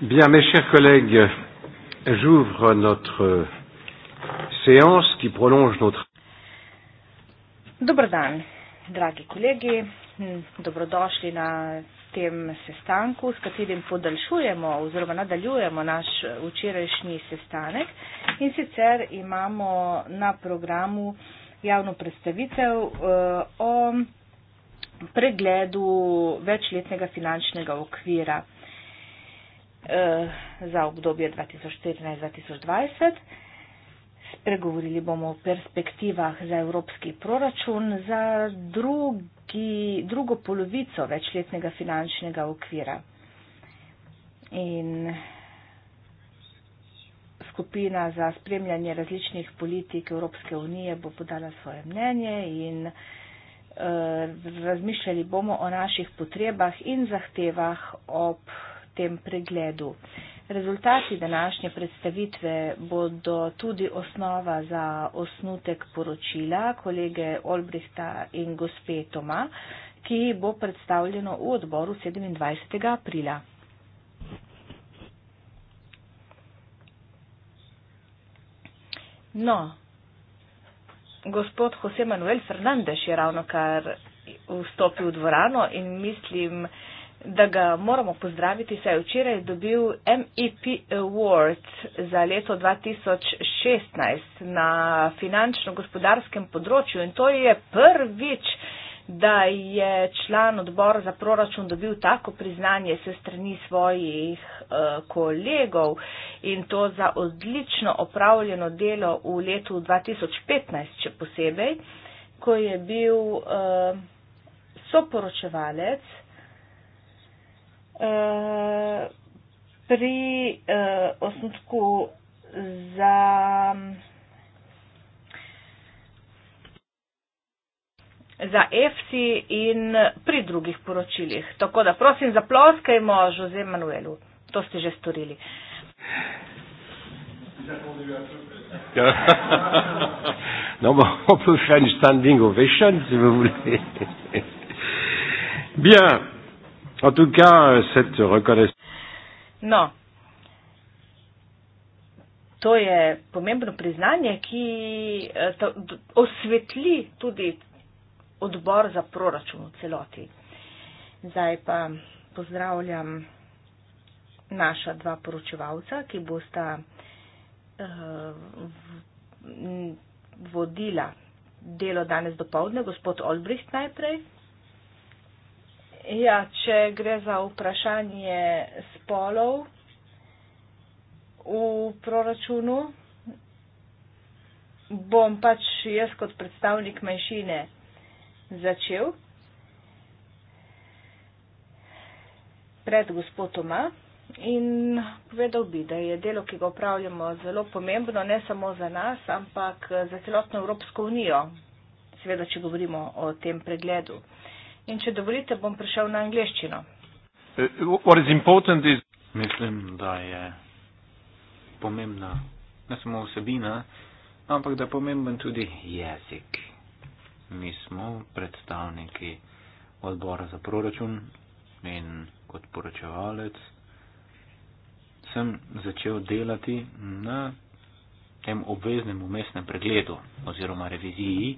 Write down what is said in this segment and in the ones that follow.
Bien, mes chers collègues, j'ouvre notre séance qui prolonge notre. Dobrodan, dragi kolegi, dobrodošli na tem sestanku, s katerim podaljšujemo oziroma nadaljujemo naš včerajšnji sestanek. In sicer imamo na programu javno predstavitev eh, o pregledu večletnega finančnega okvira. Eh, za obdobje 2014-2020. Spregovorili bomo o perspektivah za evropski proračun za drugi, drugo polovico večletnega finančnega okvira. In skupina za spremljanje različnih politik Evropske unije bo podala svoje mnenje in eh, Razmišljali bomo o naših potrebah in zahtevah ob tem pregledu. Rezultati današnje predstavitve bodo tudi osnova za osnutek poročila kolege Olbrihta in gospe Toma, ki bo predstavljeno v odboru 27. aprila. No, gospod Jose Manuel Fernandez je ravno kar vstopil v dvorano in mislim, da ga moramo pozdraviti, saj je včeraj dobil MEP Award za leto 2016 na finančno-gospodarskem področju in to je prvič, da je član odbora za proračun dobil tako priznanje se strani svojih uh, kolegov in to za odlično opravljeno delo v letu 2015, če posebej, ko je bil uh, soporočevalec Eh, pri uh, osnutku za za EFSI in pri drugih poročilih. Tako da prosim za ploskajmo Jose Manuelu. To ste že storili. Ja. No, bomo poslušali standing ovation, če bo vle. Bien. En tout cas, euh, cette reconnaissance. Non. To je pomembno priznanje, ki eh, to, osvetli tudi odbor za proračun v celoti. Zdaj pa pozdravljam naša dva poročevalca, ki bosta uh, vodila delo danes do povdne, gospod Olbricht najprej. Ja, če gre za vprašanje spolov v proračunu, bom pač jaz kot predstavnik manjšine začel. Pred gospodoma in povedal bi, da je delo, ki ga upravljamo, zelo pomembno, ne samo za nas, ampak za celotno Evropsko unijo, seveda, če govorimo o tem pregledu in če dovolite, bom prišel na angliščino. Eh, is... Mislim, da je pomembna ne samo osebina, ampak da je pomemben tudi jezik. Mi smo predstavniki odbora za proračun in kot poročevalec sem začel delati na tem obveznem umestnem pregledu oziroma reviziji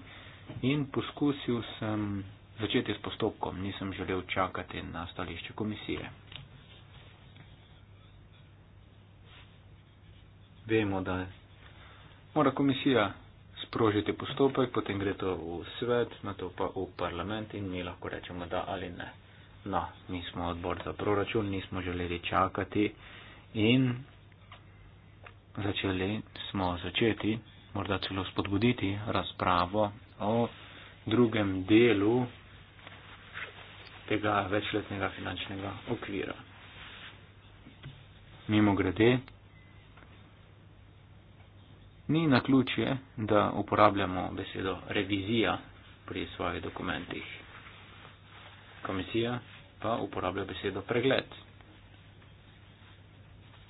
in poskusil sem začeti s postopkom, nisem želel čakati na stališče komisije. Vemo, da mora komisija sprožiti postopek, potem gre to v svet, na to pa v parlament in mi lahko rečemo da ali ne. No, mi smo odbor za proračun, nismo želeli čakati in začeli smo začeti, morda celo spodbuditi razpravo o drugem delu tega večletnega finančnega okvira. Mimo grede, ni na ključje, da uporabljamo besedo revizija pri svojih dokumentih. Komisija pa uporablja besedo pregled.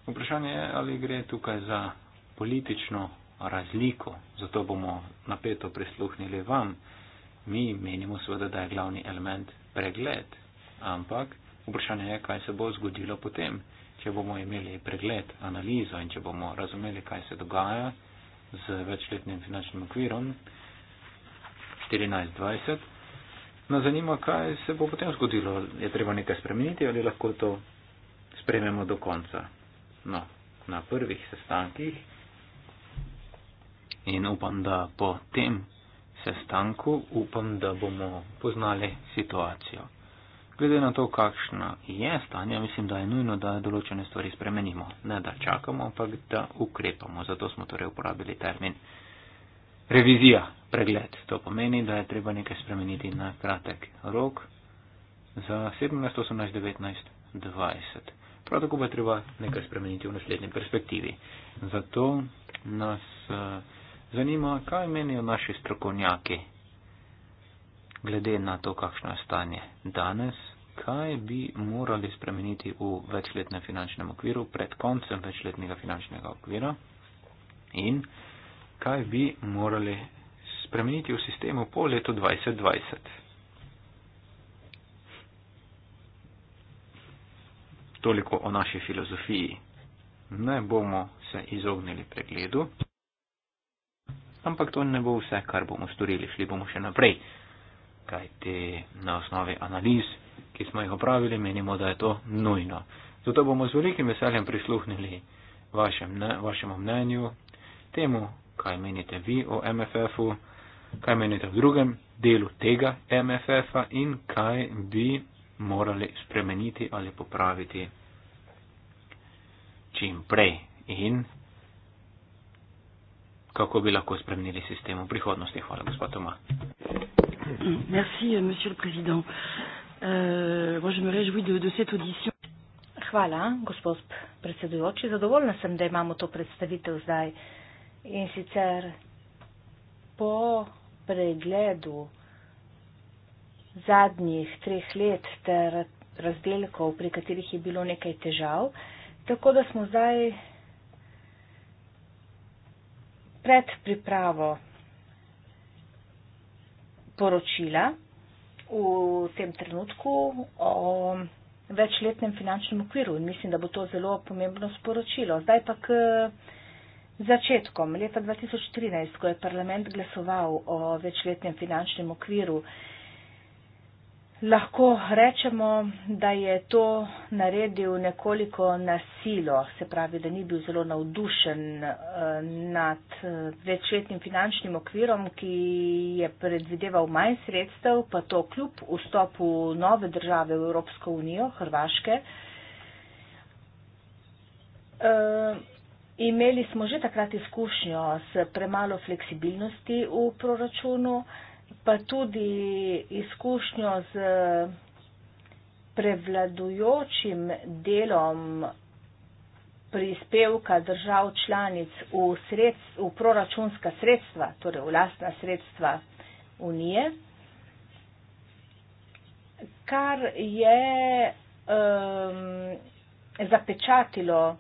Vprašanje je, ali gre tukaj za politično razliko, zato bomo napeto prisluhnili vam. Mi menimo seveda, da je glavni element pregled, ampak vprašanje je, kaj se bo zgodilo potem, če bomo imeli pregled, analizo in če bomo razumeli, kaj se dogaja z večletnim finančnim okvirom 1420. Na zanima, kaj se bo potem zgodilo, je treba nekaj spremeniti ali lahko to sprememo do konca. No, na prvih sestankih in upam, da po tem, sestanku upam, da bomo poznali situacijo. Glede na to, kakšna je stanje, mislim, da je nujno, da določene stvari spremenimo. Ne da čakamo, ampak da ukrepamo. Zato smo torej uporabili termin revizija, pregled. To pomeni, da je treba nekaj spremeniti na kratek rok za 17, 18, 19, 20. Prav tako pa je treba nekaj spremeniti v naslednji perspektivi. Zato nas. Uh, Zanima, kaj menijo naši strokovnjaki glede na to, kakšno je stanje danes, kaj bi morali spremeniti v večletnem finančnem okviru pred koncem večletnega finančnega okvira in kaj bi morali spremeniti v sistemu po letu 2020. Toliko o naši filozofiji. Ne bomo se izognili pregledu ampak to ne bo vse, kar bomo storili, šli bomo še naprej. Kaj te na osnovi analiz, ki smo jih opravili, menimo, da je to nujno. Zato bomo z velikim veseljem prisluhnili vašem, vašemu mnenju, temu, kaj menite vi o MFF-u, kaj menite v drugem delu tega MFF-a in kaj bi morali spremeniti ali popraviti čim prej. In kako bi lahko spremenili sistem v prihodnosti. Hvala, gospod Toma. Euh, Hvala, gospod predsedujoči. Zadovoljna sem, da imamo to predstavitev zdaj. In sicer po pregledu zadnjih treh let ter razdelkov, pri katerih je bilo nekaj težav, tako da smo zdaj pred pripravo poročila v tem trenutku o večletnem finančnem okviru in mislim, da bo to zelo pomembno sporočilo. Zdaj pa k začetkom leta 2013, ko je parlament glasoval o večletnem finančnem okviru, lahko rečemo, da je to naredil nekoliko nasilo, se pravi, da ni bil zelo navdušen eh, nad eh, večletnim finančnim okvirom, ki je predvideval manj sredstev, pa to kljub vstopu nove države v Evropsko unijo, Hrvaške. Eh, imeli smo že takrat izkušnjo s premalo fleksibilnosti v proračunu pa tudi izkušnjo z prevladujočim delom prispevka držav članic v, sredstv, v proračunska sredstva, torej v lastna sredstva unije, kar je um, zapečatilo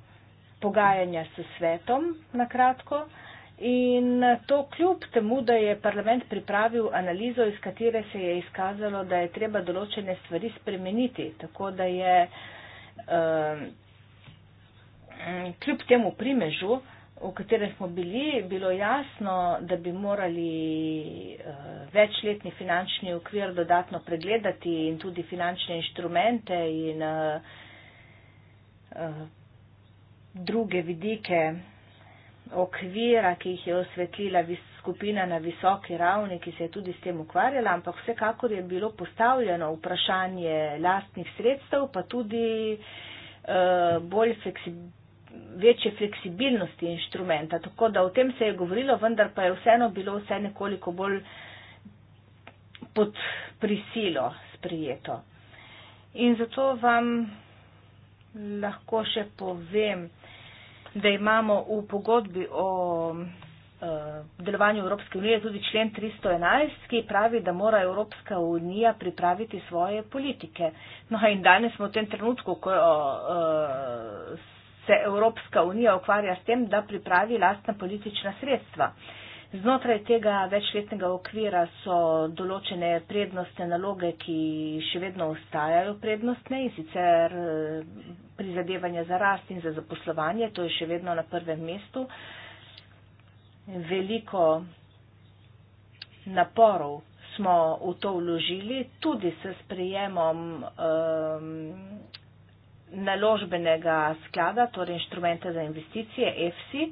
pogajanja s svetom na kratko. In to kljub temu, da je parlament pripravil analizo, iz katere se je izkazalo, da je treba določene stvari spremeniti, tako da je ehm, kljub temu primežu, v katerem smo bili, bilo jasno, da bi morali eh, večletni finančni okvir dodatno pregledati in tudi finančne inštrumente in eh, eh, druge vidike okvira, ki jih je osvetlila vis, skupina na visoki ravni, ki se je tudi s tem ukvarjala, ampak vsekakor je bilo postavljeno vprašanje lastnih sredstev, pa tudi uh, fleksi, večje fleksibilnosti inštrumenta. Tako da o tem se je govorilo, vendar pa je vseeno bilo vse nekoliko bolj pod prisilo sprijeto. In zato vam lahko še povem, da imamo v pogodbi o eh, delovanju Evropske unije tudi člen 311, ki pravi, da mora Evropska unija pripraviti svoje politike. No in danes smo v tem trenutku, ko eh, se Evropska unija ukvarja s tem, da pripravi lastna politična sredstva. Znotraj tega večletnega okvira so določene prednostne naloge, ki še vedno ostajajo prednostne in sicer eh, prizadevanja za rast in za zaposlovanje, to je še vedno na prvem mestu. Veliko naporov smo v to vložili, tudi s sprejemom um, naložbenega sklada, torej inštrumente za investicije EFSI.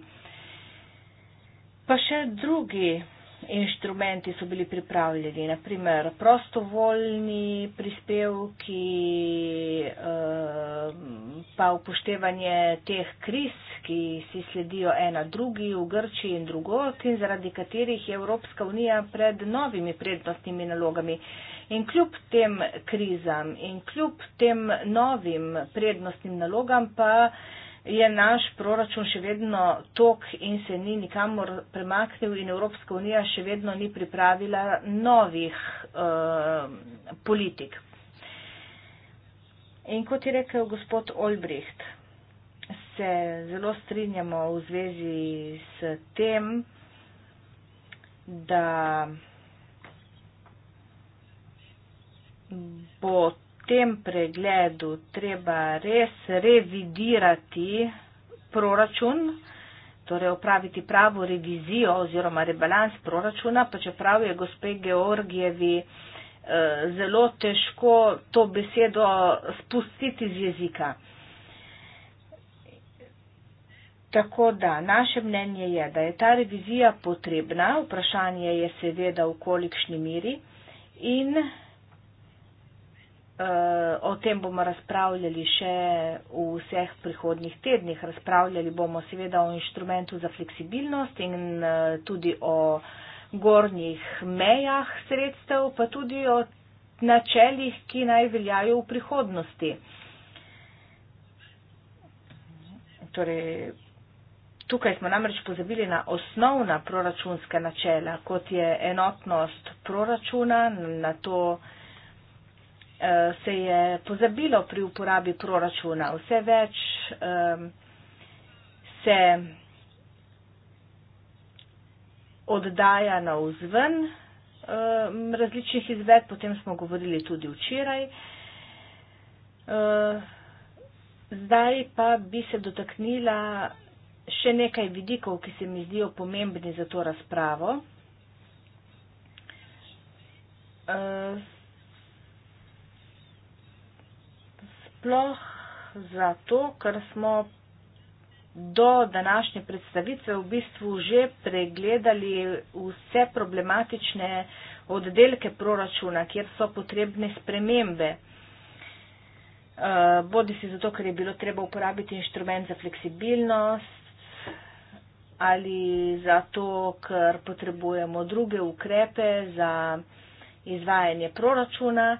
Pa še drugi inštrumenti so bili pripravljeni, naprimer prostovoljni prispevki, eh, pa upoštevanje teh kriz, ki si sledijo ena drugi v Grčiji in drugot in zaradi katerih je Evropska unija pred novimi prednostnimi nalogami. In kljub tem krizam in kljub tem novim prednostnim nalogam pa je naš proračun še vedno tok in se ni nikamor premaknil in Evropska unija še vedno ni pripravila novih eh, politik. In kot je rekel gospod Olbricht, se zelo strinjamo v zvezi s tem, da bo tem pregledu treba res revidirati proračun, torej opraviti pravo revizijo oziroma rebalans proračuna, pa čeprav je gospe Georgijevi eh, zelo težko to besedo spustiti z jezika. Tako da, naše mnenje je, da je ta revizija potrebna, vprašanje je seveda v kolikšni miri in Uh, o tem bomo razpravljali še v vseh prihodnih tednih. Razpravljali bomo seveda o inštrumentu za fleksibilnost in uh, tudi o gornjih mejah sredstev, pa tudi o načelih, ki naj veljajo v prihodnosti. Torej, tukaj smo namreč pozabili na osnovna proračunska načela, kot je enotnost proračuna na to, Eh, se je pozabilo pri uporabi proračuna. Vse več se oddaja na vzven različnih izved, potem smo govorili tudi včeraj. Eh, zdaj pa bi se dotaknila še nekaj vidikov, ki se mi zdijo pomembni za to razpravo. Eh, sploh zato, ker smo do današnje predstavitve v bistvu že pregledali vse problematične oddelke proračuna, kjer so potrebne spremembe. Eh, bodi si zato, ker je bilo treba uporabiti inštrument za fleksibilnost ali zato, ker potrebujemo druge ukrepe za izvajanje proračuna.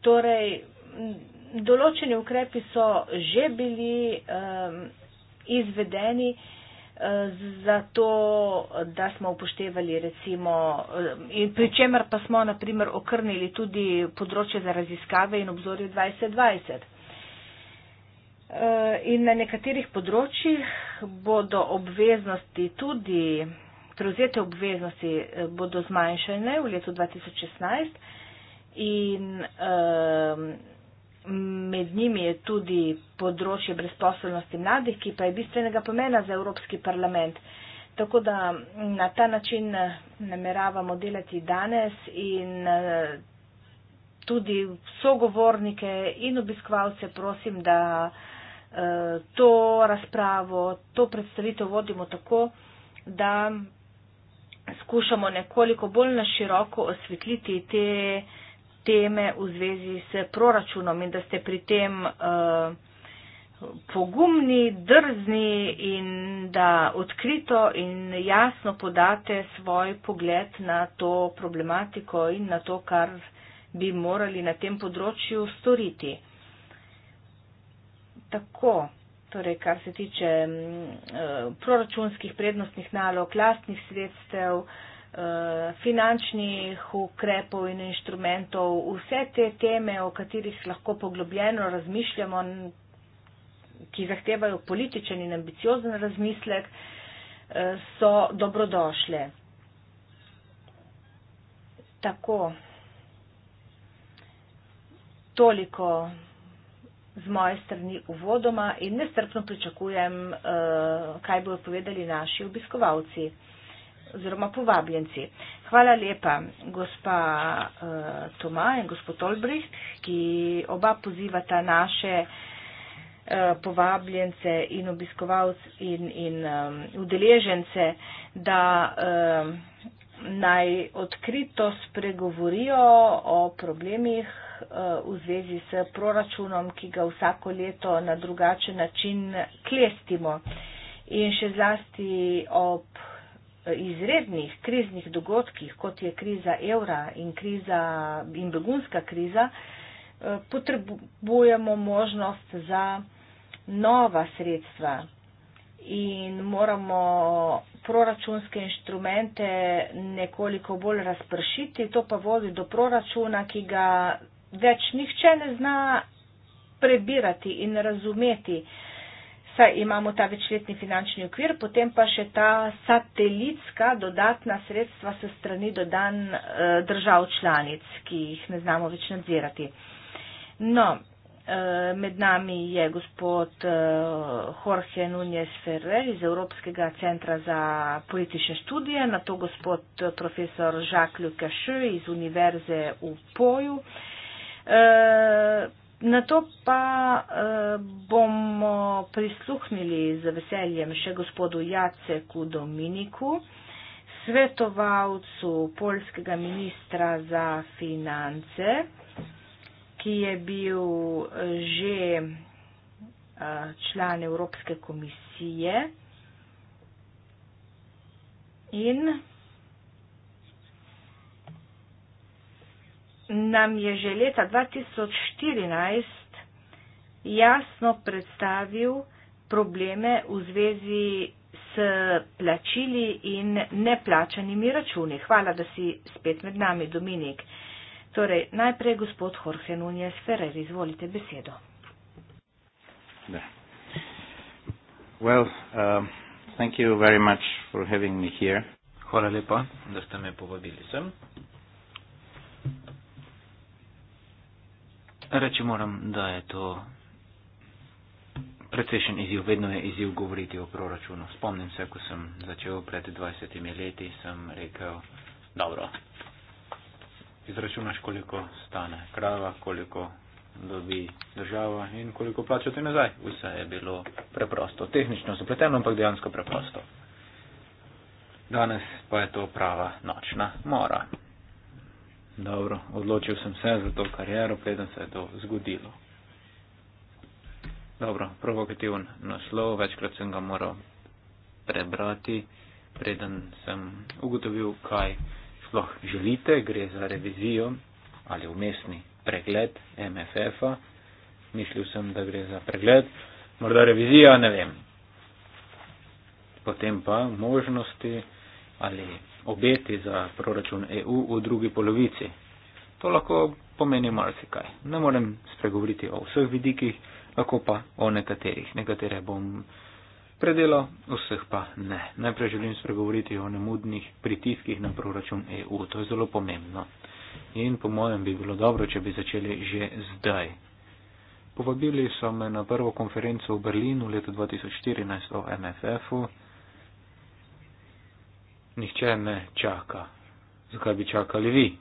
Torej, določeni ukrepi so že bili izvedeni, eh, zato da smo upoštevali recimo, eh, pri čemer pa smo naprimer okrnili tudi področje za raziskave in obzorje 2020. Eh, in na nekaterih področjih bodo obveznosti tudi, prevzete obveznosti bodo zmanjšene v letu 2016 in Med njimi je tudi področje brezposobnosti mladih, ki pa je bistvenega pomena za Evropski parlament. Tako da mm, na ta način eh, nameravamo delati danes in eh, tudi sogovornike in obiskovalce prosim, da eh, to razpravo, to predstavitev vodimo tako, da skušamo nekoliko bolj na široko osvetliti te uh, teme v zvezi s proračunom in da ste pri tem eh, pogumni, drzni in da odkrito in jasno podate svoj pogled na to problematiko in na to, kar bi morali na tem področju storiti. Tako, torej, kar se tiče mm, eh, proračunskih prednostnih nalog, lastnih sredstev, Eh, finančnih ukrepov in inštrumentov, vse te teme, o katerih lahko poglobljeno razmišljamo, ki zahtevajo političen in ambiciozen razmislek, eh, so dobrodošle. Tako, toliko z moje strani uvodoma in nestrpno pričakujem, eh, kaj bojo povedali naši obiskovalci oziroma povabljenci. Hvala lepa, gospa uh, Toma in gospod Olbrich, ki oba pozivata naše eh, povabljence in obiskovalce in, in um, udeležence, da um, naj odkrito spregovorijo o problemih uh, v zvezi s proračunom, ki ga vsako leto na drugačen način klestimo. In še zlasti ob uh, izrednih kriznih dogodkih, kot je kriza evra in, kriza, in begunska kriza, eh, potrebujemo možnost za nova sredstva in moramo proračunske inštrumente nekoliko bolj razpršiti. To pa vodi do proračuna, ki ga več nihče ne zna prebirati in razumeti. Uh, Tukaj imamo ta večletni finančni okvir, potem pa še ta satelitska dodatna sredstva se strani dodan eh, držav članic, ki jih ne znamo več nadzirati. No, eh, med nami je gospod eh, Jorge Nunez Ferrer iz Evropskega centra za politične študije, na to gospod profesor Jacques Lucas iz Univerze v Poju. Na to pa eh, bomo prisluhnili z veseljem še gospodu Jaceku Dominiku, svetovalcu polskega ministra za finance, ki je bil eh, že eh, član Evropske komisije. In nam je že leta 2014 jasno predstavil probleme v zvezi s plačili in neplačanimi računi. Hvala, da si spet med nami, Dominik. Torej, najprej gospod Jorge Nunez Ferrer, izvolite besedo. Da. Well, um, thank you very much for having me here. Hvala lepa, da ste me povabili sem. Reči moram, da je to precejšen izjiv. Vedno je izjiv govoriti o proračunu. Spomnim se, ko sem začel pred 20 leti, sem rekel, dobro, izračunaš, koliko stane krava, koliko dobi država in koliko plačati nazaj. Vse je bilo preprosto, tehnično zapleteno, ampak dejansko preprosto. Danes pa je to prava nočna mora dobro, odločil sem se za to kariero, preden se je to zgodilo. Dobro, provokativen naslov, večkrat sem ga moral prebrati, preden sem ugotovil, kaj sploh želite, gre za revizijo ali umestni pregled MFF-a. Mislil sem, da gre za pregled, morda revizija, ne vem. Potem pa možnosti ali obeti za proračun EU v drugi polovici. To lahko pomeni marsikaj. Ne morem spregovoriti o vseh vidikih, lahko pa o nekaterih. Nekatere bom predelal, vseh pa ne. Najprej želim spregovoriti o nemudnih pritiskih na proračun EU. To je zelo pomembno. In po mojem bi bilo dobro, če bi začeli že zdaj. Povabili so me na prvo konferenco v Berlinu leta 2014 o MFF-u nihče ne čaka. Zakaj bi čakali vi?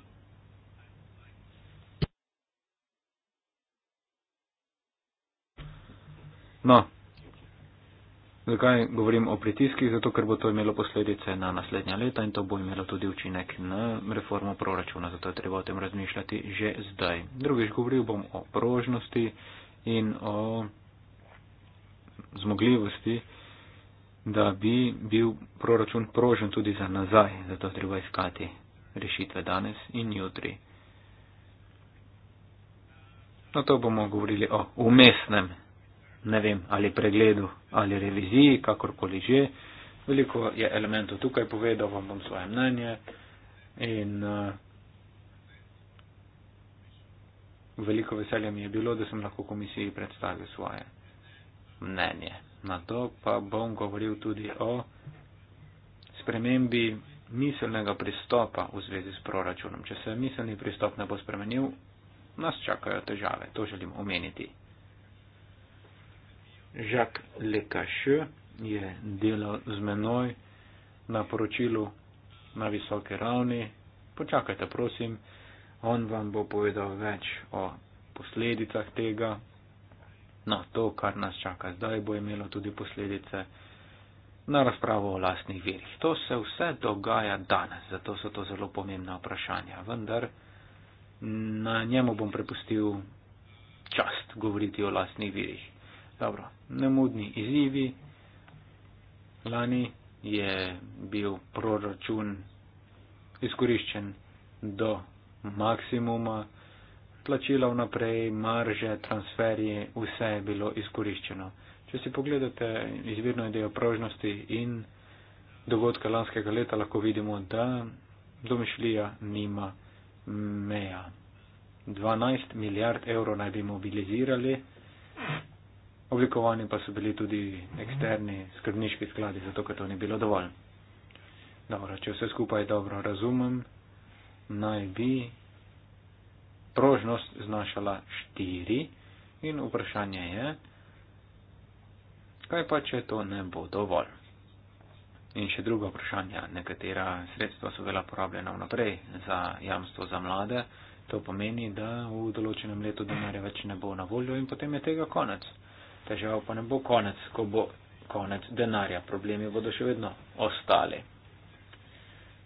No, zakaj govorim o pritiskih? Zato, ker bo to imelo posledice na naslednja leta in to bo imelo tudi učinek na reformo proračuna, zato je treba o tem razmišljati že zdaj. Drugič, govoril bom o prožnosti in o zmogljivosti da bi bil proračun prožen tudi za nazaj, zato treba iskati rešitve danes in jutri. No, to bomo govorili o umestnem, ne vem, ali pregledu, ali reviziji, kakorkoli že. Veliko je elementov tukaj povedal, vam bom svoje mnenje in uh, veliko veselje mi je bilo, da sem lahko komisiji predstavil svoje mnenje na dolg pa bom govoril tudi o spremembi miselnega pristopa v zvezi s proračunom. Če se miselni pristop ne bo spremenil, nas čakajo težave. To želim omeniti. Jacques Lecache je delal z menoj na poročilu na visoke ravni. Počakajte, prosim, on vam bo povedal več o posledicah tega, na to, kar nas čaka zdaj, bo imelo tudi posledice na razpravo o lastnih virih. To se vse dogaja danes, zato so to zelo pomembna vprašanja. Vendar na njemu bom prepustil čast govoriti o lastnih virih. Dobro, nemudni izzivi. Lani je bil proračun izkoriščen do maksimuma plačila vnaprej, marže, transferje, vse je bilo izkoriščeno. Če si pogledate izvirno idejo prožnosti in dogodka lanskega leta, lahko vidimo, da domišljija nima meja. 12 milijard evrov naj bi mobilizirali, oblikovani pa so bili tudi eksterni skrbniški skladi, zato ker to ni bilo dovolj. Dobro, če vse skupaj dobro razumem, naj bi prožnost znašala 4 in vprašanje je, kaj pa, če to ne bo dovolj. In še drugo vprašanje, nekatera sredstva so bila porabljena vnaprej za jamstvo za mlade, to pomeni, da v določenem letu denarja več ne bo na voljo in potem je tega konec. Težava pa ne bo konec, ko bo konec denarja, problemi bodo še vedno ostali.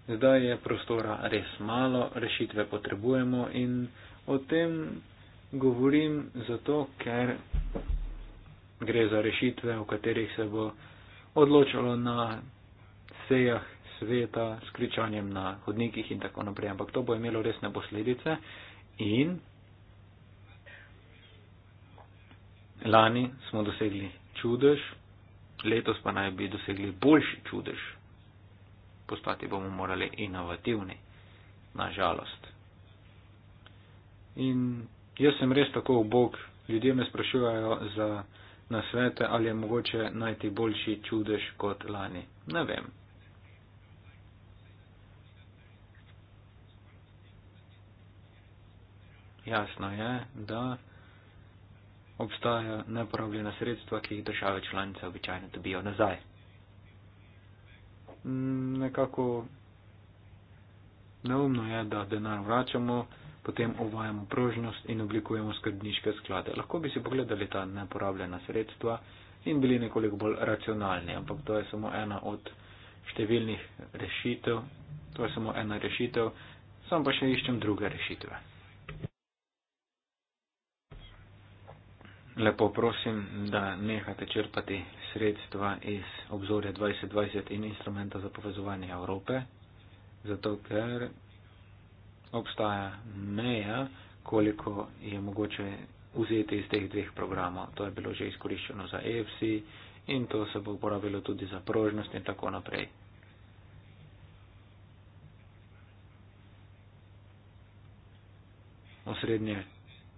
Zdaj je prostora res malo, rešitve potrebujemo in O tem govorim zato, ker gre za rešitve, o katerih se bo odločalo na sejah sveta s kričanjem na hodnikih in tako naprej. Ampak to bo imelo resne posledice in lani smo dosegli čudež, letos pa naj bi dosegli boljši čudež. Postati bomo morali inovativni, nažalost. In jaz sem res tako obok, ljudje me sprašujejo za nasvete, ali je mogoče najti boljši čudež kot lani. Ne vem. Jasno je, da obstajajo nepravljena sredstva, ki jih države članice običajno dobijo nazaj. Nekako neumno je, da denar vračamo potem uvajamo prožnost in oblikujemo skrbniške sklade. Lahko bi si pogledali ta neporabljena sredstva in bili nekoliko bolj racionalni, ampak to je samo ena od številnih rešitev. To je samo ena rešitev, sam pa še iščem druge rešitve. Lepo prosim, da nehate črpati sredstva iz obzorja 2020 in instrumenta za povezovanje Evrope, zato ker obstaja meja, koliko je mogoče vzeti iz teh dveh programov. To je bilo že izkoriščeno za EFC in to se bo uporabilo tudi za prožnost in tako naprej. Osrednje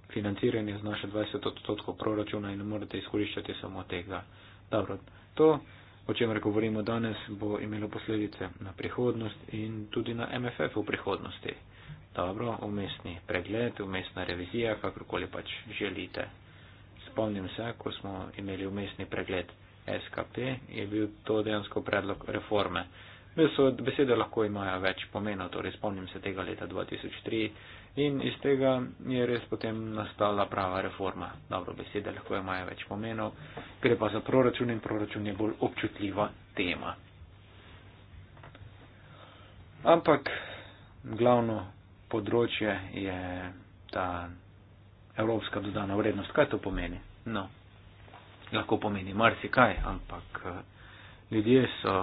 financiranje znaša 20 odstotkov proračuna in ne morete izkoriščati samo tega. Dobro, to, o čemer govorimo danes, bo imelo posledice na prihodnost in tudi na MFF v prihodnosti dobro, umestni pregled, umestna revizija, kakorkoli pač želite. Spomnim se, ko smo imeli umestni pregled SKP, je bil to dejansko predlog reforme. Besede lahko imajo več pomena, torej spomnim se tega leta 2003 in iz tega je res potem nastala prava reforma. Dobro, besede lahko imajo več pomenov, gre pa za proračun in proračun je bolj občutljiva tema. Ampak glavno področje je ta evropska dodana vrednost. Kaj to pomeni? No, lahko pomeni marsikaj, ampak eh, ljudje so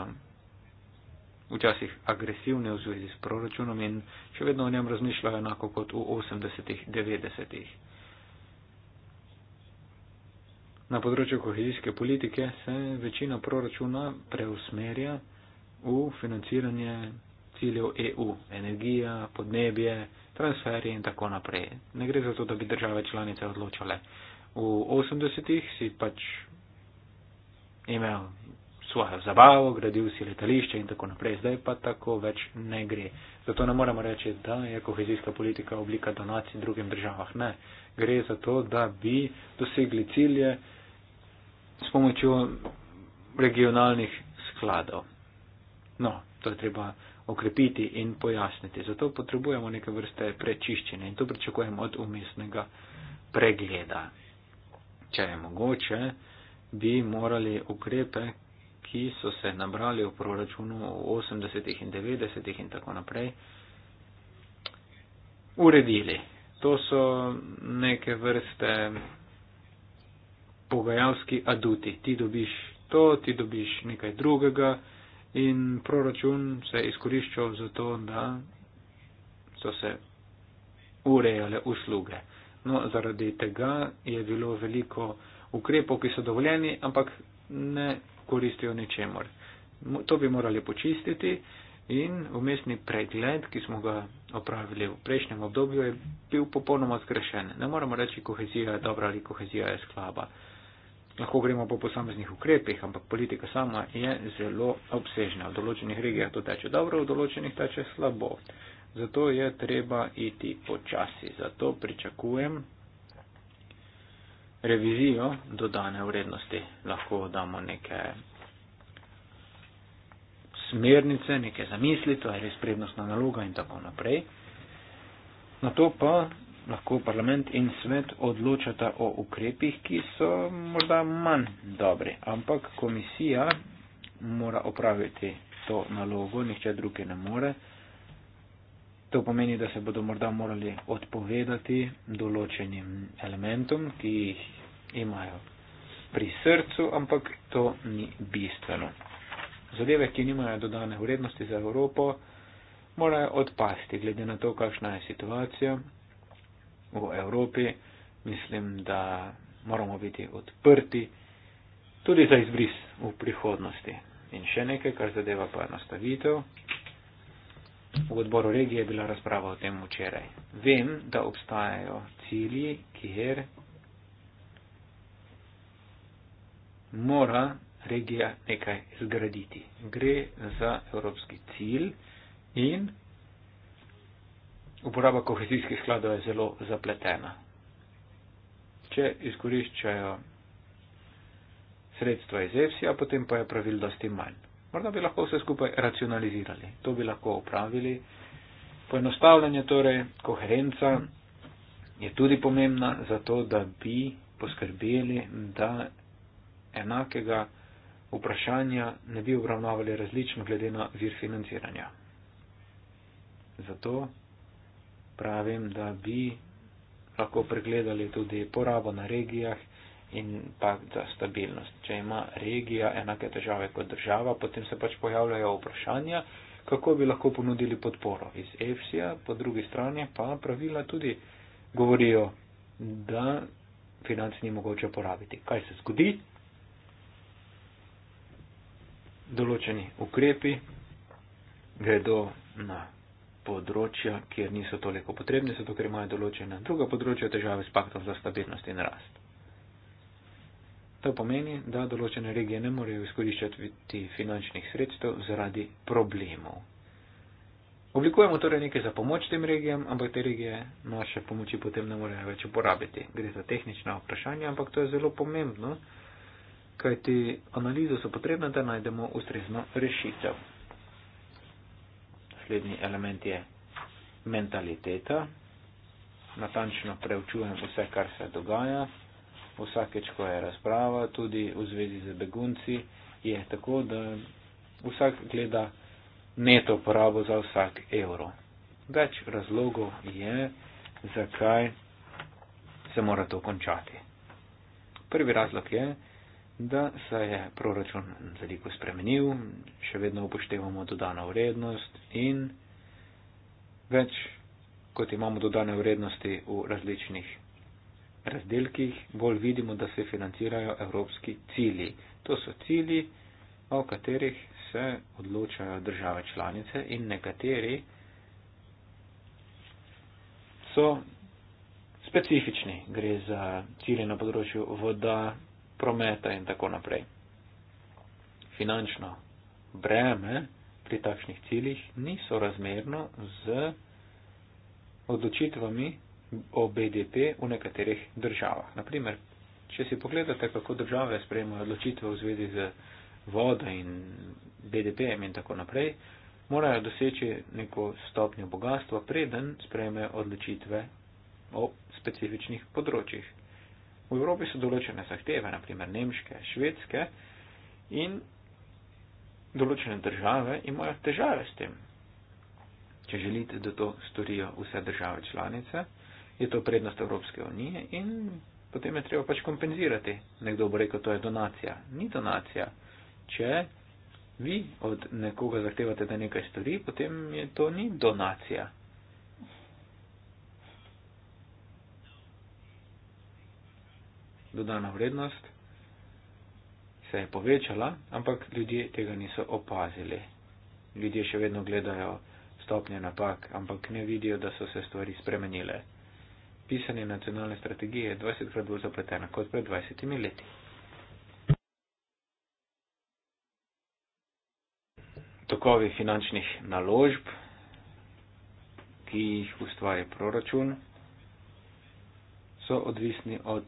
včasih agresivni v zvezi s proračunom in še vedno o njem razmišljajo enako kot v 80-ih, 90-ih. Na področju kohezijske politike se večina proračuna preusmerja v financiranje ciljev EU, energija, podnebje, transferje in tako naprej. Ne gre za to, da bi države članice odločale. V 80-ih si pač imel svojo zabavo, gradil si letališče in tako naprej, zdaj pa tako več ne gre. Zato ne moremo reči, da je kohezijska politika oblika donacij drugim državah. Ne, gre za to, da bi dosegli cilje s pomočjo regionalnih skladov. No, to je treba okrepiti in pojasniti. Zato potrebujemo neke vrste prečiščenja in to pričakujem od umestnega pregleda. Če je mogoče, bi morali ukrepe, ki so se nabrali v proračunu v 80-ih in 90-ih in tako naprej, uredili. To so neke vrste pogajalski aduti. Ti dobiš to, ti dobiš nekaj drugega in proračun se je izkoriščal za to, da so se urejale usluge. No, zaradi tega je bilo veliko ukrepov, ki so dovoljeni, ampak ne koristijo ničemor. To bi morali počistiti in umestni pregled, ki smo ga opravili v prejšnjem obdobju, je bil popolnoma zgrešen. Ne moramo reči, kohezija je dobra ali kohezija je slaba lahko gremo po posameznih ukrepih, ampak politika sama je zelo obsežna. V določenih regijah to teče dobro, v določenih teče slabo. Zato je treba iti počasi. Zato pričakujem revizijo dodane vrednosti. Lahko damo neke smernice, neke zamisli, to je res prednostna naloga in tako naprej. Na to pa lahko parlament in svet odločata o ukrepih, ki so morda manj dobri, ampak komisija mora opraviti to nalogo, nihče druge ne more. To pomeni, da se bodo morda morali odpovedati določenim elementom, ki jih imajo pri srcu, ampak to ni bistveno. Zadeve, ki nimajo dodane vrednosti za Evropo, morajo odpasti, glede na to, kakšna je situacija, v Evropi, mislim, da moramo biti odprti tudi za izbris v prihodnosti. In še nekaj, kar zadeva pa nastavitev. V odboru regije je bila razprava o tem včeraj. Vem, da obstajajo cilji, kjer mora regija nekaj zgraditi. Gre za evropski cilj in Uporaba kohezijskih skladov je zelo zapletena. Če izkoriščajo sredstva iz EFSI-ja, potem pa je pravil dosti manj. Morda bi lahko vse skupaj racionalizirali. To bi lahko upravili. Poenostavljanje torej, koherenca je tudi pomembna za to, da bi poskrbeli, da enakega vprašanja ne bi obravnavali različno glede na vir financiranja. Zato pravim, da bi lahko pregledali tudi porabo na regijah in pa za stabilnost. Če ima regija enake težave kot država, potem se pač pojavljajo vprašanja, kako bi lahko ponudili podporo iz EFSI-ja, po drugi strani pa pravila tudi govorijo, da financ ni mogoče porabiti. Kaj se zgodi? Določeni ukrepi gredo na področja, kjer niso toliko potrebni, zato ker imajo določena druga področja težave s paktom za stabilnost in rast. To pomeni, da določene regije ne morejo izkoriščati finančnih sredstev zaradi problemov. Oblikujemo torej nekaj za pomoč tem regijam, ampak te regije naše pomoči potem ne morejo več uporabiti. Gre za tehnična vprašanja, ampak to je zelo pomembno, kajti analizo so potrebne, da najdemo ustrezno rešitev naslednji element je mentaliteta. Natančno preučujem vse, kar se dogaja. Vsakeč, ko je razprava, tudi v zvezi z begunci, je tako, da vsak gleda neto porabo za vsak evro. Več razlogov je, zakaj se mora to končati. Prvi razlog je, da se je proračun veliko spremenil, še vedno upoštevamo dodano vrednost in več kot imamo dodane vrednosti v različnih razdelkih, bolj vidimo, da se financirajo evropski cilji. To so cilji, o katerih se odločajo države članice in nekateri so specifični. Gre za cilje na področju voda, prometa in tako naprej. Finančno breme pri takšnih ciljih niso razmerno z odločitvami o BDP v nekaterih državah. Naprimer, če si pogledate, kako države sprejemajo odločitve v zvezi z vodo in BDP-em in tako naprej, morajo doseči neko stopnjo bogatstva, preden sprejme odločitve o specifičnih področjih. V Evropi so določene zahteve, naprimer nemške, švedske in določene države imajo težave s tem. Če želite, da to storijo vse države članice, je to prednost Evropske unije in potem je treba pač kompenzirati. Nekdo bo rekel, to je donacija. Ni donacija. Če vi od nekoga zahtevate, da nekaj stori, potem je to ni donacija. dodana vrednost se je povečala, ampak ljudje tega niso opazili. Ljudje še vedno gledajo stopnje napak, ampak ne vidijo, da so se stvari spremenile. Pisanje nacionalne strategije je 20 krat bolj zapleteno kot pred 20 leti. Tokovi finančnih naložb, ki jih ustvari proračun, so odvisni od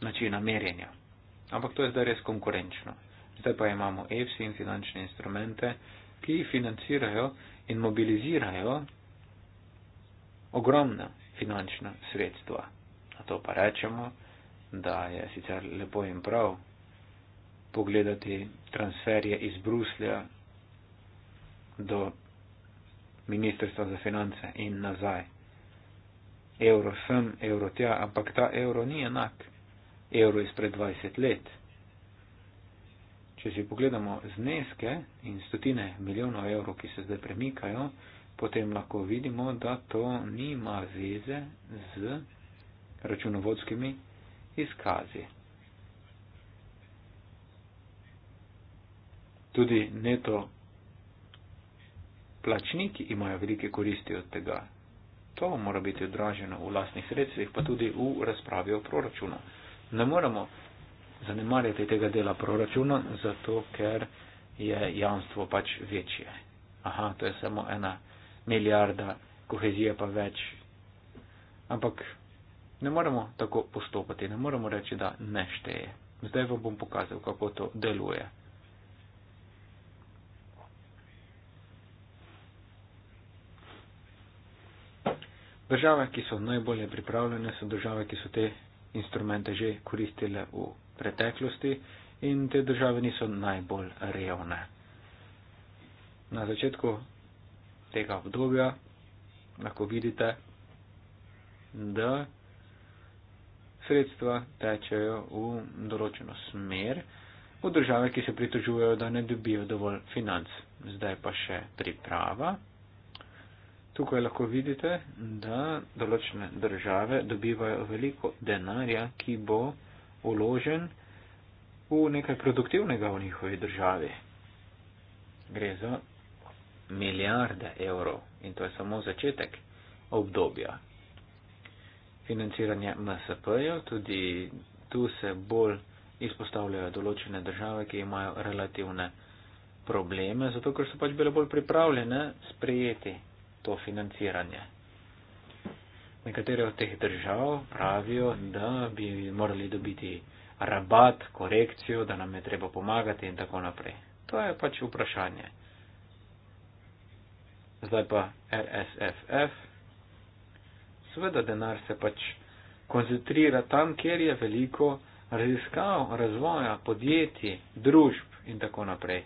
načina merjenja. Ampak to je zdaj res konkurenčno. Zdaj pa imamo EFSI in finančne instrumente, ki financirajo in mobilizirajo ogromna finančna sredstva. Na to pa rečemo, da je sicer lepo in prav pogledati transferje iz Bruslja do Ministrstva za finance in nazaj. Euro sem, euro tja, ampak ta euro ni enak evrov izpred 20 let. Če si pogledamo zneske in stotine milijonov evrov, ki se zdaj premikajo, potem lahko vidimo, da to nima veze z računovodskimi izkazi. Tudi neto plačniki imajo velike koristi od tega. To mora biti odraženo v lastnih sredstvih, pa tudi v razpravi o proračunu ne moremo zanemarjati tega dela proračuna, zato ker je jamstvo pač večje. Aha, to je samo ena milijarda, kohezije pa več. Ampak ne moremo tako postopati, ne moremo reči, da ne šteje. Zdaj vam bom pokazal, kako to deluje. Države, ki so najbolje pripravljene, so države, ki so te instrumente že koristile v preteklosti in te države niso najbolj revne. Na začetku tega obdobja lahko vidite, da sredstva tečejo v določeno smer v države, ki se pritožujejo, da ne dobijo dovolj financ. Zdaj pa še priprava tukaj lahko vidite, da določene države dobivajo veliko denarja, ki bo uložen v nekaj produktivnega v njihovi državi. Gre za milijarde evrov in to je samo začetek obdobja. Financiranje MSP-jo, tudi tu se bolj izpostavljajo določene države, ki imajo relativne probleme, zato ker so pač bile bolj pripravljene sprejeti to financiranje. Nekatere od teh držav pravijo, da bi morali dobiti rabat, korekcijo, da nam je treba pomagati in tako naprej. To je pač vprašanje. Zdaj pa RSFF. Seveda denar se pač koncentrira tam, kjer je veliko raziskav, razvoja, podjetij, družb in tako naprej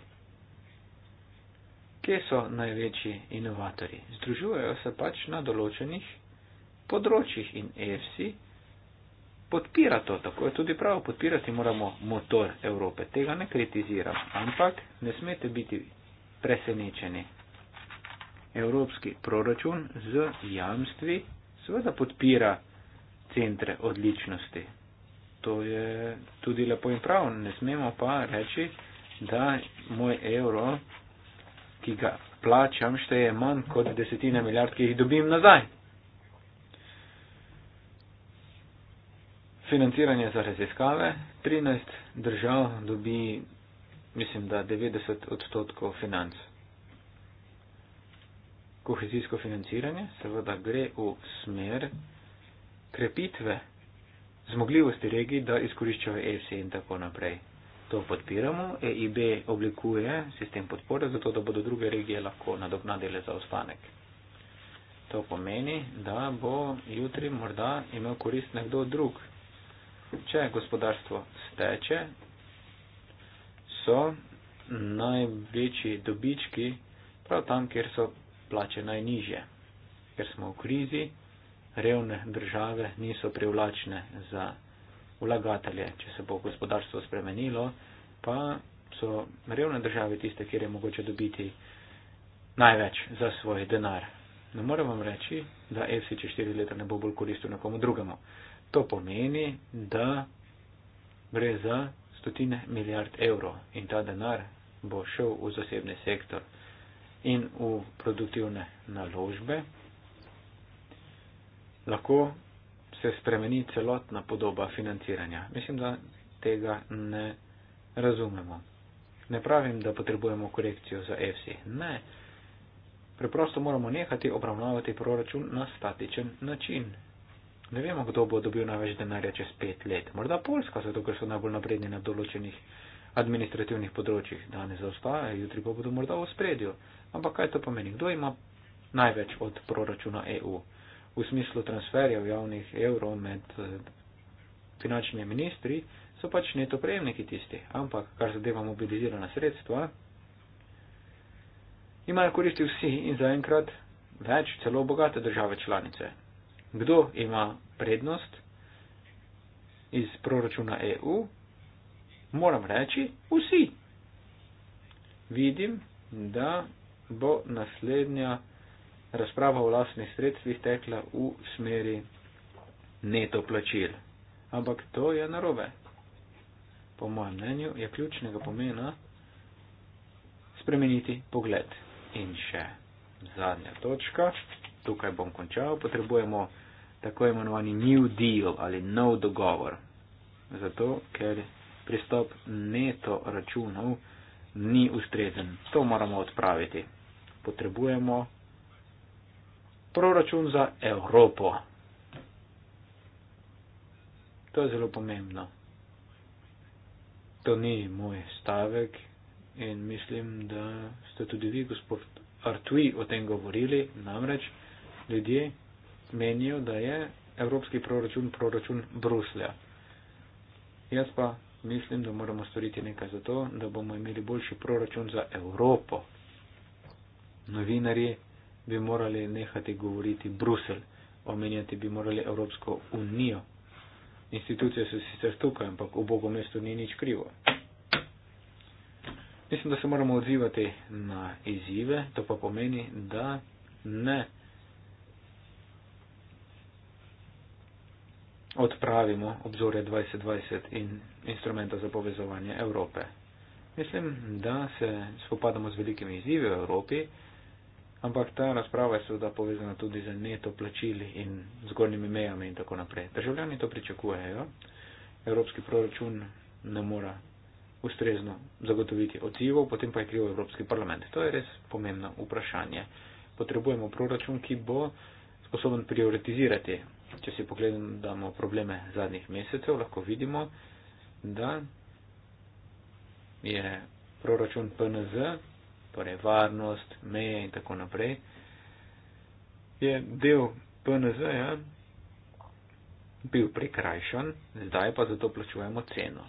kje so največji inovatorji. Združujejo se pač na določenih področjih in EFSI podpira to, tako je tudi prav, podpirati moramo motor Evrope, tega ne kritiziram, ampak ne smete biti presenečeni. Evropski proračun z jamstvi seveda podpira centre odličnosti. To je tudi lepo in prav, ne smemo pa reči, da moj evro ki ga plačam, šteje manj kot desetina milijard, ki jih dobim nazaj. Financiranje za raziskave. 13 držav dobi, mislim, da 90 odstotkov financ. Kohezijsko financiranje seveda gre v smer krepitve zmogljivosti regij, da izkoriščajo ESI e in tako naprej to podpiramo. EIB oblikuje sistem podpore, zato da bodo druge regije lahko nadoknadile za ostanek. To pomeni, da bo jutri morda imel korist nekdo drug. Če gospodarstvo steče, so največji dobički prav tam, kjer so plače najniže, ker smo v krizi, revne države niso privlačne za vlagatelje, če se bo gospodarstvo spremenilo, pa so revne države tiste, kjer je mogoče dobiti največ za svoj denar. Ne morem vam reči, da EFSI čez 4 leta ne bo bolj koristil nekomu drugemu. To pomeni, da gre za stotine milijard evrov in ta denar bo šel v zasebni sektor in v produktivne naložbe. Lahko se spremeni celotna podoba financiranja. Mislim, da tega ne razumemo. Ne pravim, da potrebujemo korekcijo za EFSI. Ne. Preprosto moramo nehati obravnavati proračun na statičen način. Ne vemo, kdo bo dobil največ denarja čez pet let. Morda Poljska, zato ker so najbolj napredni na določenih administrativnih področjih. Danes zaostaja, jutri pa bodo morda v spredju. Ampak kaj to pomeni? Kdo ima največ od proračuna EU? v smislu transferjev javnih evrov med eh, finančnimi ministri, so pač neto prejemniki tisti. Ampak, kar zadeva mobilizirana sredstva, imajo koristi vsi in zaenkrat več celo bogate države članice. Kdo ima prednost iz proračuna EU? Moram reči, vsi. Vidim, da bo naslednja razprava o vlastnih sredstvih tekla v smeri neto plačil. Ampak to je narobe. Po mojem mnenju je ključnega pomena spremeniti pogled. In še zadnja točka, tukaj bom končal, potrebujemo tako imenovani New Deal ali nov dogovor. Zato, ker pristop neto računov ni ustrezen. To moramo odpraviti. Potrebujemo proračun za Evropo. To je zelo pomembno. To ni moj stavek in mislim, da ste tudi vi, gospod Artui, o tem govorili. Namreč ljudje menijo, da je evropski proračun proračun Bruslja. Jaz pa mislim, da moramo storiti nekaj za to, da bomo imeli boljši proračun za Evropo. Novinari bi morali nehati govoriti Brusel, omenjati bi morali Evropsko unijo. Institucije so sicer tukaj, ampak v Bogu mestu ni nič krivo. Mislim, da se moramo odzivati na izzive, to pa pomeni, da ne odpravimo obzore 2020 in instrumenta za povezovanje Evrope. Mislim, da se spopadamo z velikimi izzivi v Evropi, ampak ta razprava je seveda povezana tudi z neto plačili in zgornjimi mejami in tako naprej. Državljani to pričakujejo, evropski proračun ne mora ustrezno zagotoviti odzivov, potem pa je kriv Evropski parlament. To je res pomembno vprašanje. Potrebujemo proračun, ki bo sposoben prioritizirati. Če si pogledamo probleme zadnjih mesecev, lahko vidimo, da je proračun PNZ torej varnost, meje in tako naprej, je del PNZ-ja bil prikrajšan, zdaj pa zato plačujemo ceno.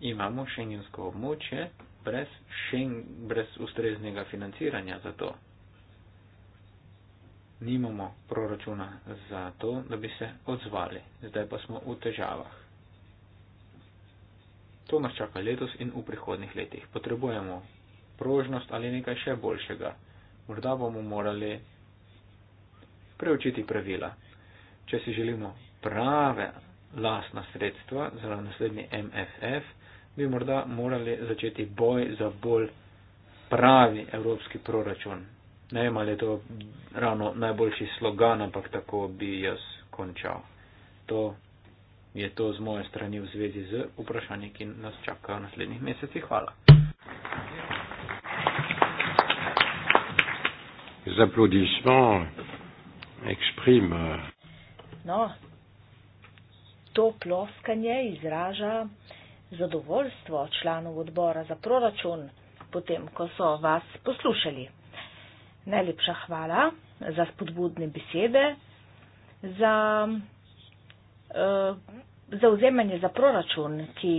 Imamo šengensko območje brez, šeng, brez ustreznega financiranja za to. Nimamo proračuna za to, da bi se odzvali. Zdaj pa smo v težavah. To nas čaka letos in v prihodnih letih. Potrebujemo prožnost ali nekaj še boljšega. Morda bomo morali preučiti pravila. Če si želimo prave lasna sredstva za naslednji MFF, bi morda morali začeti boj za bolj pravi evropski proračun. Ne vem, ali je to ravno najboljši slogan, ampak tako bi jaz končal. To je to z moje strani v zvezi z vprašanji, ki nas čaka v naslednjih mesecih. Hvala. Euh, no, to ploskanje izraža zadovoljstvo članov odbora za proračun, potem, ko so vas poslušali. Najlepša hvala za spodbudne besede, za uh, zauzemanje za proračun, ki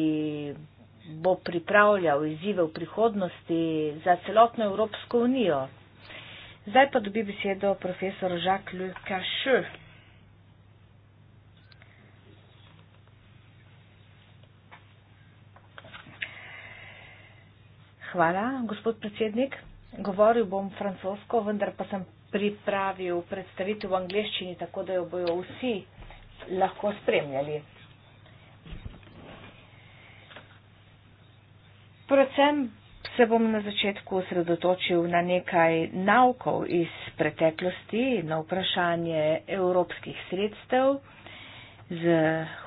bo pripravljal izzive v prihodnosti za celotno Evropsko unijo. Zdaj pa dobi besedo profesor Jacques Lucas. Hvala, gospod predsednik. Govoril bom francosko, vendar pa sem pripravil predstavitev v angleščini, tako da jo bojo vsi lahko spremljali. Predvsem se bom na začetku osredotočil na nekaj naukov iz preteklosti, na vprašanje evropskih sredstev. Z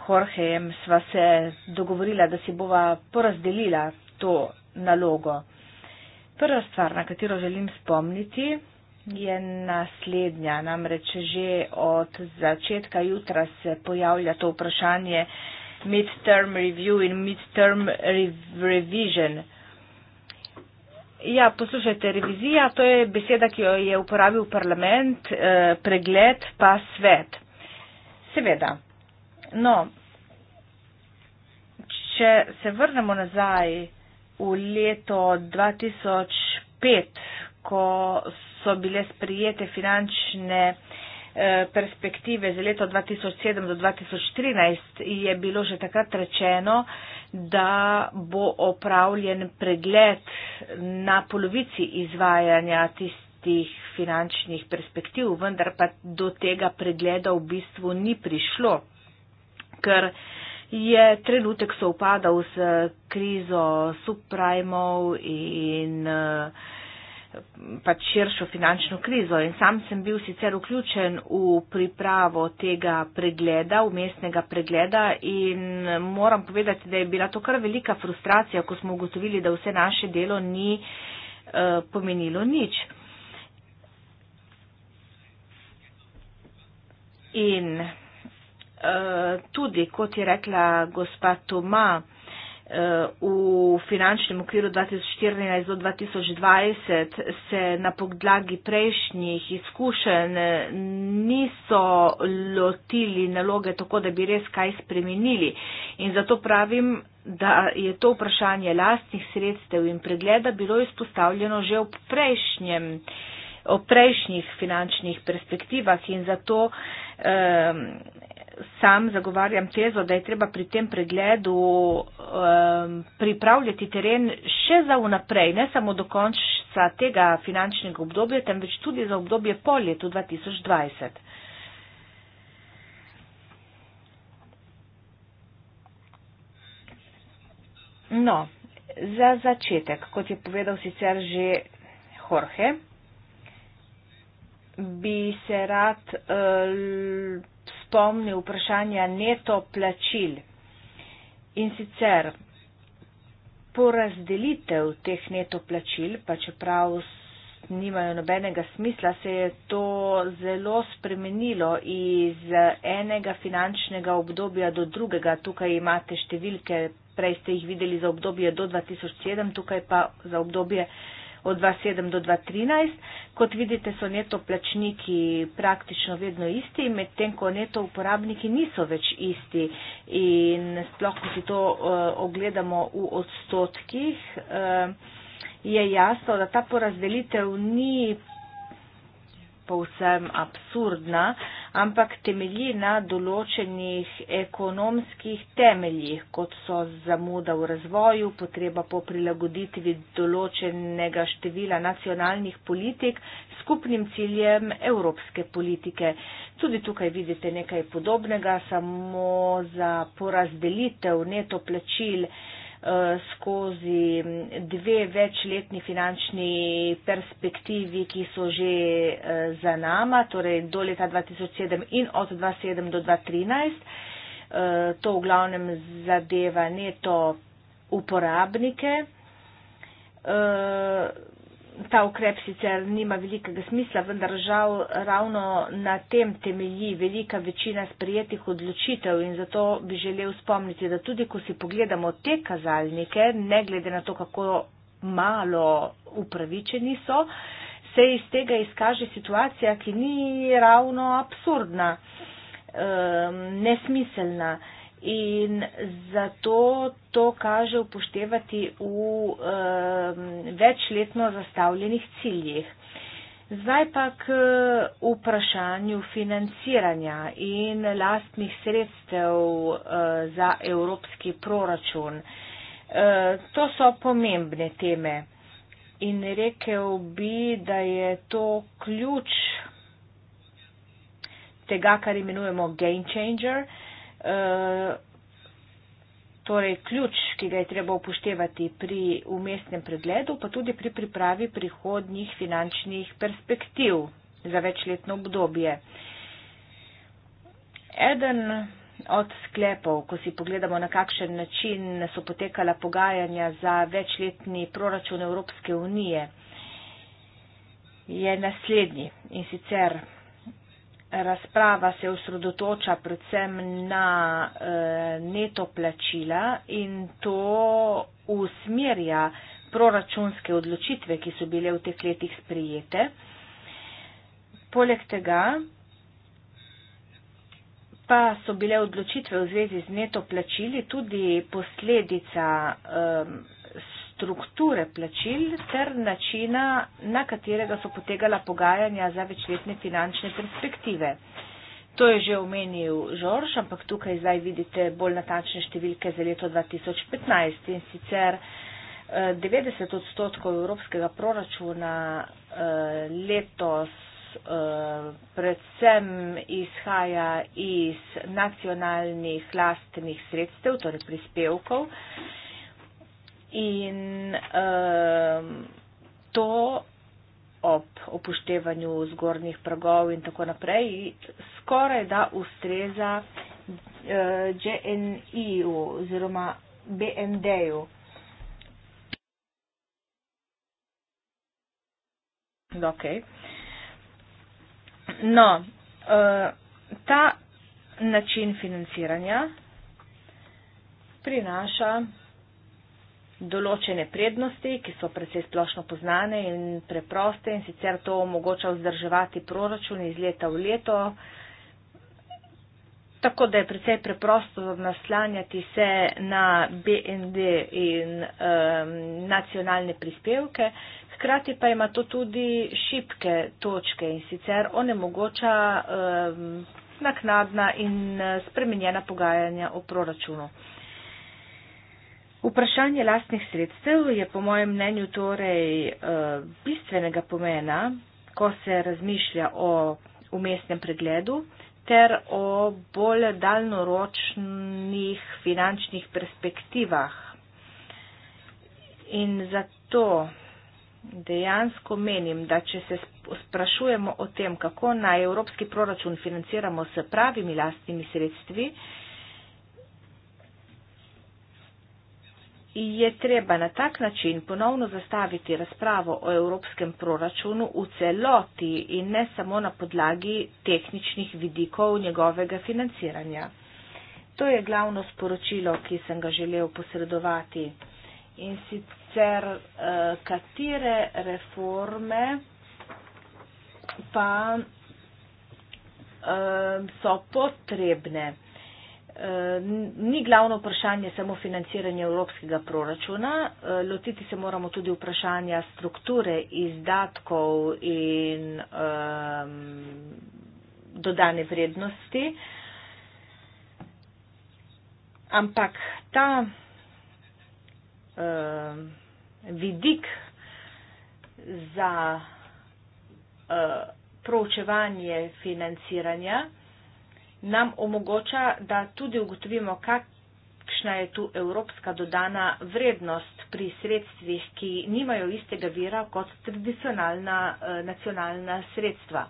Jorgejem sva se dogovorila, da si bova porazdelila to nalogo. Prva stvar, na katero želim spomniti, je naslednja. Namreč že od začetka jutra se pojavlja to vprašanje, midterm review in midterm revision. Ja, poslušajte, revizija, to je beseda, ki jo je uporabil parlament, eh, pregled pa svet. Seveda. No, če se vrnemo nazaj v leto 2005, ko so bile sprijete finančne Eh, perspektive za leto 2007 do 2013 je bilo že takrat rečeno, da bo opravljen pregled na polovici izvajanja tistih finančnih perspektiv, vendar pa do tega pregleda v bistvu ni prišlo, ker je trenutek sovpadal z krizo subprimov in uh, pač širšo finančno krizo in sam sem bil sicer vključen v pripravo tega pregleda, umestnega pregleda in moram povedati, da je bila to kar velika frustracija, ko smo ugotovili, da vse naše delo ni eh, pomenilo nič. In uh, tudi, kot je rekla gospa Toma, uh, v finančnem okviru 2014 do 2020 se na podlagi prejšnjih izkušenj niso lotili naloge tako, da bi res kaj spremenili. In zato pravim, da je to vprašanje lastnih sredstev in pregleda bilo izpostavljeno že ob prejšnjem o prejšnjih finančnih perspektivah in zato eh, sam zagovarjam tezo, da je treba pri tem pregledu um, pripravljati teren še za vnaprej, ne samo do konca tega finančnega obdobja, temveč tudi za obdobje po letu 2020. No, za začetek, kot je povedal sicer že Jorge, bi se rad uh, spomnil vprašanja neto plačil. In sicer porazdelitev teh neto plačil, pa čeprav nimajo nobenega smisla, se je to zelo spremenilo iz enega finančnega obdobja do drugega. Tukaj imate številke, prej ste jih videli za obdobje do 2007, tukaj pa za obdobje 2007 od 2007 do 2013. Kot vidite, so neto plačniki praktično vedno isti, medtem ko neto uporabniki niso več isti. In sploh, ko si to uh, ogledamo v odstotkih, uh, je jasno, da ta porazdelitev ni povsem absurdna, ampak temelji na določenih ekonomskih temeljih, kot so zamuda v razvoju, potreba po prilagoditvi določenega števila nacionalnih politik skupnim ciljem evropske politike. Tudi tukaj vidite nekaj podobnega, samo za porazdelitev neto plačil skozi dve večletni finančni perspektivi, ki so že eh, za nama, torej do leta 2007 in od 2007 do 2013. Eh, to v glavnem zadeva neto uporabnike. Eh, ta ukrep sicer nima velikega smisla, vendar žal ravno na tem temelji velika večina sprijetih odločitev in zato bi želel spomniti, da tudi ko si pogledamo te kazalnike, ne glede na to, kako malo upravičeni so, se iz tega izkaže situacija, ki ni ravno absurdna, um, nesmiselna. In zato to kaže upoštevati v um, večletno zastavljenih ciljih. Zdaj pa k vprašanju financiranja in lastnih sredstev uh, za evropski proračun. Uh, to so pomembne teme in rekel bi, da je to ključ tega, kar imenujemo game changer. Uh, Eh, torej ključ, ki ga je treba upoštevati pri umestnem pregledu, pa tudi pri pripravi prihodnjih finančnih perspektiv za večletno obdobje. Eden od sklepov, ko si pogledamo, na kakšen način so potekala pogajanja za večletni proračun Evropske unije, je naslednji in sicer razprava se usredotoča predvsem na eh, neto plačila in to usmerja proračunske odločitve, ki so bile v teh letih sprijete. Poleg tega pa so bile odločitve v zvezi z neto plačili tudi posledica um, strukture plačil ter načina, na katerega so potegala pogajanja za večletne finančne perspektive. To je že omenil Žorž, ampak tukaj zdaj vidite bolj natančne številke za leto 2015 in sicer 90 eh, odstotkov evropskega proračuna eh, letos eh, predvsem izhaja iz nacionalnih lastnih sredstev, torej prispevkov. In um, to ob upoštevanju zgornjih pragov in tako naprej skoraj da ustreza uh, eh, GNI-ju oziroma BND-ju. Okay. No, uh, ta način financiranja prinaša določene prednosti, ki so predvsej splošno poznane in preproste in sicer to omogoča vzdrževati proračun iz leta v leto, tako da je predvsej preprosto naslanjati se na BND in um, nacionalne prispevke. Hkrati pa ima to tudi šibke točke in sicer onemogoča um, naknadna in spremenjena pogajanja o proračunu. Vprašanje lastnih sredstev je po mojem mnenju torej eh, bistvenega pomena, ko se razmišlja o umestnem pregledu ter o bolj daljnoročnih finančnih perspektivah. In zato dejansko menim, da če se sprašujemo o tem, kako naj evropski proračun financiramo s pravimi lastnimi sredstvi, je treba na tak način ponovno zastaviti razpravo o evropskem proračunu v celoti in ne samo na podlagi tehničnih vidikov njegovega financiranja. To je glavno sporočilo, ki sem ga želel posredovati. In sicer, eh, katere reforme pa eh, so potrebne ni glavno vprašanje samo financiranje evropskega proračuna, lotiti se moramo tudi vprašanja strukture izdatkov in um, dodane vrednosti. Ampak ta um, vidik za uh, proučevanje financiranja, nam omogoča, da tudi ugotovimo, kakšna je tu evropska dodana vrednost pri sredstvih, ki nimajo istega vira kot tradicionalna eh, nacionalna sredstva.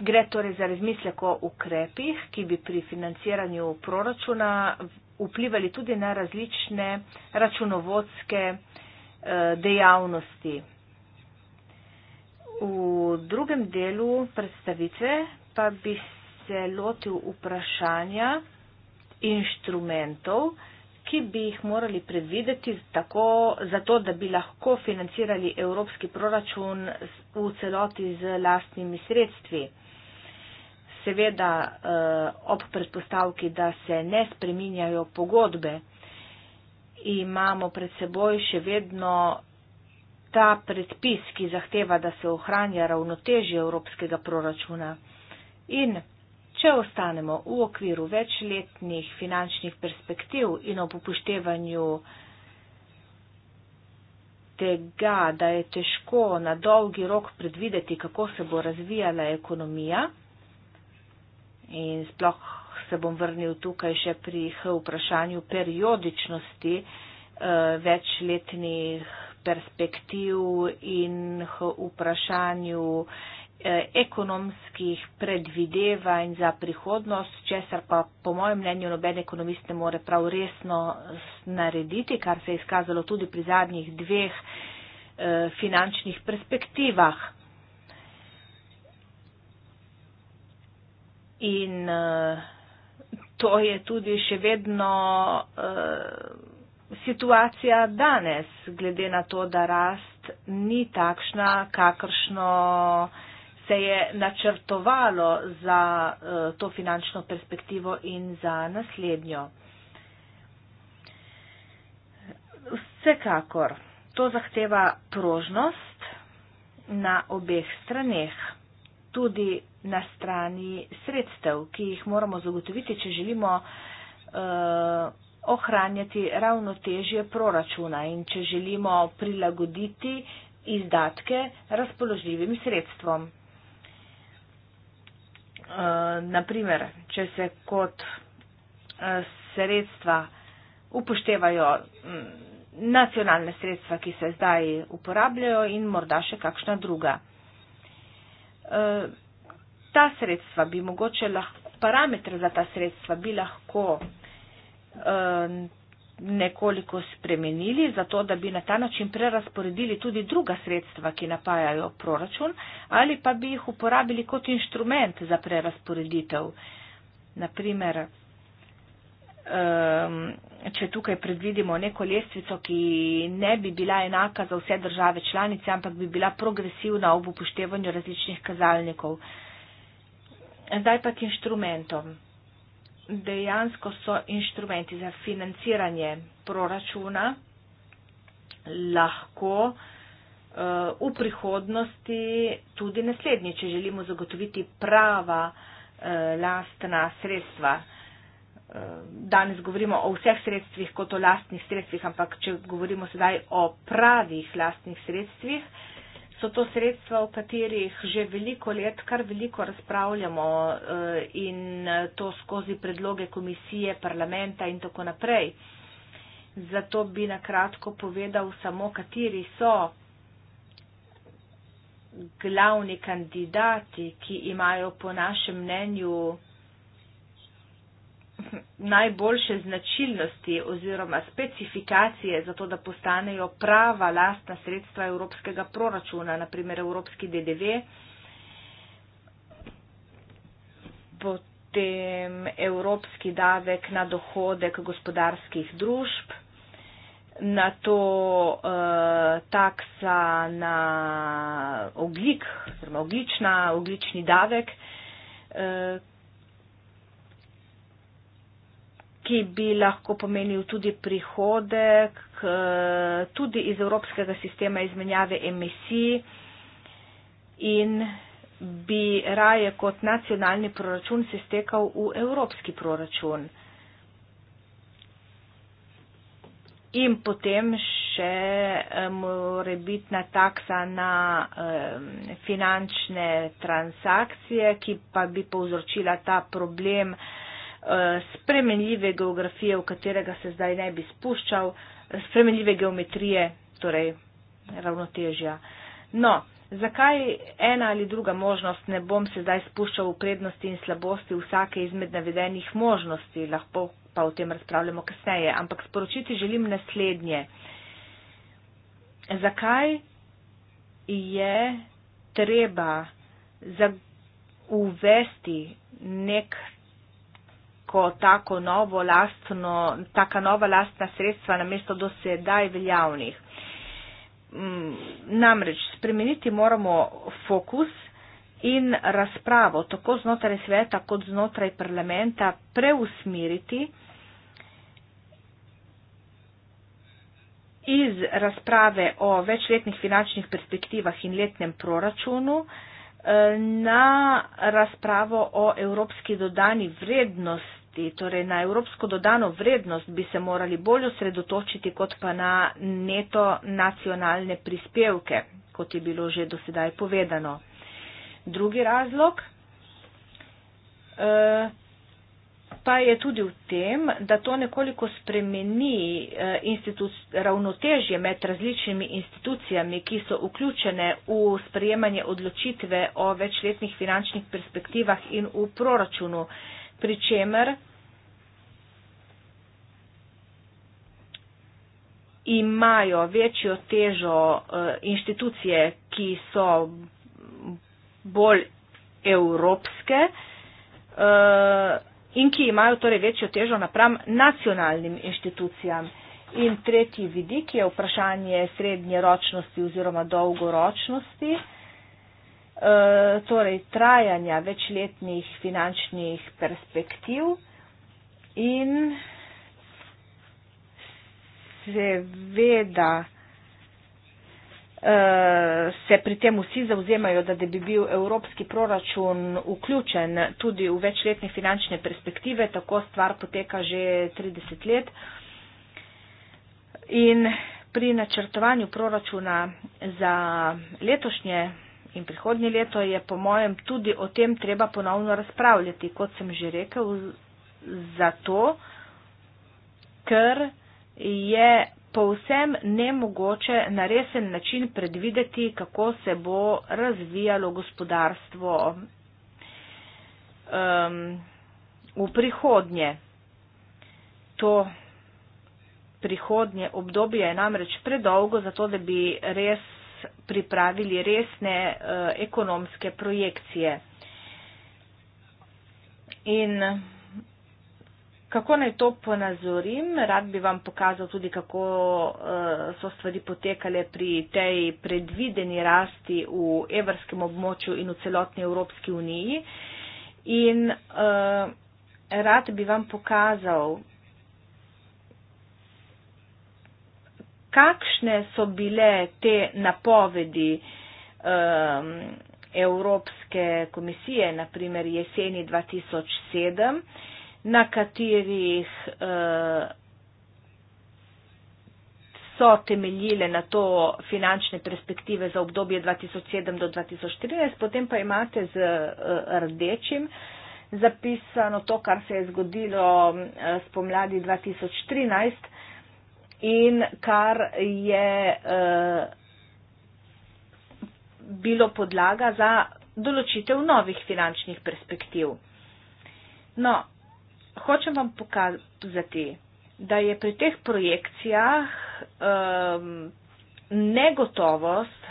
Gre torej za razmislek o ukrepih, ki bi pri financiranju proračuna vplivali tudi na različne računovodske eh, dejavnosti. V drugem delu predstavitve pa bi se lotil vprašanja inštrumentov, ki bi jih morali predvideti tako, zato, da bi lahko financirali evropski proračun v celoti z lastnimi sredstvi. Seveda eh, ob predpostavki, da se ne spreminjajo pogodbe, imamo pred seboj še vedno ta predpis, ki zahteva, da se ohranja ravnotežje evropskega proračuna. In če ostanemo v okviru večletnih finančnih perspektiv in ob upoštevanju tega, da je težko na dolgi rok predvideti, kako se bo razvijala ekonomija, in sploh se bom vrnil tukaj še pri H vprašanju periodičnosti eh, večletnih perspektiv in vprašanju eh, ekonomskih predvidevanj za prihodnost, česar pa po mojem mnenju noben ekonomist ne more prav resno narediti, kar se je izkazalo tudi pri zadnjih dveh eh, finančnih perspektivah. In eh, to je tudi še vedno situacija danes, glede na to, da rast ni takšna, kakršno se je načrtovalo za eh, to finančno perspektivo in za naslednjo. Vsekakor to zahteva prožnost na obeh straneh, tudi na strani sredstev, ki jih moramo zagotoviti, če želimo uh, ohranjati ravnotežje proračuna in če želimo prilagoditi izdatke razpoložljivim sredstvom. Eh, Naprimer, če se kot eh, sredstva upoštevajo mm, nacionalne sredstva, ki se zdaj uporabljajo in morda še kakšna druga. Eh, ta sredstva bi mogoče lahko, parametre za ta sredstva bi lahko Um, nekoliko spremenili, zato da bi na ta način prerasporedili tudi druga sredstva, ki napajajo proračun, ali pa bi jih uporabili kot inštrument za prerasporeditev. Naprimer, um, če tukaj predvidimo neko lestvico, ki ne bi bila enaka za vse države članice, ampak bi bila progresivna ob upoštevanju različnih kazalnikov. Zdaj pa k inštrumentom dejansko so inštrumenti za financiranje proračuna lahko uh, v prihodnosti tudi naslednji, če želimo zagotoviti prava uh, lastna sredstva. Eh, danes govorimo o vseh sredstvih kot o lastnih sredstvih, ampak če govorimo sedaj o pravih lastnih sredstvih, eh, so to sredstva, o katerih že veliko let kar veliko razpravljamo eh, in eh, to skozi predloge komisije, parlamenta in tako naprej. Zato bi nakratko povedal samo, kateri so glavni kandidati, ki imajo po našem mnenju najboljše značilnosti oziroma specifikacije za to, da postanejo prava lastna sredstva evropskega proračuna, naprimer evropski DDV, potem evropski davek na dohodek gospodarskih družb, na to eh, taksa na oglik, oziroma oglična, oglični davek, eh, ki bi lahko pomenil tudi prihodek, tudi iz evropskega sistema izmenjave emisij in bi raje kot nacionalni proračun se stekal v evropski proračun. In potem še eh, morebitna taksa na finančne transakcije, ki pa bi povzročila ta problem, Eh, spremenljive geografije, v katerega se zdaj ne bi spuščal, spremenljive geometrije, torej ravnotežja. No, zakaj ena ali druga možnost ne bom se zdaj spuščal v prednosti in slabosti vsake izmed navedenih možnosti, lahko pa o tem razpravljamo kasneje, ampak sporočiti želim naslednje. Zakaj je treba uvesti nek ko tako novo lastno, taka nova lastna sredstva namesto do sedaj veljavnih. Mm, namreč spremeniti moramo fokus in razpravo tako znotraj sveta kot znotraj parlamenta preusmiriti iz razprave o večletnih finančnih perspektivah in letnem proračunu, na razpravo o evropski dodani vrednosti, torej na evropsko dodano vrednost bi se morali bolj osredotočiti, kot pa na neto nacionalne prispevke, kot je bilo že dosedaj povedano. Drugi razlog. Uh, pa je tudi v tem, da to nekoliko spremeni eh, ravnotežje med različnimi institucijami, ki so vključene v sprejemanje odločitve o večletnih finančnih perspektivah in v proračunu, pri čemer imajo večjo težo eh, institucije, ki so bolj evropske. Eh, in ki imajo torej večjo težo napram nacionalnim inštitucijam. In tretji vidik je vprašanje srednjeročnosti oziroma dolgoročnosti, eh, torej trajanja večletnih finančnih perspektiv in seveda Eh, se pri tem vsi zauzemajo, da bi bil evropski proračun vključen tudi v večletne finančne perspektive, tako stvar poteka že 30 let. In pri načrtovanju proračuna za letošnje in prihodnje leto je po mojem tudi o tem treba ponovno razpravljati, kot sem že rekel, zato, ker je povsem nemogoče na resen način predvideti, kako se bo razvijalo gospodarstvo um, v prihodnje. To prihodnje obdobje je namreč predolgo, zato da bi res pripravili resne uh, ekonomske projekcije. In Kako naj to ponazorim? Rad bi vam pokazal tudi, kako eh, so stvari potekale pri tej predvideni rasti v evrskem območju in v celotni Evropski uniji. In uh, rad bi vam pokazal, kakšne so bile te napovedi um, Evropske komisije, naprimer jeseni 2007 na katerih eh, so temeljile na to finančne perspektive za obdobje 2007 do 2014. Potem pa imate z eh, rdečim zapisano to, kar se je zgodilo eh, spomladi 2013 in kar je bilo podlaga za določitev novih finančnih perspektiv. No, hočem vam pokazati, da je pri teh projekcijah um, negotovost,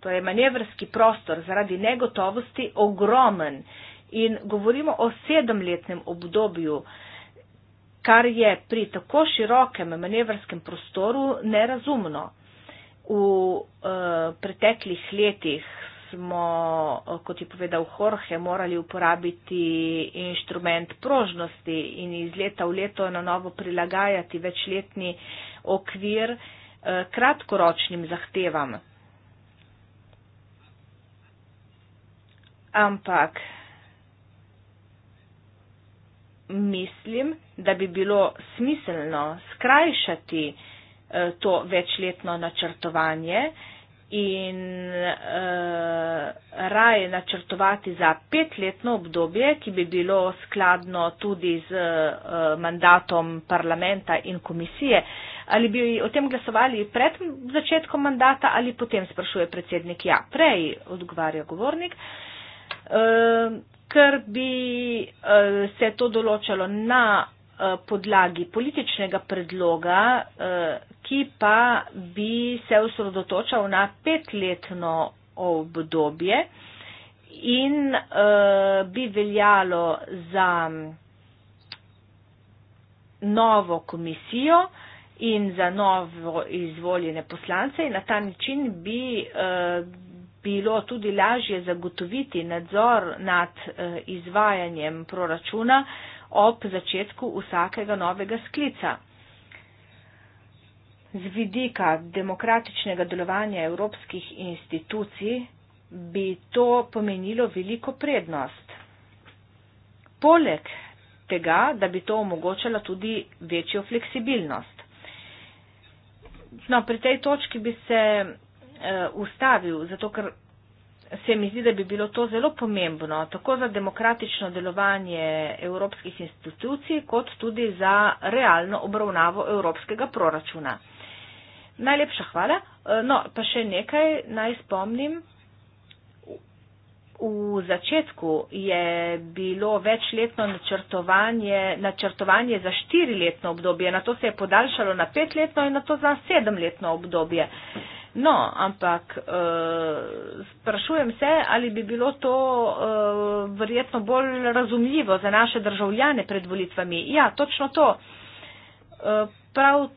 to je manevrski prostor zaradi negotovosti ogromen in govorimo o sedemletnem obdobju, kar je pri tako širokem manevrskem prostoru nerazumno. V uh, preteklih letih smo, eh, kot je povedal Jorge, morali uporabiti inštrument prožnosti in iz leta v leto na novo prilagajati večletni okvir eh, kratkoročnim zahtevam. Ampak mislim, da bi bilo smiselno skrajšati eh, to večletno načrtovanje, in uh, raje načrtovati za petletno obdobje, ki bi bilo skladno tudi z uh, mandatom parlamenta in komisije. Ali bi o tem glasovali pred začetkom mandata ali potem, sprašuje predsednik, ja, prej odgovarja govornik, uh, ker bi uh, se to določalo na Eh, podlagi političnega predloga, eh, ki pa bi se osredotočal na petletno obdobje in eh, bi veljalo za novo komisijo in za novo izvoljene poslance in na ta način bi bilo tudi lažje zagotoviti nadzor nad izvajanjem proračuna ob začetku vsakega novega sklica. Z vidika demokratičnega delovanja evropskih institucij bi to pomenilo veliko prednost. Poleg tega, da bi to omogočalo tudi večjo fleksibilnost. No, pri tej točki bi se uh, ustavil, zato ker se mi zdi, da bi bilo to zelo pomembno, tako za demokratično delovanje evropskih institucij, kot tudi za realno obravnavo evropskega proračuna. Najlepša hvala. E, no, pa še nekaj naj spomnim. V začetku je bilo večletno načrtovanje, načrtovanje za štiriletno obdobje, na to se je podaljšalo na petletno in na to za sedemletno obdobje. No, ampak uh, sprašujem se, ali bi bilo to uh, verjetno bolj razumljivo za naše državljane pred volitvami. Ja, točno to. Uh, prav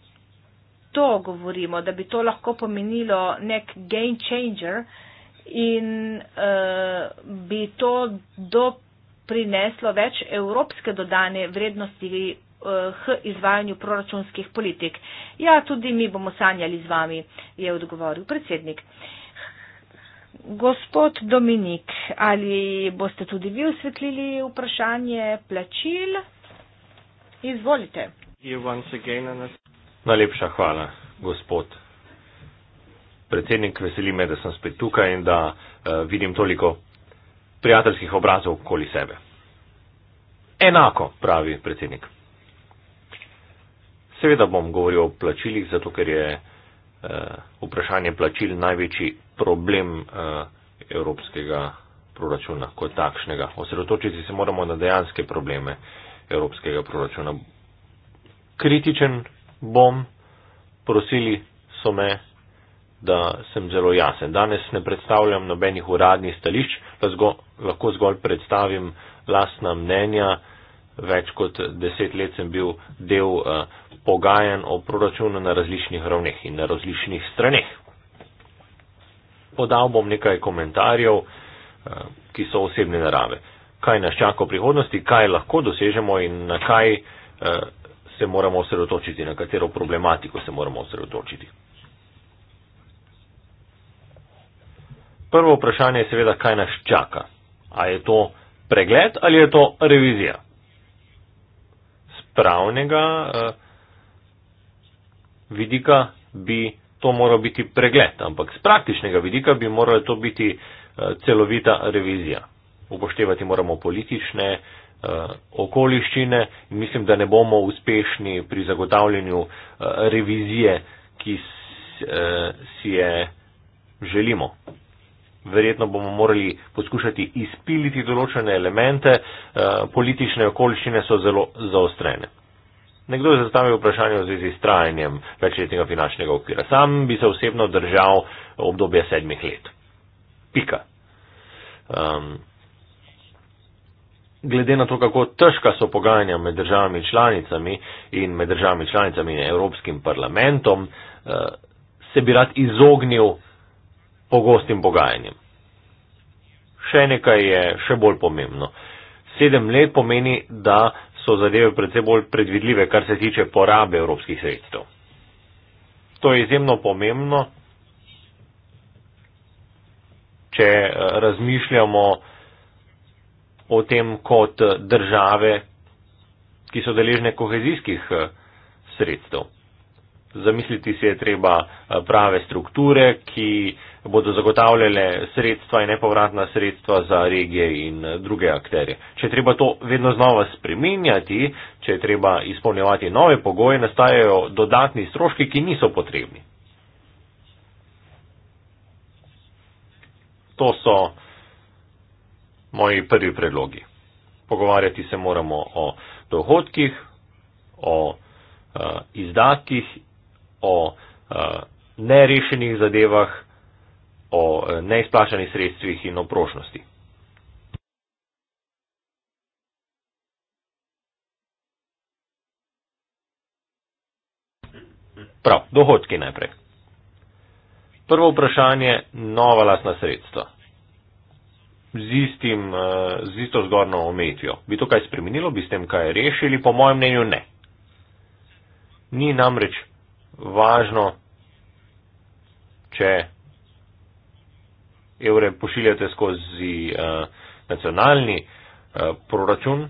to govorimo, da bi to lahko pomenilo nek game changer in uh, bi to doprineslo več evropske dodane vrednosti Eh, h izvajanju proračunskih politik. Ja, tudi mi bomo sanjali z vami, je odgovoril predsednik. Gospod Dominik, ali boste tudi vi osvetlili vprašanje plačil? Izvolite. Najlepša hvala, gospod. Predsednik, veseli me, da sem spet tukaj in da uh, vidim toliko prijateljskih obrazov okoli sebe. Enako, pravi predsednik. Seveda bom govoril o plačilih, zato ker je eh, vprašanje plačil največji problem eh, evropskega proračuna kot takšnega. Osredotočiti se moramo na dejanske probleme evropskega proračuna. Kritičen bom, prosili so me, da sem zelo jasen. Danes ne predstavljam nobenih uradnih stališč, zgo, lahko zgolj predstavim lastna mnenja. Več kot deset let sem bil del. Eh, pogajanj o proračunu na različnih ravneh in na različnih straneh. Podal bom nekaj komentarjev, eh, ki so osebne narave. Kaj nas čaka v prihodnosti, kaj lahko dosežemo in na kaj eh, se moramo osredotočiti, na katero problematiko se moramo osredotočiti. Prvo vprašanje je seveda, kaj nas čaka. A je to pregled ali je to revizija? Spravnega eh, vidika bi to moral biti pregled, ampak z praktičnega vidika bi morala to biti eh, celovita revizija. Upoštevati moramo politične eh, okoliščine in mislim, da ne bomo uspešni pri zagotavljanju eh, revizije, ki si je želimo. Verjetno bomo morali poskušati izpiliti določene elemente, politične okoliščine so zelo zaostrene. Nekdo je zastavil vprašanje v zvezi s trajanjem večletnega finančnega okvira. Sam bi se osebno držal obdobje sedmih let. Pika. Um, glede na to, kako težka so pogajanja med državami članicami in med državami članicami in Evropskim parlamentom, uh, se bi rad izognil pogostim pogajanjem. Še nekaj je še bolj pomembno. Sedem let pomeni, da so zadeve predvsem bolj predvidljive, kar se tiče porabe evropskih sredstev. To je izjemno pomembno, če eh, razmišljamo o tem kot države, ki so deležne kohezijskih eh, sredstev. Zamisliti si je treba eh, prave strukture, ki bodo zagotavljale sredstva in nepovratna sredstva za regije in eh, druge akterje. Če treba to vedno znova spreminjati, če treba izpolnjevati nove pogoje, nastajajo dodatni stroški, ki niso potrebni. To so moji prvi predlogi. Pogovarjati se moramo o dohodkih, o uh, izdatkih, o uh, nerešenih zadevah, o eh, neizplačanih sredstvih in o prošnosti. Prav, dohodki najprej. Prvo vprašanje, nova lasna sredstva. Z, istim, eh, z isto zgornjo omejitvijo. Bi to kaj spremenilo, bi s tem kaj rešili? Po mojem mnenju ne. Ni namreč važno, če evre pošiljate skozi uh, nacionalni uh, proračun,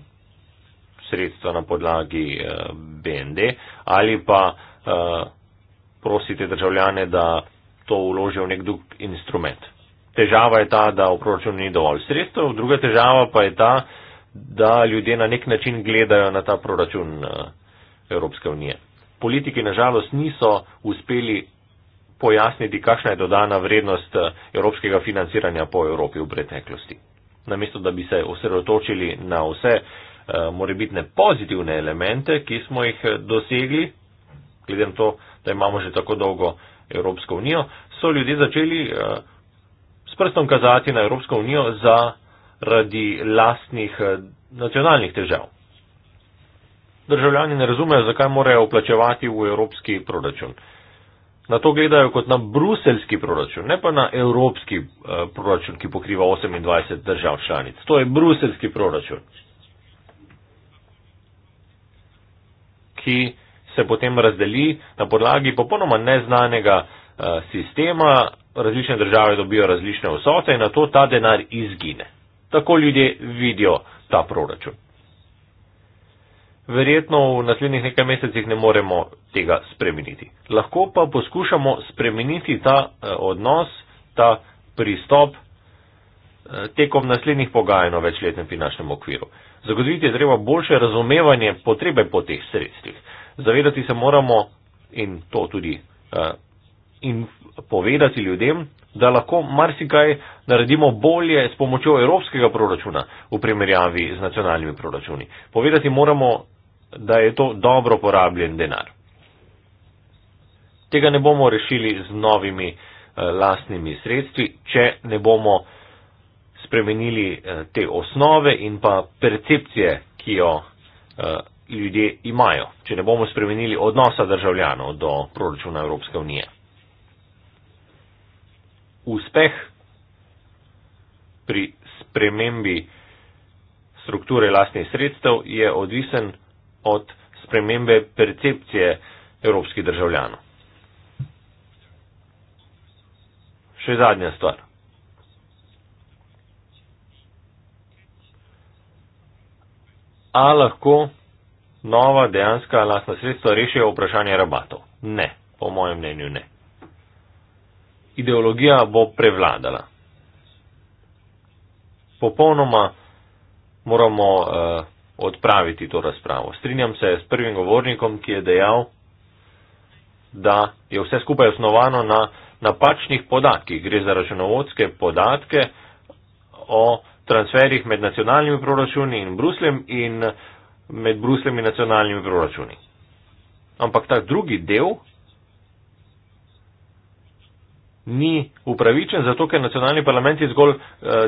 sredstva na podlagi uh, eh, BND ali pa uh, prosite državljane, da to vložijo v nek drug instrument. Težava je ta, da v proračunu ni dovolj sredstev, druga težava pa je ta, da ljudje na nek način gledajo na ta proračun uh, Evropske unije. Politiki nažalost niso uspeli pojasniti, kakšna je dodana vrednost eh, evropskega financiranja po Evropi v preteklosti. Namesto, da bi se osredotočili na vse eh, morebitne pozitivne elemente, ki smo jih eh, dosegli, glede na to, da imamo že tako dolgo Evropsko unijo, so ljudje začeli s prstom kazati na Evropsko unijo zaradi lastnih nacionalnih težav. Državljani ne razumejo, zakaj morajo vplačevati v evropski proračun. Uh, na to gledajo kot na bruseljski proračun, ne pa na evropski eh, proračun, ki pokriva 28 držav članic. To je bruseljski proračun, ki se potem razdeli na podlagi popolnoma neznanega eh, sistema, različne države dobijo različne vsote in na to ta denar izgine. Tako ljudje vidijo ta proračun verjetno v naslednjih nekaj mesecih ne moremo tega spremeniti. Lahko pa poskušamo spremeniti ta eh, odnos, ta pristop eh, tekom naslednjih pogajanj o večletnem finančnem okviru. Zagotoviti je treba boljše razumevanje potrebe po teh sredstvih. Zavedati se moramo in to tudi eh, in povedati ljudem, da lahko marsikaj naredimo bolje s pomočjo evropskega proračuna v primerjavi z nacionalnimi proračuni. Povedati moramo da je to dobro porabljen denar. Tega ne bomo rešili z novimi eh, lastnimi sredstvi, če ne bomo eh, spremenili eh, te osnove in pa percepcije, ki jo ljudje imajo, če ne bomo spremenili odnosa državljanov do proračuna Evropske unije. Uspeh pri spremembi strukture lastnih sredstev je odvisen od spremembe percepcije evropskih državljanov. Še zadnja stvar. A lahko nova dejanska lastna sredstva rešijo vprašanje rabatov? Ne, po mojem mnenju ne. Ideologija bo prevladala. Popolnoma moramo uh, odpraviti to razpravo. Strinjam se s prvim govornikom, ki je dejal, da je vse skupaj osnovano na napačnih podatkih. Gre za računovodske podatke o transferih med nacionalnimi proračuni in Brusljem in med Brusljem in nacionalnimi proračuni. Ampak ta drugi del ni upravičen, zato ker nacionalni parlamenti zgolj uh,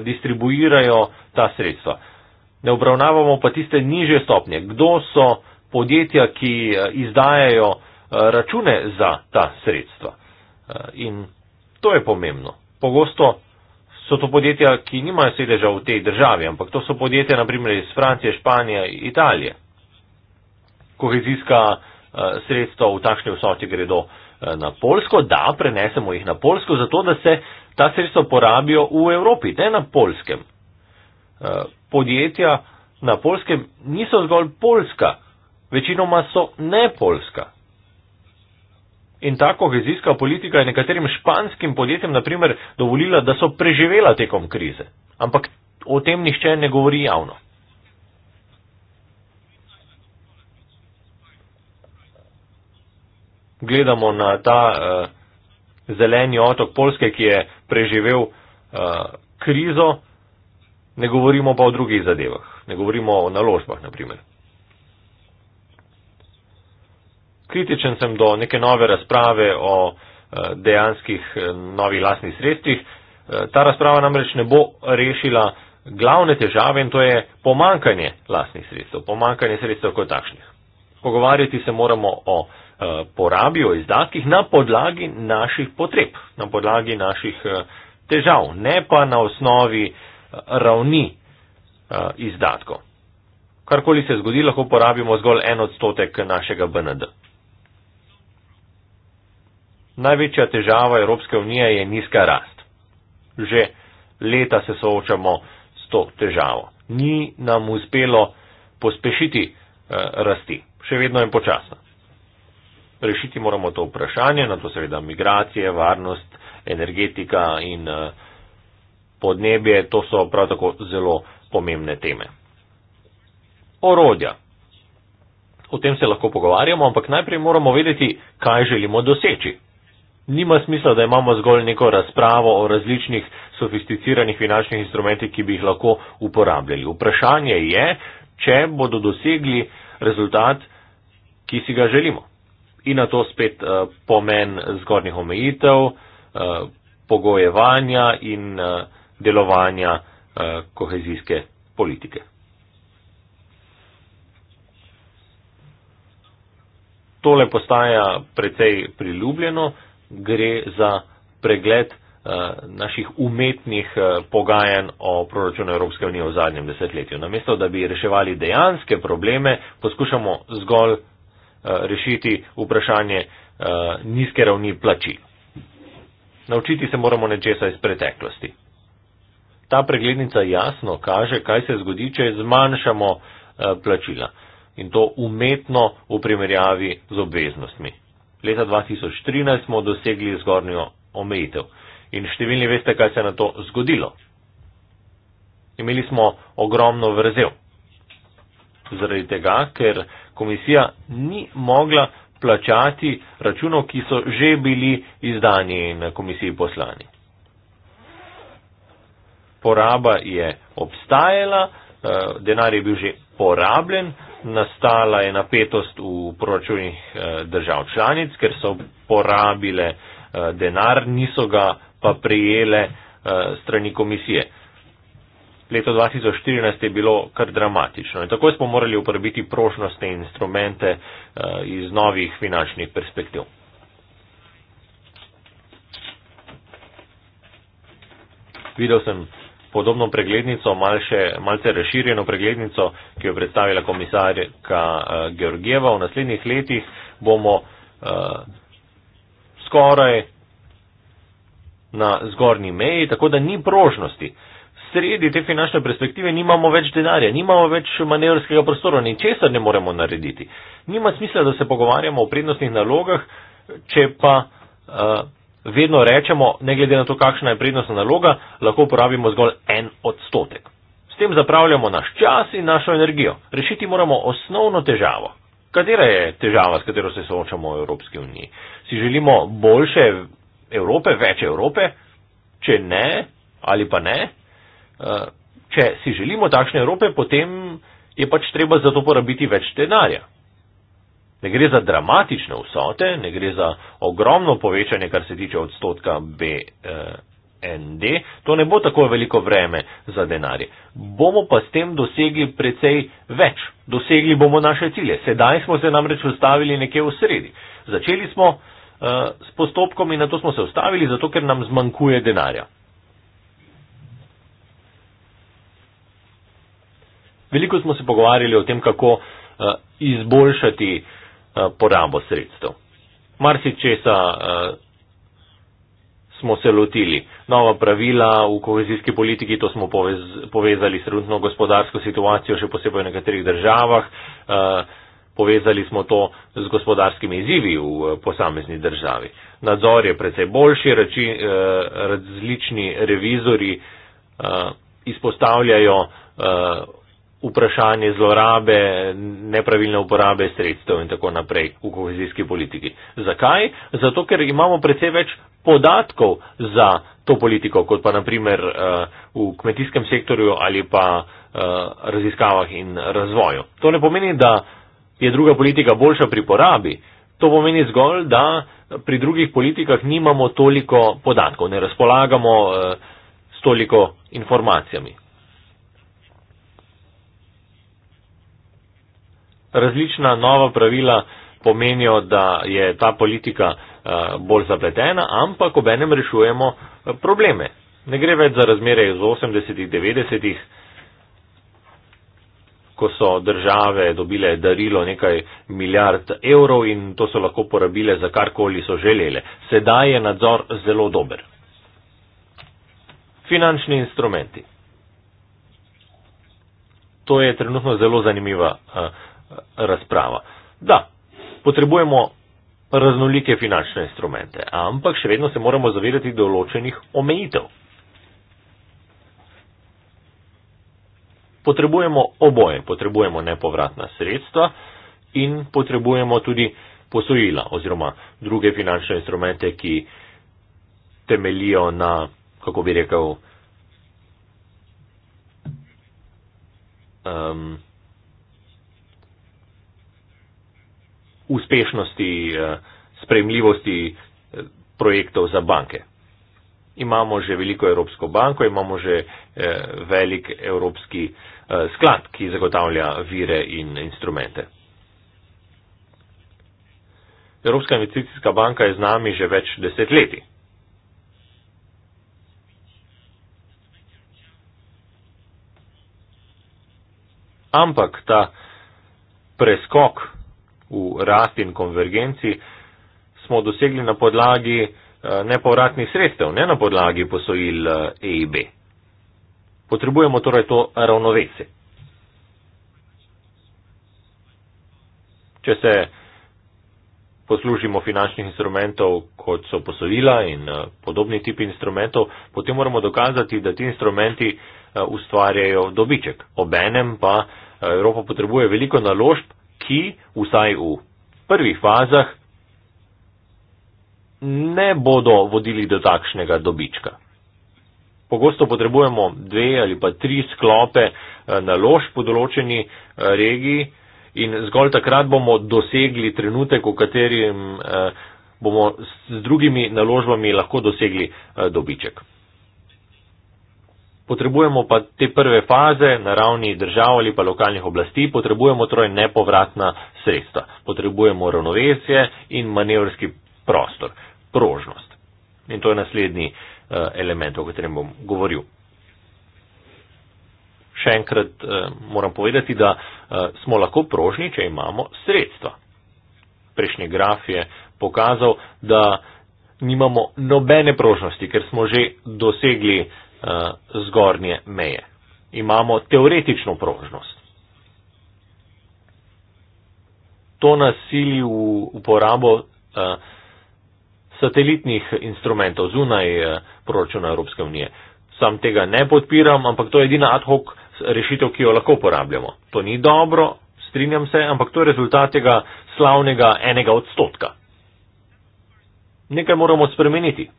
distribuirajo ta sredstva. Uh, ne obravnavamo pa tiste niže stopnje. Kdo so podjetja, ki eh, izdajajo eh, račune za ta sredstva? Eh, in to je pomembno. Pogosto so to podjetja, ki nimajo sedeža v tej državi, ampak to so podjetja, naprimer, iz Francije, Španije, Italije. Kohezijska sredstva v takšni vsoti gredo na Polsko, da prenesemo jih na Polsko, zato da se ta sredstva porabijo v Evropi, ne na Polskem podjetja na polskem niso zgolj polska, večinoma so ne polska. In ta kohezijska politika je nekaterim španskim podjetjem, naprimer, dovolila, da so preživela tekom krize. Ampak o tem nišče ne govori javno. Gledamo na ta uh, zeleni otok Polske, ki je preživel uh, krizo ne govorimo pa o drugih zadevah, ne govorimo o naložbah, naprimer. Kritičen sem do neke nove razprave o eh, dejanskih eh, novih lastnih sredstvih. Eh, ta razprava namreč ne bo rešila glavne težave in to je pomankanje lastnih sredstev, pomankanje sredstev kot takšnih. Pogovarjati se moramo o porabi, o izdatkih na podlagi naših potreb, na podlagi naših težav, ne pa na osnovi uh, ravni eh, izdatkov. Karkoli se zgodi, lahko porabimo zgolj en odstotek našega BND. Največja težava Evropske unije je nizka rast. Že leta se soočamo s to težavo. Ni nam uspelo pospešiti eh, rasti. Še vedno je počasno. Rešiti moramo to vprašanje, na to seveda migracije, varnost, energetika in. Uh, podnebje, to so prav tako zelo pomembne teme. Orodja. O tem se lahko pogovarjamo, ampak najprej moramo vedeti, kaj želimo doseči. Nima smisla, da imamo zgolj neko razpravo o različnih sofisticiranih finančnih instrumentih, ki bi jih lahko uporabljali. Vprašanje je, če bodo dosegli rezultat, ki si ga želimo. In na to spet uh, pomen zgornjih omejitev, uh, pogojevanja in uh, delovanja eh, kohezijske politike. Tole postaja precej priljubljeno, gre za pregled eh, naših umetnih eh, pogajanj o proračunu Evropske unije v zadnjem desetletju. Namesto, da bi reševali dejanske probleme, poskušamo zgolj rešiti vprašanje nizke ravni plačil. Naučiti se moramo nečesa iz preteklosti ta preglednica jasno kaže, kaj se zgodi, če zmanjšamo eh, plačila in to umetno v primerjavi z obveznostmi. Leta 2013 smo dosegli zgornjo omejitev in številni veste, kaj se je na to zgodilo. Imeli smo ogromno vrzel. Zaradi tega, ker komisija ni mogla plačati računov, ki so že bili izdani in komisiji poslani poraba je obstajala, eh, denar je bil že porabljen, nastala je napetost v proračunih eh, držav članic, ker so porabile eh, denar, niso ga pa prijele strani komisije. Leto 2014 je bilo kar dramatično in takoj smo morali uporabiti prošnostne instrumente iz novih finančnih perspektiv. Videl sem podobno preglednico, mal še, malce razširjeno preglednico, ki jo je predstavila komisarka eh, Georgieva. V naslednjih letih bomo uh, skoraj na zgornji meji, tako da ni prožnosti. Sredi te finančne perspektive nimamo več denarja, nimamo več manevrskega prostora, ničesar ne moremo narediti. Nima smisla, da se pogovarjamo o prednostnih nalogah, če pa uh, vedno rečemo, ne glede na to, kakšna je prednostna naloga, lahko uporabimo zgolj en odstotek. S tem zapravljamo naš čas in našo energijo. Rešiti moramo osnovno težavo. Katera je težava, s katero se soočamo v Evropski uniji? Si želimo boljše Evrope, več Evrope? Če ne, ali pa ne? Eh, če si želimo takšne Evrope, potem je pač treba za to porabiti več denarja. Ne gre za dramatične vsote, ne gre za ogromno povečanje, kar se tiče odstotka BND, eh, to ne bo tako veliko vreme za denarje. Bomo pa s tem dosegli precej več, dosegli bomo naše cilje. Sedaj smo se namreč ustavili nekje v sredi. Začeli smo uh, s postopkom in na to smo se ustavili, zato ker nam zmanjkuje denarja. Veliko smo se pogovarjali o tem, kako uh, izboljšati uh, Eh, porabo sredstev. Marsi česa uh, eh, smo se lotili. Nova pravila v kohezijski politiki, to smo povez, povezali s trenutno gospodarsko situacijo, še posebej v nekaterih državah. Uh, povezali smo to z gospodarskimi izzivi v posamezni državi. Nadzor je precej boljši, rači, uh, različni revizori uh, izpostavljajo. Uh, vprašanje zlorabe, nepravilne uporabe sredstev in tako naprej v kohezijski politiki. Zakaj? Zato, ker imamo precej več podatkov za to politiko, kot pa naprimer eh, v kmetijskem sektorju ali pa eh, raziskavah in razvoju. To ne pomeni, da je druga politika boljša pri porabi, to pomeni zgolj, da pri drugih politikah nimamo toliko podatkov, ne razpolagamo eh, s toliko informacijami. različna nova pravila pomenijo, da je ta politika eh, bolj zapletena, ampak ob enem rešujemo eh, probleme. Ne gre več za razmere iz 80-ih, 90-ih, ko so države dobile darilo nekaj milijard evrov in to so lahko porabile za karkoli so želele. Sedaj je nadzor zelo dober. Finančni instrumenti. To je trenutno zelo zanimiva uh, razprava. Da, potrebujemo raznolike finančne instrumente, ampak še vedno se moramo zavedati določenih omejitev. Potrebujemo oboje, potrebujemo nepovratna sredstva in potrebujemo tudi posojila oziroma druge finančne instrumente, ki temelijo na, kako bi rekel, um, uspešnosti, eh, spremljivosti eh, projektov za banke. Imamo že veliko Evropsko banko, imamo že eh, velik Evropski sklad, ki zagotavlja vire in instrumente. Evropska investicijska banka je z nami že več desetletij. Ampak ta preskok v rasti in konvergenci, smo dosegli na podlagi eh, nepovratnih sredstev, ne na podlagi posojil EIB. Eh, e Potrebujemo torej to ravnovesje. Če se poslužimo finančnih instrumentov, kot so posojila in eh, podobni tipi instrumentov, potem moramo dokazati, da ti instrumenti ustvarjajo dobiček. Obenem pa Evropa potrebuje veliko naložb, ki vsaj v prvih fazah ne bodo vodili do takšnega dobička. Pogosto potrebujemo dve ali pa tri sklope eh, nalož po določeni eh, regiji in zgolj takrat bomo dosegli trenutek, v katerem eh, bomo s drugimi naložbami lahko dosegli dobiček. Potrebujemo pa te prve faze na ravni držav ali pa lokalnih oblasti, potrebujemo torej nepovratna sredstva. Potrebujemo ravnovesje in manevrski prostor, prožnost. In to je naslednji eh, element, o katerem bom govoril. Še enkrat eh, moram povedati, da eh, smo lahko prožni, če imamo sredstva. Prejšnji graf je pokazal, da nimamo nobene prožnosti, ker smo že dosegli Eh, zgornje meje. Imamo teoretično prožnost. To nasili v uporabo eh, satelitnih instrumentov zunaj eh, proračuna Evropske unije. Sam tega ne podpiram, ampak to je edina ad hoc rešitev, ki jo lahko uporabljamo. To ni dobro, strinjam se, ampak to je rezultat tega slavnega enega odstotka. Nekaj moramo spremeniti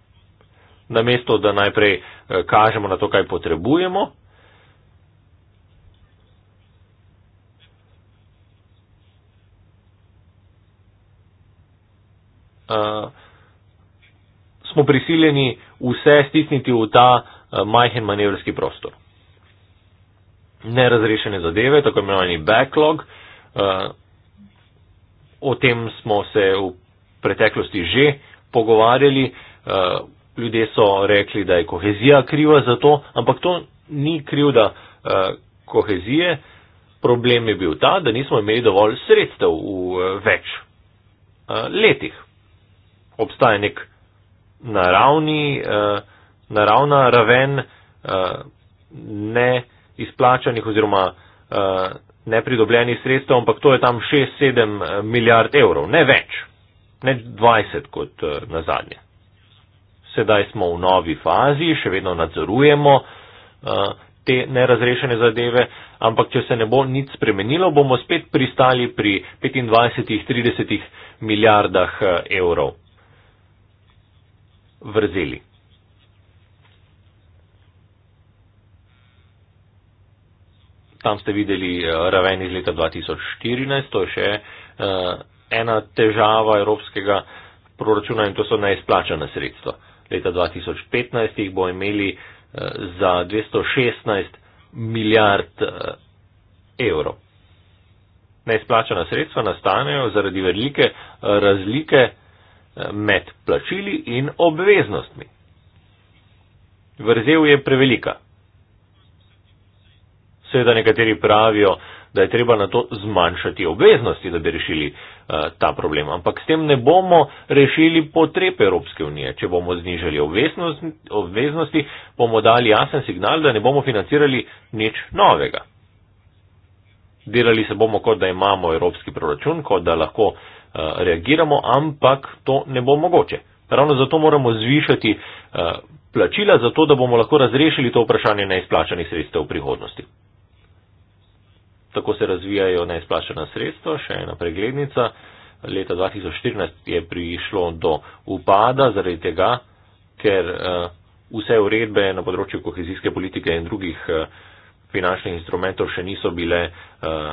namesto da najprej eh, kažemo na to, kaj potrebujemo. Uh, smo prisiljeni vse stisniti v ta uh, majhen manevrski prostor. Nerazrešene zadeve, tako imenovani backlog, uh, o tem smo se v preteklosti že pogovarjali, uh, ljudje so rekli, da je kohezija kriva za to, ampak to ni krivda uh, kohezije. Problem je bil ta, da nismo imeli dovolj sredstev v uh, več uh, letih. Obstaja nek naravni, uh, naravna raven uh, neizplačanih oziroma uh, nepridobljenih sredstev, ampak to je tam 6-7 milijard evrov, ne več, ne 20 kot uh, na zadnje sedaj smo v novi fazi, še vedno nadzorujemo eh, te nerazrešene zadeve, ampak če se ne bo nič spremenilo, bomo spet pristali pri 25-30 milijardah eh, evrov vrzeli. Tam ste videli eh, raven iz leta 2014, to je še ena težava evropskega proračuna in to so neizplačane sredstva leta 2015 jih bo imeli eh, za 216 milijard eh, evrov. Neizplačena sredstva nastanejo zaradi velike eh, razlike med plačili in obveznostmi. Vrzel je prevelika. Seveda nekateri pravijo, da je treba na to zmanjšati obveznosti, da bi rešili uh, ta problem. Ampak s tem ne bomo rešili potrebe Evropske unije. Če bomo znižali obveznosti, bomo dali jasen signal, da ne bomo financirali nič novega. Delali se bomo, kot da imamo evropski proračun, kot da lahko uh, reagiramo, ampak to ne bo mogoče. Ravno zato moramo zvišati. Uh, plačila za to, da bomo lahko razrešili to vprašanje neizplačanih sredstev v prihodnosti tako se razvijajo neizplačena sredstva, še ena preglednica. Leta 2014 je prišlo do upada zaradi tega, ker eh, vse uredbe na področju kohezijske politike in drugih eh, finančnih instrumentov še niso bile eh,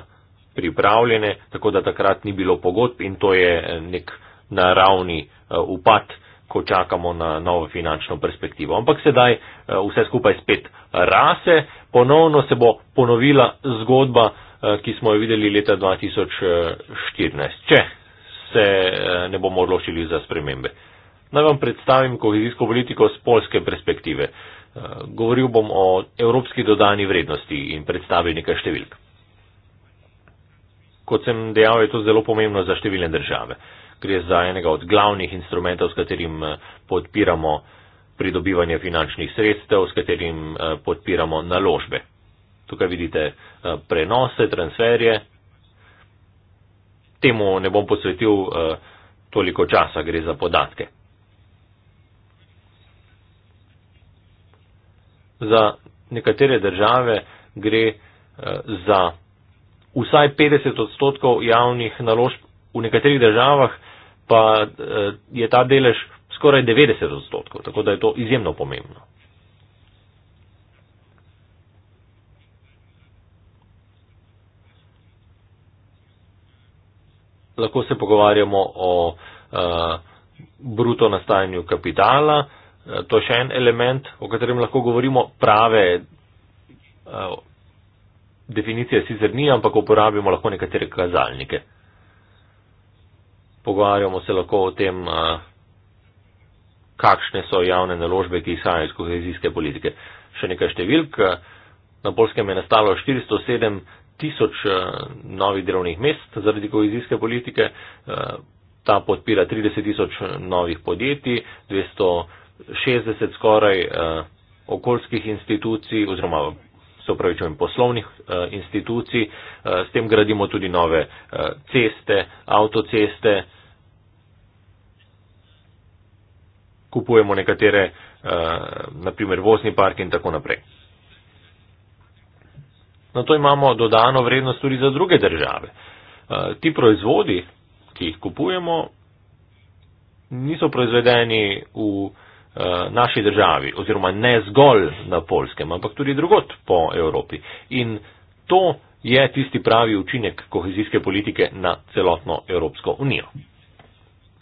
pripravljene, tako da takrat ni bilo pogodb in to je nek naravni upad, ko čakamo na novo finančno perspektivo. Ampak sedaj vse skupaj spet rase, ponovno se bo ponovila zgodba Eh, ki smo jo videli leta 2014, če se eh, ne bomo odločili za spremembe. Naj vam predstavim kohezijsko politiko z polske perspektive. Eh, govoril bom o evropski dodani vrednosti in predstavil nekaj številk. Kot sem dejal, je to zelo pomembno za številne države. Gre za enega od glavnih instrumentov, s katerim podpiramo pridobivanje finančnih sredstev, s katerim podpiramo naložbe. Tukaj vidite eh, prenose, transferje. Temu ne bom posvetil eh, toliko časa, gre za podatke. Za nekatere države gre eh, za vsaj 50 odstotkov javnih naložb, v nekaterih državah pa je ta delež skoraj 90 odstotkov, tako da je to izjemno pomembno. lahko se pogovarjamo o eh, bruto nastajanju kapitala. Eh, to je še en element, o katerem lahko govorimo. Prave eh, definicije sicer ni, ampak uporabimo lahko nekatere kazalnike. Pogovarjamo se lahko o tem, kakšne so javne naložbe, ki izhajajo iz kohezijske politike. Še nekaj številk. Na polskem je nastalo 407 tisoč eh, novih delovnih mest zaradi kohezijske politike, eh, ta podpira 30 tisoč eh, novih podjetij, 260 skoraj okoljskih institucij oziroma se upravičujem poslovnih institucij, s tem gradimo tudi nove ceste, avtoceste, kupujemo nekatere, naprimer vozni park in tako naprej na to imamo dodano vrednost tudi za druge države. Eh, ti proizvodi, ki jih kupujemo, niso proizvedeni v eh, naši državi oziroma ne zgolj na polskem, ampak tudi drugot po Evropi. In to je tisti pravi učinek kohezijske politike na celotno Evropsko unijo.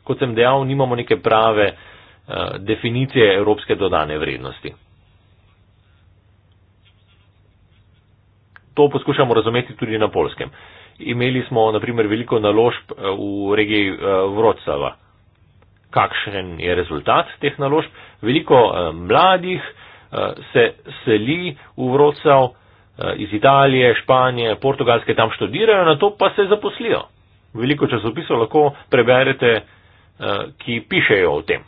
Kot sem dejal, nimamo neke prave uh, definicije evropske dodane vrednosti. to poskušamo razumeti tudi na polskem. Imeli smo, na primer, veliko naložb eh, v regiji Vroclava. Eh, Kakšen je rezultat teh naložb? Veliko eh, mladih se seli v Vroclav iz Italije, Španije, Portugalske, tam študirajo, na to pa se zaposlijo. Veliko časopisov lahko preberete, ki pišejo o tem.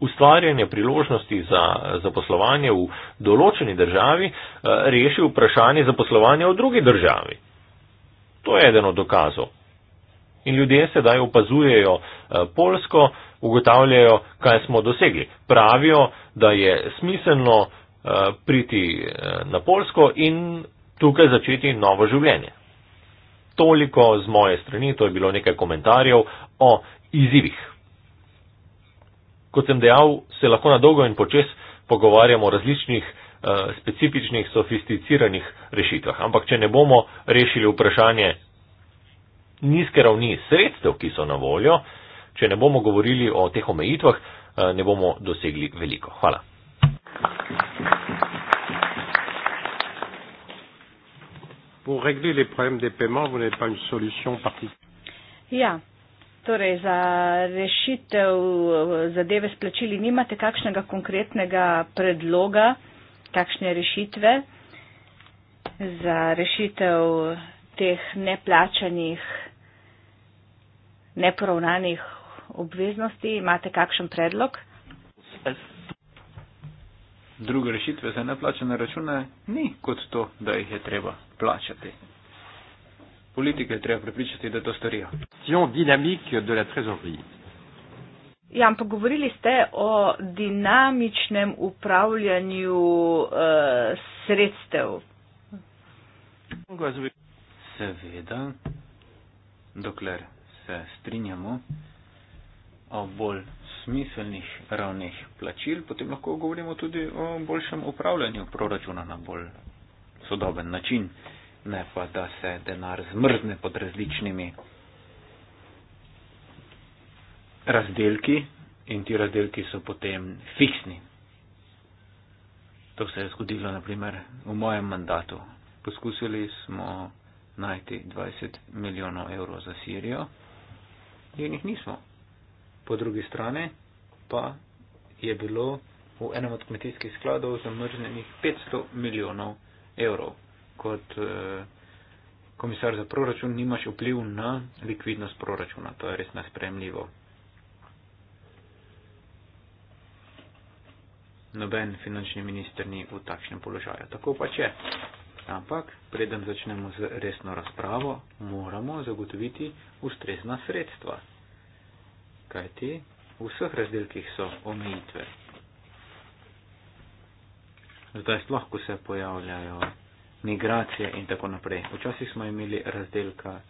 ustvarjanje priložnosti za zaposlovanje v določeni državi eh, reši vprašanje zaposlovanja v drugi državi. To je eden od dokazov. In ljudje sedaj opazujejo eh, Polsko, ugotavljajo, kaj smo dosegli. Pravijo, da je smiselno eh, priti na Polsko in tukaj začeti novo življenje. Toliko z moje strani, to je bilo nekaj komentarjev o izzivih. Kot sem dejal, se lahko na dolgo in počes pogovarjamo o različnih eh, specifičnih, sofisticiranih rešitvah. Ampak, če ne bomo rešili vprašanje nizke ravni sredstev, ki so na voljo, če ne bomo govorili o teh omejitvah, eh, ne bomo dosegli veliko. Hvala. Ja, torej za rešitev zadeve s plačili nimate kakšnega konkretnega predloga, kakšne rešitve za rešitev teh neplačanih, neporavnanih obveznosti? Imate kakšen predlog? Druge rešitve za neplačane račune ni kot to, da jih je treba plačati politike treba prepričati, da to storijo. Ja, ampak govorili ste o dinamičnem upravljanju uh, sredstev. Seveda, dokler se strinjamo o bolj smiselnih ravneh plačil, potem lahko govorimo tudi o boljšem upravljanju proračuna na bolj sodoben način ne pa da se denar zmrzne pod različnimi razdelki in ti razdelki so potem fiksni. To se je zgodilo naprimer v mojem mandatu. Poskusili smo najti 20 milijonov evrov za Sirijo in jih nismo. Po drugi strani pa je bilo v enem od kmetijskih skladov zamrznjenih 500 milijonov evrov kot eh, komisar za proračun nimaš vpliv na likvidnost proračuna. To je res nespremljivo. Noben finančni minister ni v takšnem položaju. Tako pač je. Ampak, preden začnemo z resno razpravo, moramo zagotoviti ustrezna sredstva. Kajti, v vseh razdelkih so omejitve. Zdaj, sploh, ko se pojavljajo migracije in tako naprej. Včasih smo imeli razdelka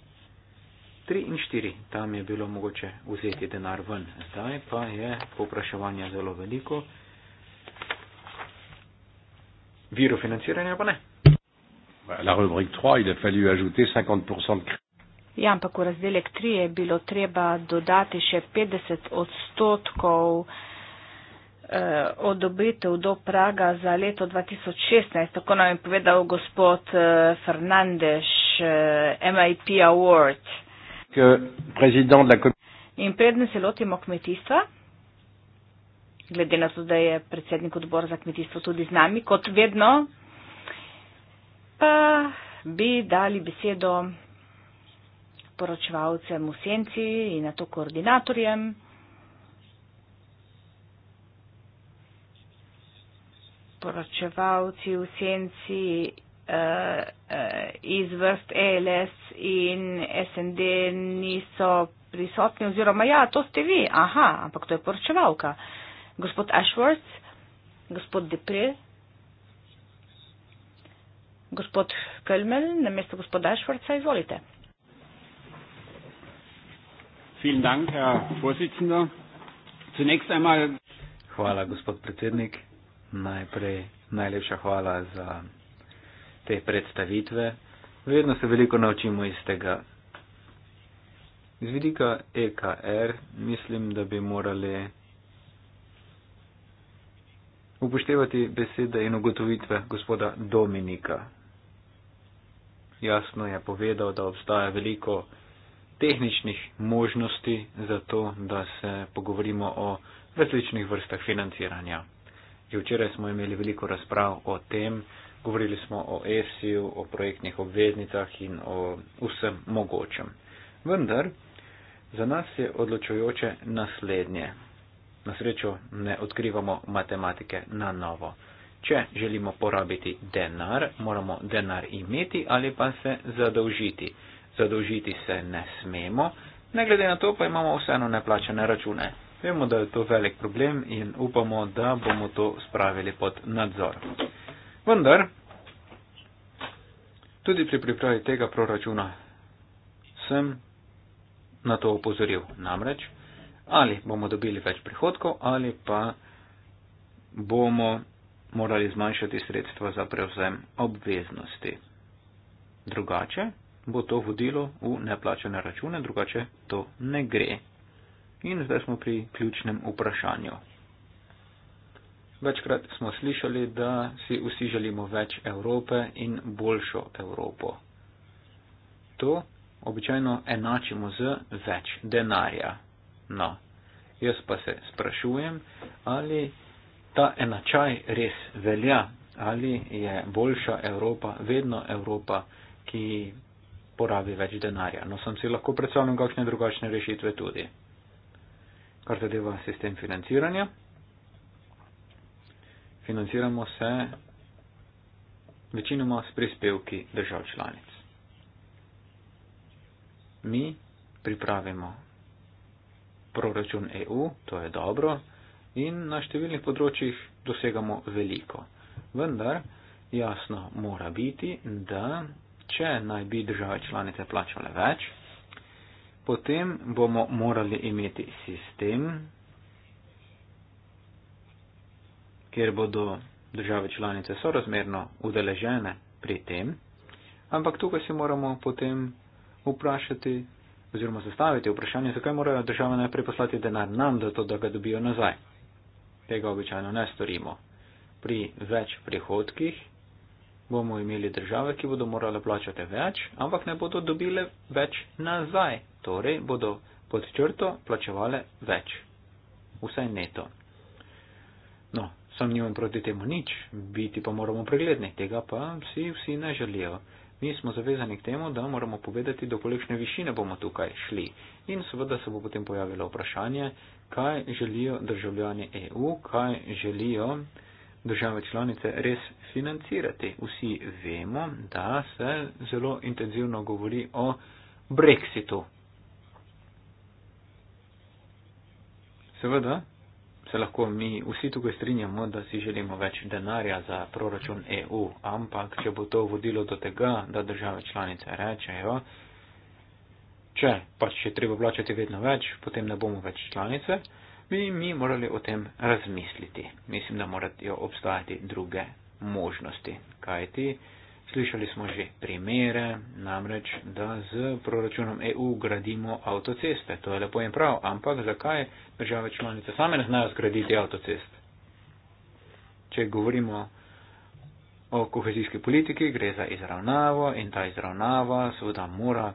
3 in 4, tam je bilo mogoče vzeti denar ven, zdaj pa je popraševanja zelo veliko, viru financiranja pa ne. Ja, ampak v razdelek 3 je bilo treba dodati še 50 odstotkov Eh, odobritev do praga za leto 2016, tako nam je povedal gospod eh, Fernandez, eh, MIP Award. In predne se lotimo kmetijstva, glede na to, da je predsednik odbora za kmetijstvo tudi z nami, kot vedno, pa bi dali besedo poročevalcem v senci in na to koordinatorjem. poročevalci v senci eh, eh, iz vrst ELS in SND niso prisotni oziroma ja, to ste vi, aha, ampak to je poročevalka. Gospod Ashworth, gospod Depre, gospod Kölmel, na mesto gospoda Ashwortha, izvolite. Dank, Hvala, gospod predsednik. Najprej najlepša hvala za te predstavitve. Vedno se veliko naučimo iz tega. Z vidika EKR mislim, da bi morali upoštevati besede in ugotovitve gospoda Dominika. Jasno je povedal, da obstaja veliko tehničnih možnosti za to, da se pogovorimo o različnih vrstah financiranja. Že včeraj smo imeli veliko razprav o tem, govorili smo o ESI-ju, o projektnih obveznicah in o vsem mogočem. Vendar, za nas je odločujoče naslednje. Na srečo ne odkrivamo matematike na novo. Če želimo porabiti denar, moramo denar imeti ali pa se zadolžiti. Zadolžiti se ne smemo, ne glede na to pa imamo vseeno neplačene račune. Vemo, da je to velik problem in upamo, da bomo to spravili pod nadzor. Vendar, tudi pri pripravi tega proračuna sem na to opozoril. Namreč, ali bomo dobili več prihodkov, ali pa bomo morali zmanjšati sredstva za prevzem obveznosti. Drugače bo to vodilo v neplačene račune, drugače to ne gre. In zdaj smo pri ključnem vprašanju. Večkrat smo slišali, da si vsi želimo več Evrope in boljšo Evropo. To običajno enačimo z več denarja. No, jaz pa se sprašujem, ali ta enačaj res velja, ali je boljša Evropa vedno Evropa, ki porabi več denarja. No, sem si lahko predstavljal kakšne drugačne rešitve tudi kar zadeva sistem financiranja. Financiramo se večinoma s prispevki držav članic. Mi pripravimo proračun EU, to je dobro, in na številnih področjih dosegamo veliko. Vendar jasno mora biti, da če naj bi države članice plačale več, potem bomo morali imeti sistem, kjer bodo države članice sorazmerno udeležene pri tem, ampak tukaj se moramo potem vprašati oziroma zastaviti vprašanje, zakaj morajo države najprej poslati denar nam, da to, da ga dobijo nazaj. Tega običajno ne storimo. Pri več prihodkih bomo imeli države, ki bodo morale plačati več, ampak ne bodo dobile več nazaj torej bodo pod črto plačevale več, vsaj neto. No, sam nimam proti temu nič, biti pa moramo pregledni, tega pa si vsi ne želijo. Mi smo zavezani k temu, da moramo povedati, do kolikšne višine bomo tukaj šli. In seveda se bo potem pojavilo vprašanje, kaj želijo državljani EU, kaj želijo države članice res financirati. Vsi vemo, da se zelo intenzivno govori o Brexitu. Seveda se lahko mi vsi tukaj strinjamo, da si želimo več denarja za proračun EU, ampak če bo to vodilo do tega, da države članice rečejo, če pač je treba plačati vedno več, potem ne bomo več članice, bi mi morali o tem razmisliti. Mislim, da morajo obstajati druge možnosti, kajti Slišali smo že primere, namreč, da z proračunom EU gradimo avtoceste. To je lepo in prav, ampak zakaj države članice same ne znajo zgraditi avtocest? Če govorimo o kohezijski politiki, gre za izravnavo in ta izravnava seveda mora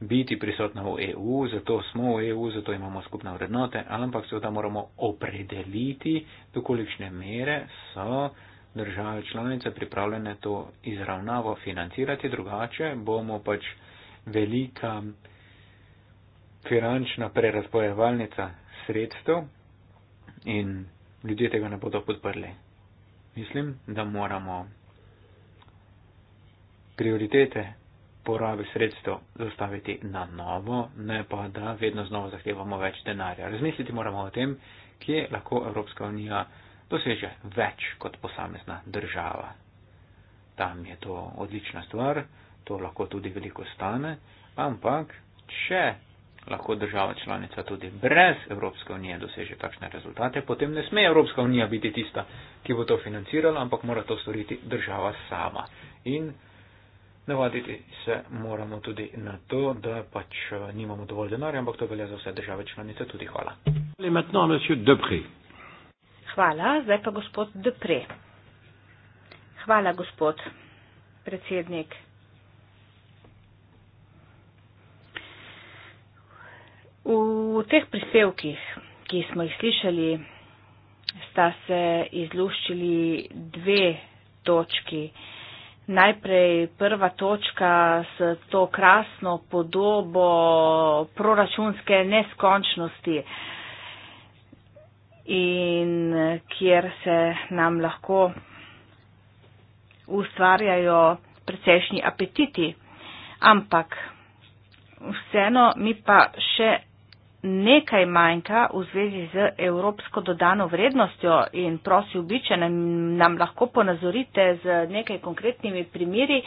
biti prisotna v EU, zato smo v EU, zato imamo skupne vrednote, ampak seveda moramo opredeliti, do kolikšne mere so države članice pripravljene to izravnavo financirati, drugače bomo pač velika finančna prerazpojevalnica sredstev in ljudje tega ne bodo podprli. Mislim, da moramo prioritete porabe sredstev zastaviti na novo, ne pa da vedno znova zahtevamo več denarja. Razmisliti moramo o tem, kje lahko Evropska unija doseže več kot posamezna država. Tam je to odlična stvar, to lahko tudi veliko stane, ampak če lahko država članica tudi brez Evropske unije doseže takšne rezultate, potem ne sme Evropska unija biti tista, ki bo to financirala, ampak mora to storiti država sama. In navaditi se moramo tudi na to, da pač eh, nimamo dovolj denarja, ampak to velja za vse države članice tudi. Hvala hvala. Zdaj pa gospod Depre. Hvala, gospod predsednik. V teh prispevkih, ki smo jih slišali, sta se izluščili dve točki. Najprej prva točka s to krasno podobo proračunske neskončnosti. Uh, in kjer se nam lahko ustvarjajo precejšnji apetiti. Ampak vseeno mi pa še nekaj manjka v zvezi z evropsko dodano vrednostjo in prosil bi, če nam, nam lahko ponazorite z nekaj konkretnimi primiri,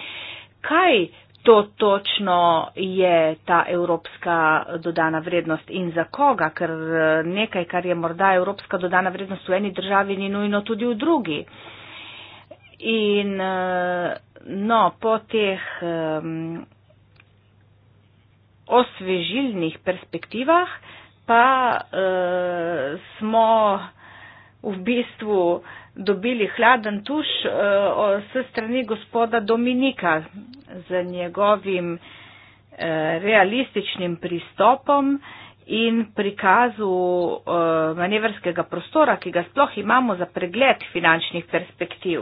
kaj to točno je ta evropska dodana vrednost in za koga, ker eh, nekaj, kar je morda evropska dodana vrednost v eni državi, ni nujno tudi v drugi. In eh, no, po teh um, osvežilnih perspektivah pa uh, smo v bistvu uh, dobili hladen tuš eh, s strani gospoda Dominika z njegovim eh, realističnim pristopom in prikazu eh, manevrskega prostora, ki ga sploh imamo za pregled finančnih perspektiv.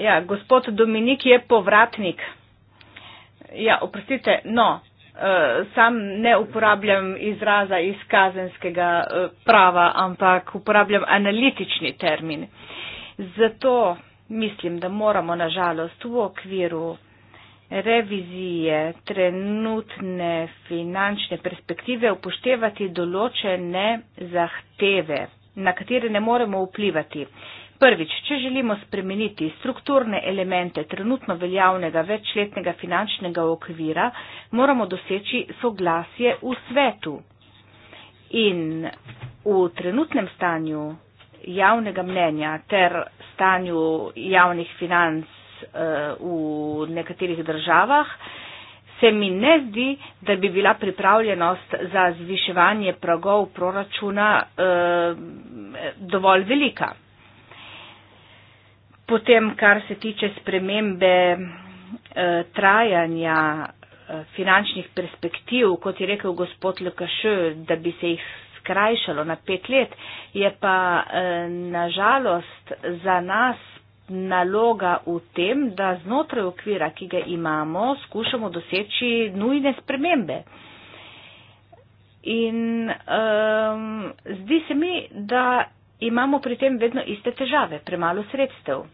Ja, gospod Dominik je povratnik. Ja, oprostite, no, Eh, sam ne uporabljam izraza iz kazenskega eh, prava, ampak uporabljam analitični termin. Zato mislim, da moramo nažalost v okviru revizije trenutne finančne perspektive upoštevati določene zahteve, na katere ne moremo vplivati. Prvič, če želimo spremeniti strukturne elemente trenutno veljavnega večletnega finančnega okvira, moramo doseči soglasje v svetu. In v trenutnem stanju javnega mnenja ter stanju javnih financ eh, v nekaterih državah, se mi ne zdi, da bi bila pripravljenost za zviševanje pragov proračuna eh, dovolj velika. Potem, kar se tiče spremembe eh, trajanja eh, finančnih perspektiv, kot je rekel gospod LKŠ, da bi se jih skrajšalo na pet let, je pa eh, nažalost za nas naloga v tem, da znotraj okvira, ki ga imamo, skušamo doseči nujne spremembe. In um, zdi se mi, da imamo pri tem vedno iste težave, premalo sredstev.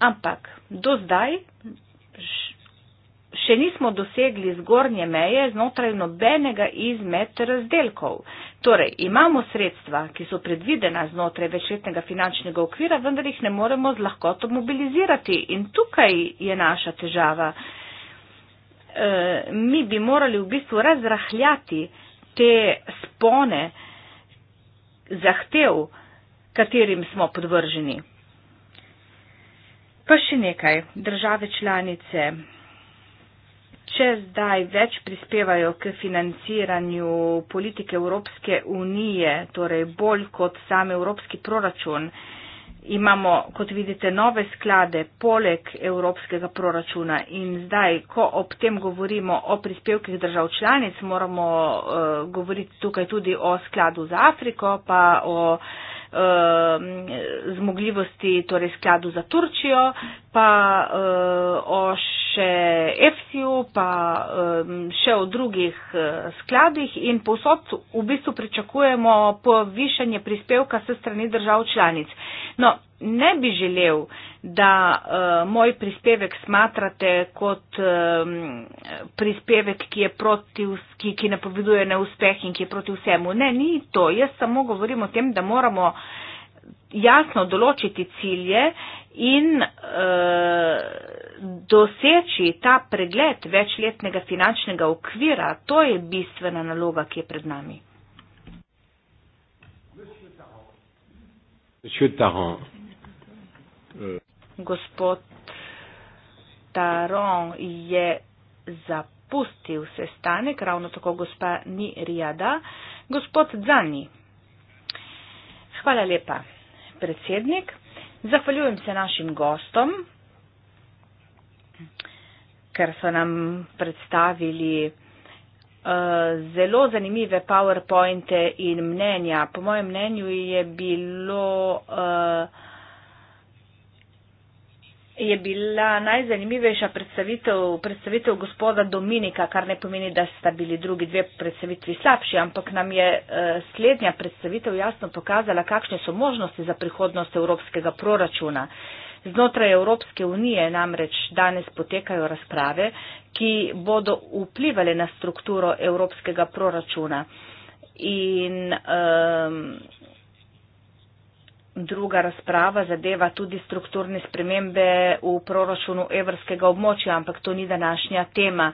Ampak do zdaj še nismo dosegli zgornje meje znotraj nobenega izmed razdelkov. Torej, imamo sredstva, ki so predvidena znotraj večletnega finančnega okvira, vendar jih ne moremo z lahkoto mobilizirati. In tukaj je naša težava. E, mi bi morali v bistvu razrahljati te spone zahtev, katerim smo podvrženi. Pa še nekaj, države članice, če zdaj več prispevajo k financiranju politike Evropske unije, torej bolj kot sam evropski proračun, imamo, kot vidite, nove sklade poleg evropskega proračuna in zdaj, ko ob tem govorimo o prispevkih držav članic, moramo uh, govoriti tukaj tudi o skladu za Afriko, pa o uh, Um, zmogljivosti, torej skladu za Turčijo, pa uh, o še EFSI-ju, pa um, še o drugih uh, skladih in posod v bistvu pričakujemo povišanje prispevka se strani držav članic. No, ne bi želel, da uh, moj prispevek smatrate kot um, prispevek, ki, proti, ki, ki napoveduje neuspeh in ki je proti vsemu. Ne, ni to. Jaz samo govorim o tem, da moramo jasno določiti cilje in uh, doseči ta pregled večletnega finančnega okvira. To je bistvena naloga, ki je pred nami. Monsieur Taran, Gospod Taron je zapustil sestanek, ravno tako gospa ni rijada. Gospod Dzani. Hvala lepa, predsednik. Zahvaljujem se našim gostom, ker so nam predstavili eh, zelo zanimive PowerPointe in mnenja. Po mojem mnenju je bilo uh, je bila najzanimivejša predstavitev, predstavitev gospoda Dominika, kar ne pomeni, da sta bili drugi dve predstavitvi slabši, ampak nam je eh, slednja predstavitev jasno pokazala, kakšne so možnosti za prihodnost evropskega proračuna. Znotraj Evropske unije namreč danes potekajo razprave, ki bodo vplivali na strukturo evropskega proračuna. In, um, druga razprava zadeva tudi strukturne spremembe v proračunu evrskega območja, ampak to ni današnja tema.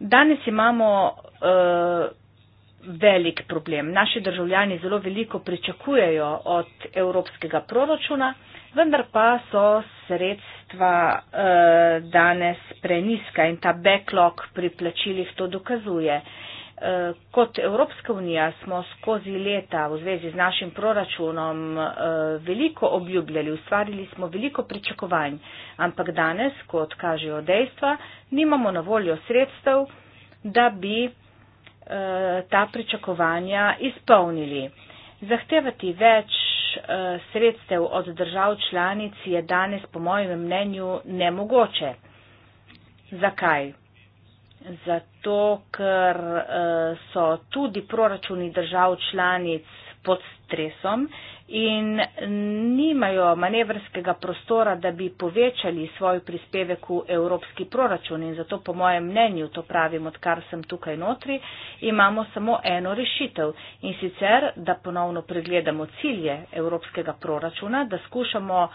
Danes imamo uh, velik problem. Naši državljani zelo veliko pričakujejo od evropskega proračuna, vendar pa so sredstva uh, danes preniska in ta backlog pri plačilih to dokazuje. Uh, Eh, kot Evropska unija smo skozi leta v zvezi z našim proračunom eh, veliko obljubljali, ustvarili smo veliko pričakovanj, ampak danes, kot kažejo dejstva, nimamo na voljo sredstev, da bi eh, ta pričakovanja izpolnili. Zahtevati več sredstev od držav članic je danes, po mojem mnenju, nemogoče. Zakaj? zato ker eh, so tudi proračuni držav članic pod stresom in nimajo manevrskega prostora, da bi povečali svoj prispevek v evropski proračun. In zato, po mojem mnenju, to pravim, odkar sem tukaj notri, imamo samo eno rešitev in sicer, da ponovno pregledamo cilje evropskega proračuna, da skušamo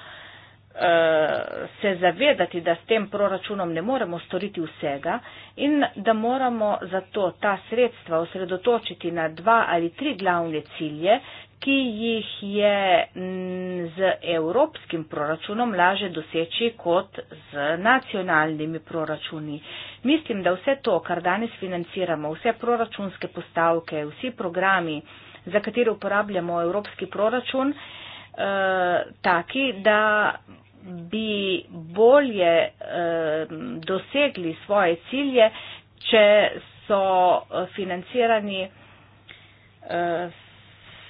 Eh, se zavedati, da s tem proračunom ne moremo storiti vsega in da moramo zato ta sredstva osredotočiti na dva ali tri glavne cilje, ki jih je mm, z evropskim proračunom laže doseči kot z nacionalnimi proračuni. Mislim, da vse to, kar danes financiramo, vse proračunske postavke, vsi programi, za katere uporabljamo evropski proračun, Eh, taki, da bi bolje eh, dosegli svoje cilje, če so eh, financirani eh,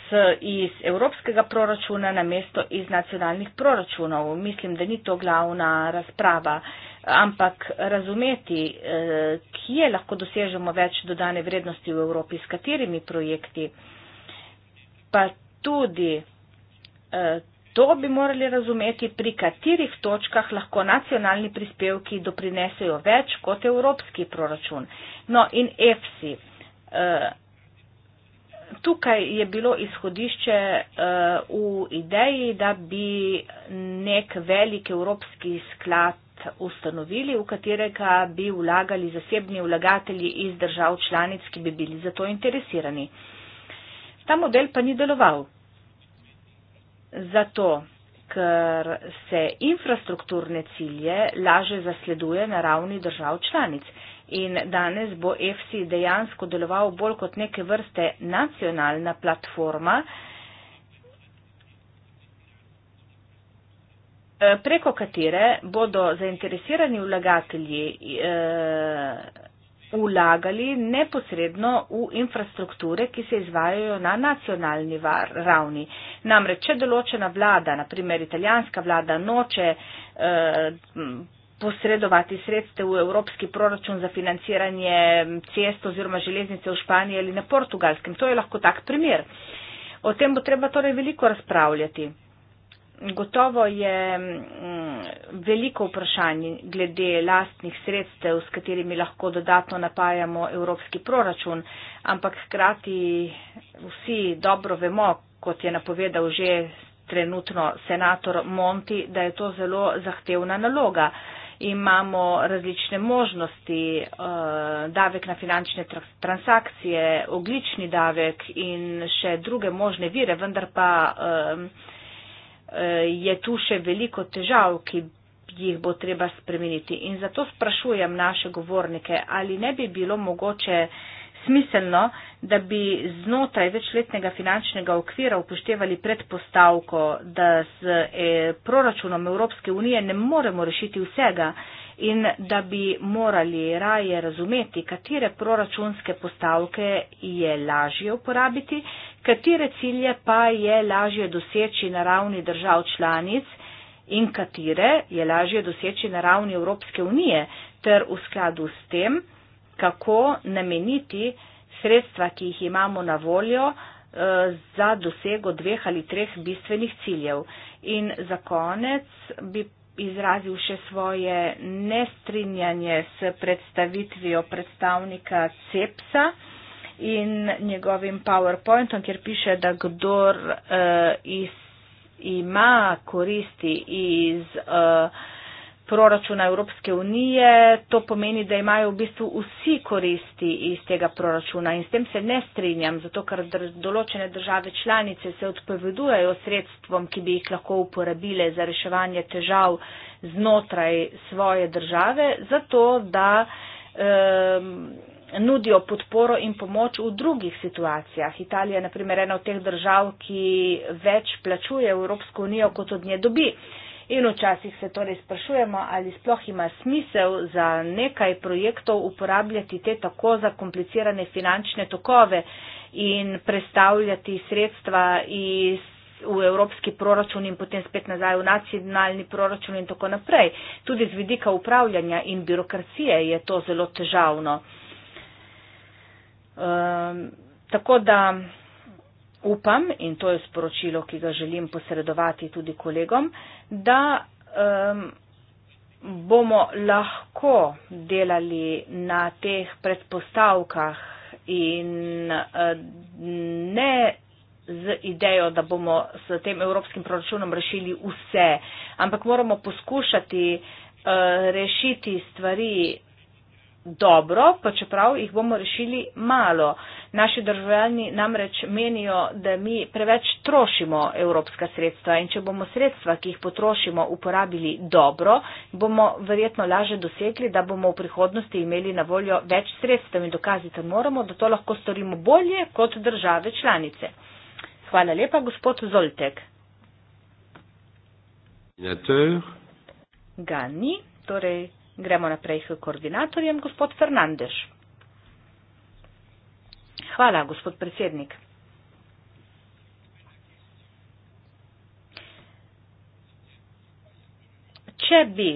s, iz evropskega proračuna na mesto iz nacionalnih proračunov. Mislim, da ni to glavna razprava, ampak razumeti, eh, kje lahko dosežemo več dodane vrednosti v Evropi, s katerimi projekti, pa tudi Eh, to bi morali razumeti, pri katerih točkah lahko nacionalni prispevki doprinesejo več kot evropski proračun. No in EFSI. Eh, tukaj je bilo izhodišče eh, v ideji, da bi nek velik evropski sklad ustanovili, v katerega bi vlagali zasebni vlagatelji iz držav članic, ki bi bili za to interesirani. Ta model pa ni deloval zato, ker se infrastrukturne cilje laže zasleduje na ravni držav članic. In danes bo EFSI dejansko deloval bolj kot neke vrste nacionalna platforma, eh, preko katere bodo zainteresirani vlagatelji. Eh, vlagali neposredno v infrastrukture, ki se izvajajo na nacionalni var, ravni. Namreč, če določena vlada, naprimer italijanska vlada, noče eh, posredovati sredstev v evropski proračun za financiranje cest oziroma železnice v Španiji ali na portugalskem, to je lahko tak primer. O tem bo treba torej veliko razpravljati gotovo je mm, veliko vprašanj glede lastnih sredstev, s katerimi lahko dodatno napajamo evropski proračun, ampak hkrati vsi dobro vemo, kot je napovedal že trenutno senator Monti, da je to zelo zahtevna naloga. Imamo različne možnosti, eh, davek na finančne transakcije, oglični davek in še druge možne vire, vendar pa. Eh, Eh, je tu še veliko težav, ki jih bo treba spremeniti. In zato sprašujem naše govornike, ali ne bi bilo mogoče smiselno, da bi znotraj večletnega finančnega okvira upoštevali predpostavko, da z eh, proračunom Evropske unije ne moremo rešiti vsega in da bi morali raje razumeti, katere proračunske postavke je lažje uporabiti katere cilje pa je lažje doseči na ravni držav članic in katere je lažje doseči na ravni Evropske unije ter v skladu s tem, kako nameniti sredstva, ki jih imamo na voljo eh, za dosego dveh ali treh bistvenih ciljev. In za konec bi izrazil še svoje nestrinjanje s predstavitvijo predstavnika CEPSA in njegovim PowerPointom, kjer piše, da kdor uh, eh, iz, ima koristi iz uh, proračuna Evropske unije, to pomeni, da imajo v bistvu vsi koristi iz tega proračuna. In s tem se ne strinjam, zato ker dr določene države članice se odpovedujejo sredstvom, ki bi jih lahko uporabile za reševanje težav znotraj svoje države, zato da. Um, nudijo podporo in pomoč v drugih situacijah. Italija je naprimer ena od teh držav, ki več plačuje Evropsko unijo, kot od nje dobi. In včasih se torej sprašujemo, ali sploh ima smisel za nekaj projektov uporabljati te tako zakomplicirane finančne tokove in predstavljati sredstva iz v evropski proračun in potem spet nazaj v nacionalni proračun in tako naprej. Tudi z vidika upravljanja in birokracije je to zelo težavno. Ehm, tako da upam, in to je sporočilo, ki ga želim posredovati tudi kolegom, da um, bomo lahko delali na teh predpostavkah in uh, ne z idejo, da bomo s tem evropskim proračunom rešili vse, ampak moramo poskušati uh, rešiti stvari dobro, pa čeprav jih bomo rešili malo. Naši državljani namreč menijo, da mi preveč trošimo evropska sredstva in če bomo sredstva, ki jih potrošimo, uporabili dobro, bomo verjetno laže dosegli, da bomo v prihodnosti imeli na voljo več sredstev in dokazite moramo, da to lahko storimo bolje kot države članice. Hvala lepa, gospod Zoltek. Ga ni, torej Gremo naprej s koordinatorjem, gospod Fernandeš. Hvala, gospod predsednik. Če bi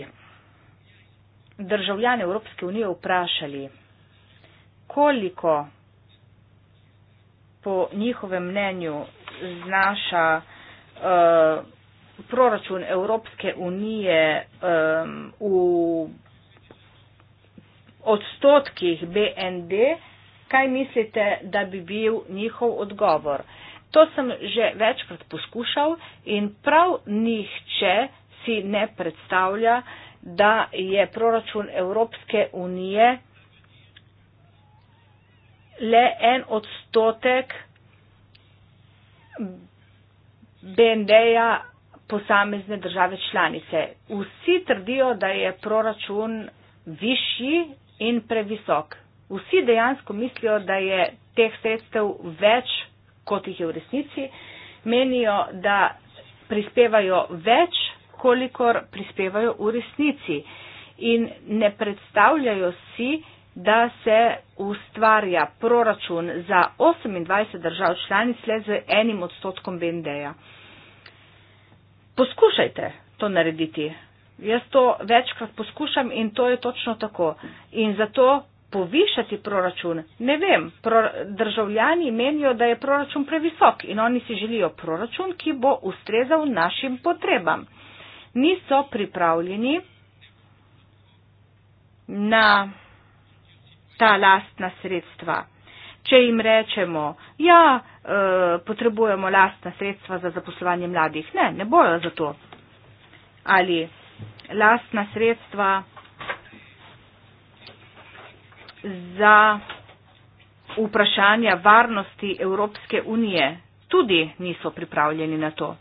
državljane Evropske unije vprašali, koliko po njihovem mnenju znaša uh, proračun Evropske unije um, v odstotkih BND, kaj mislite, da bi bil njihov odgovor? To sem že večkrat poskušal in prav nihče si ne predstavlja, da je proračun Evropske unije le en odstotek BND-ja posamezne države članice. Vsi trdijo, da je proračun višji in previsok. Vsi dejansko mislijo, da je teh sredstev več, kot jih je v resnici. Menijo, da prispevajo več, kolikor prispevajo v resnici. In ne predstavljajo si, da se ustvarja proračun za 28 držav članic le z enim odstotkom BND-ja. Poskušajte to narediti. Jaz to večkrat poskušam in to je točno tako. In zato povišati proračun. Ne vem, pro, državljani menijo, da je proračun previsok in oni si želijo proračun, ki bo ustrezal našim potrebam. Niso pripravljeni na ta lastna sredstva. Če jim rečemo, ja, e, potrebujemo lastna sredstva za zaposlovanje mladih, ne, ne bojo za to. Ali lastna sredstva za vprašanja varnosti Evropske unije. Tudi niso pripravljeni na to.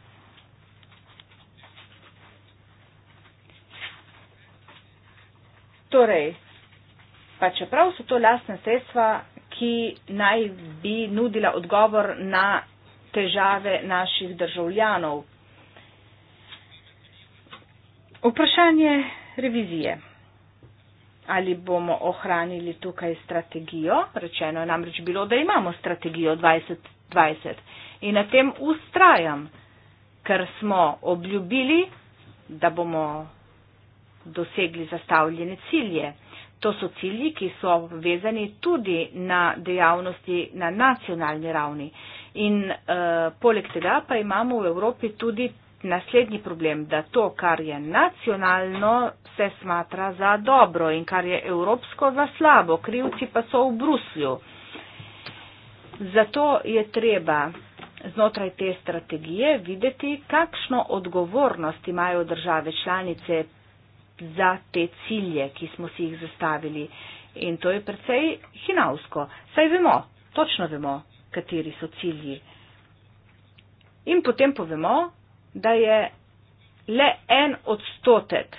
Torej, pa čeprav so to lastne sredstva, ki naj bi nudila odgovor na težave naših državljanov, Vprašanje revizije. Ali bomo ohranili tukaj strategijo? Rečeno je namreč bilo, da imamo strategijo 2020 in na tem ustrajam, ker smo obljubili, da bomo dosegli zastavljene cilje. To so cilji, ki so vezani tudi na dejavnosti na nacionalni ravni. In uh, poleg tega pa imamo v Evropi tudi naslednji problem, da to, kar je nacionalno, se smatra za dobro in kar je evropsko za slabo, krivci pa so v Bruslju. Zato je treba znotraj te strategije videti, kakšno odgovornost imajo države članice za te cilje, ki smo si jih zastavili. In to je precej hinavsko. Saj vemo, točno vemo, kateri so cilji. In potem povemo, da je le en odstotek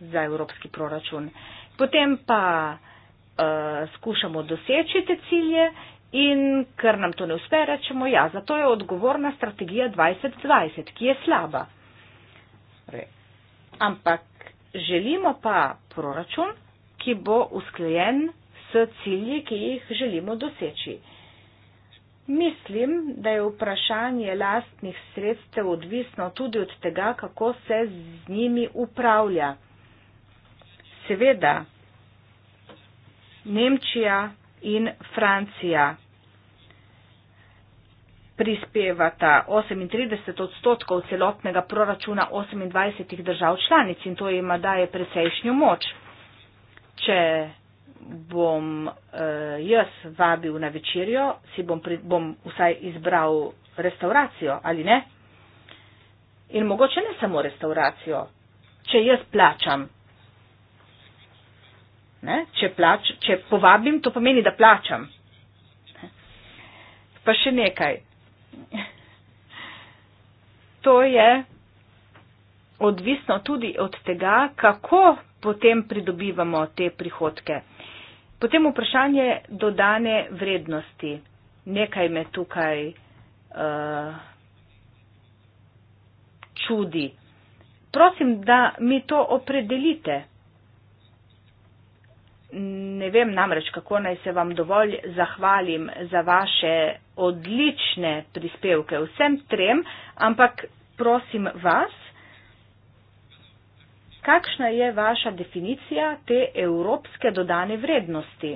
za evropski proračun. Potem pa uh, skušamo doseči te cilje in ker nam to ne uspe, rečemo ja, zato je odgovorna strategija 2020, ki je slaba. Ampak želimo pa proračun, ki bo usklajen s cilji, ki jih želimo doseči. Mislim, da je vprašanje lastnih sredstev odvisno tudi od tega, kako se z njimi upravlja. Seveda, Nemčija in Francija prispevata 38 odstotkov celotnega proračuna 28 držav članic in to jima daje precejšnjo moč. Če bom uh, jaz vabil na večerjo, si bom, pri, bom vsaj izbral restauracijo ali ne. In mogoče ne samo restauracijo, če jaz plačam. Ne? Če, plač, če povabim, to pomeni, da plačam. Pa še nekaj. To je odvisno tudi od tega, kako potem pridobivamo te prihodke. Uh, Potem vprašanje dodane vrednosti. Nekaj me tukaj uh, čudi. Prosim, da mi to opredelite. Ne vem namreč, kako naj se vam dovolj zahvalim za vaše odlične prispevke vsem trem, ampak prosim vas, kakšna je vaša definicija te evropske dodane vrednosti?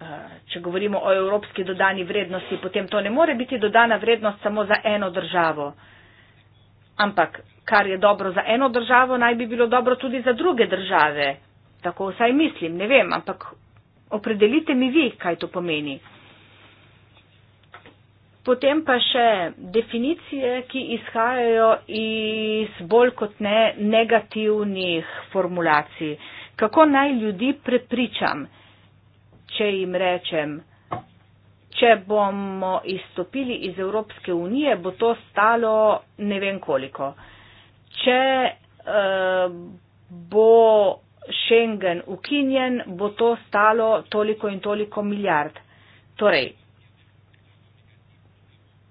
Eh, če govorimo o evropski dodani vrednosti, potem to ne more biti dodana vrednost samo za eno državo. Ampak kar je dobro za eno državo, naj bi bilo dobro tudi za druge države. Tako vsaj mislim, ne vem, ampak opredelite mi vi, kaj to pomeni. Potem pa še definicije, ki izhajajo iz bolj kot ne negativnih formulacij. Kako naj ljudi prepričam, če jim rečem, če bomo izstopili iz Evropske unije, bo to stalo ne vem koliko. Če uh, bo Schengen ukinjen, bo to stalo toliko in toliko milijard. Torej,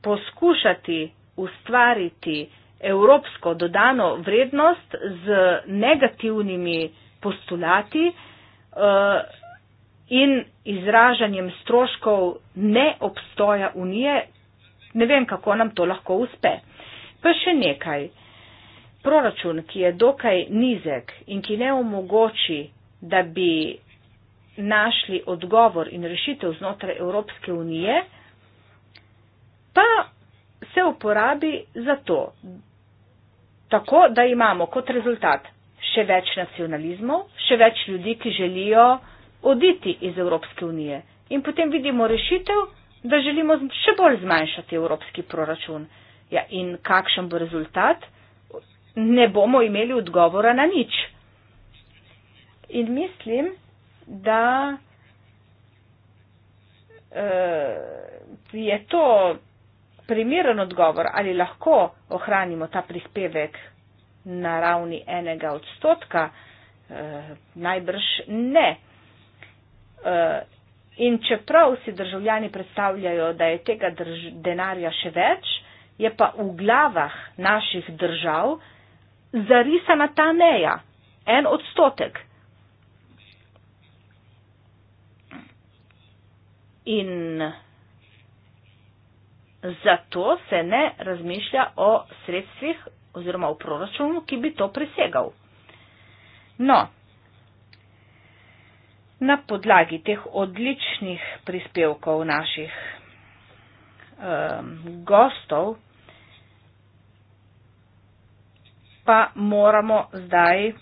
poskušati ustvariti evropsko dodano vrednost z negativnimi postulati uh, in izražanjem stroškov neobstoja unije, ne vem, kako nam to lahko uspe. Pa še nekaj. Proračun, ki je dokaj nizek in ki ne omogoči, da bi našli odgovor in rešitev znotraj Evropske unije, pa se uporabi za to, tako da imamo kot rezultat še več nacionalizmov, še več ljudi, ki želijo oditi iz Evropske unije. In potem vidimo rešitev, da želimo še bolj zmanjšati evropski proračun. Ja, in kakšen bo rezultat? Ne bomo imeli odgovora na nič. In mislim, da uh, je to primeren odgovor, ali lahko ohranimo ta prispevek na ravni enega odstotka, eh, najbrž ne. Eh, in čeprav si državljani predstavljajo, da je tega drž- denarja še več, je pa v glavah naših držav zarisana ta meja, en odstotek. In zato se ne razmišlja o sredstvih oziroma o proračunu, ki bi to presegal. No, na podlagi teh odličnih prispevkov naših um, gostov, pa moramo zdaj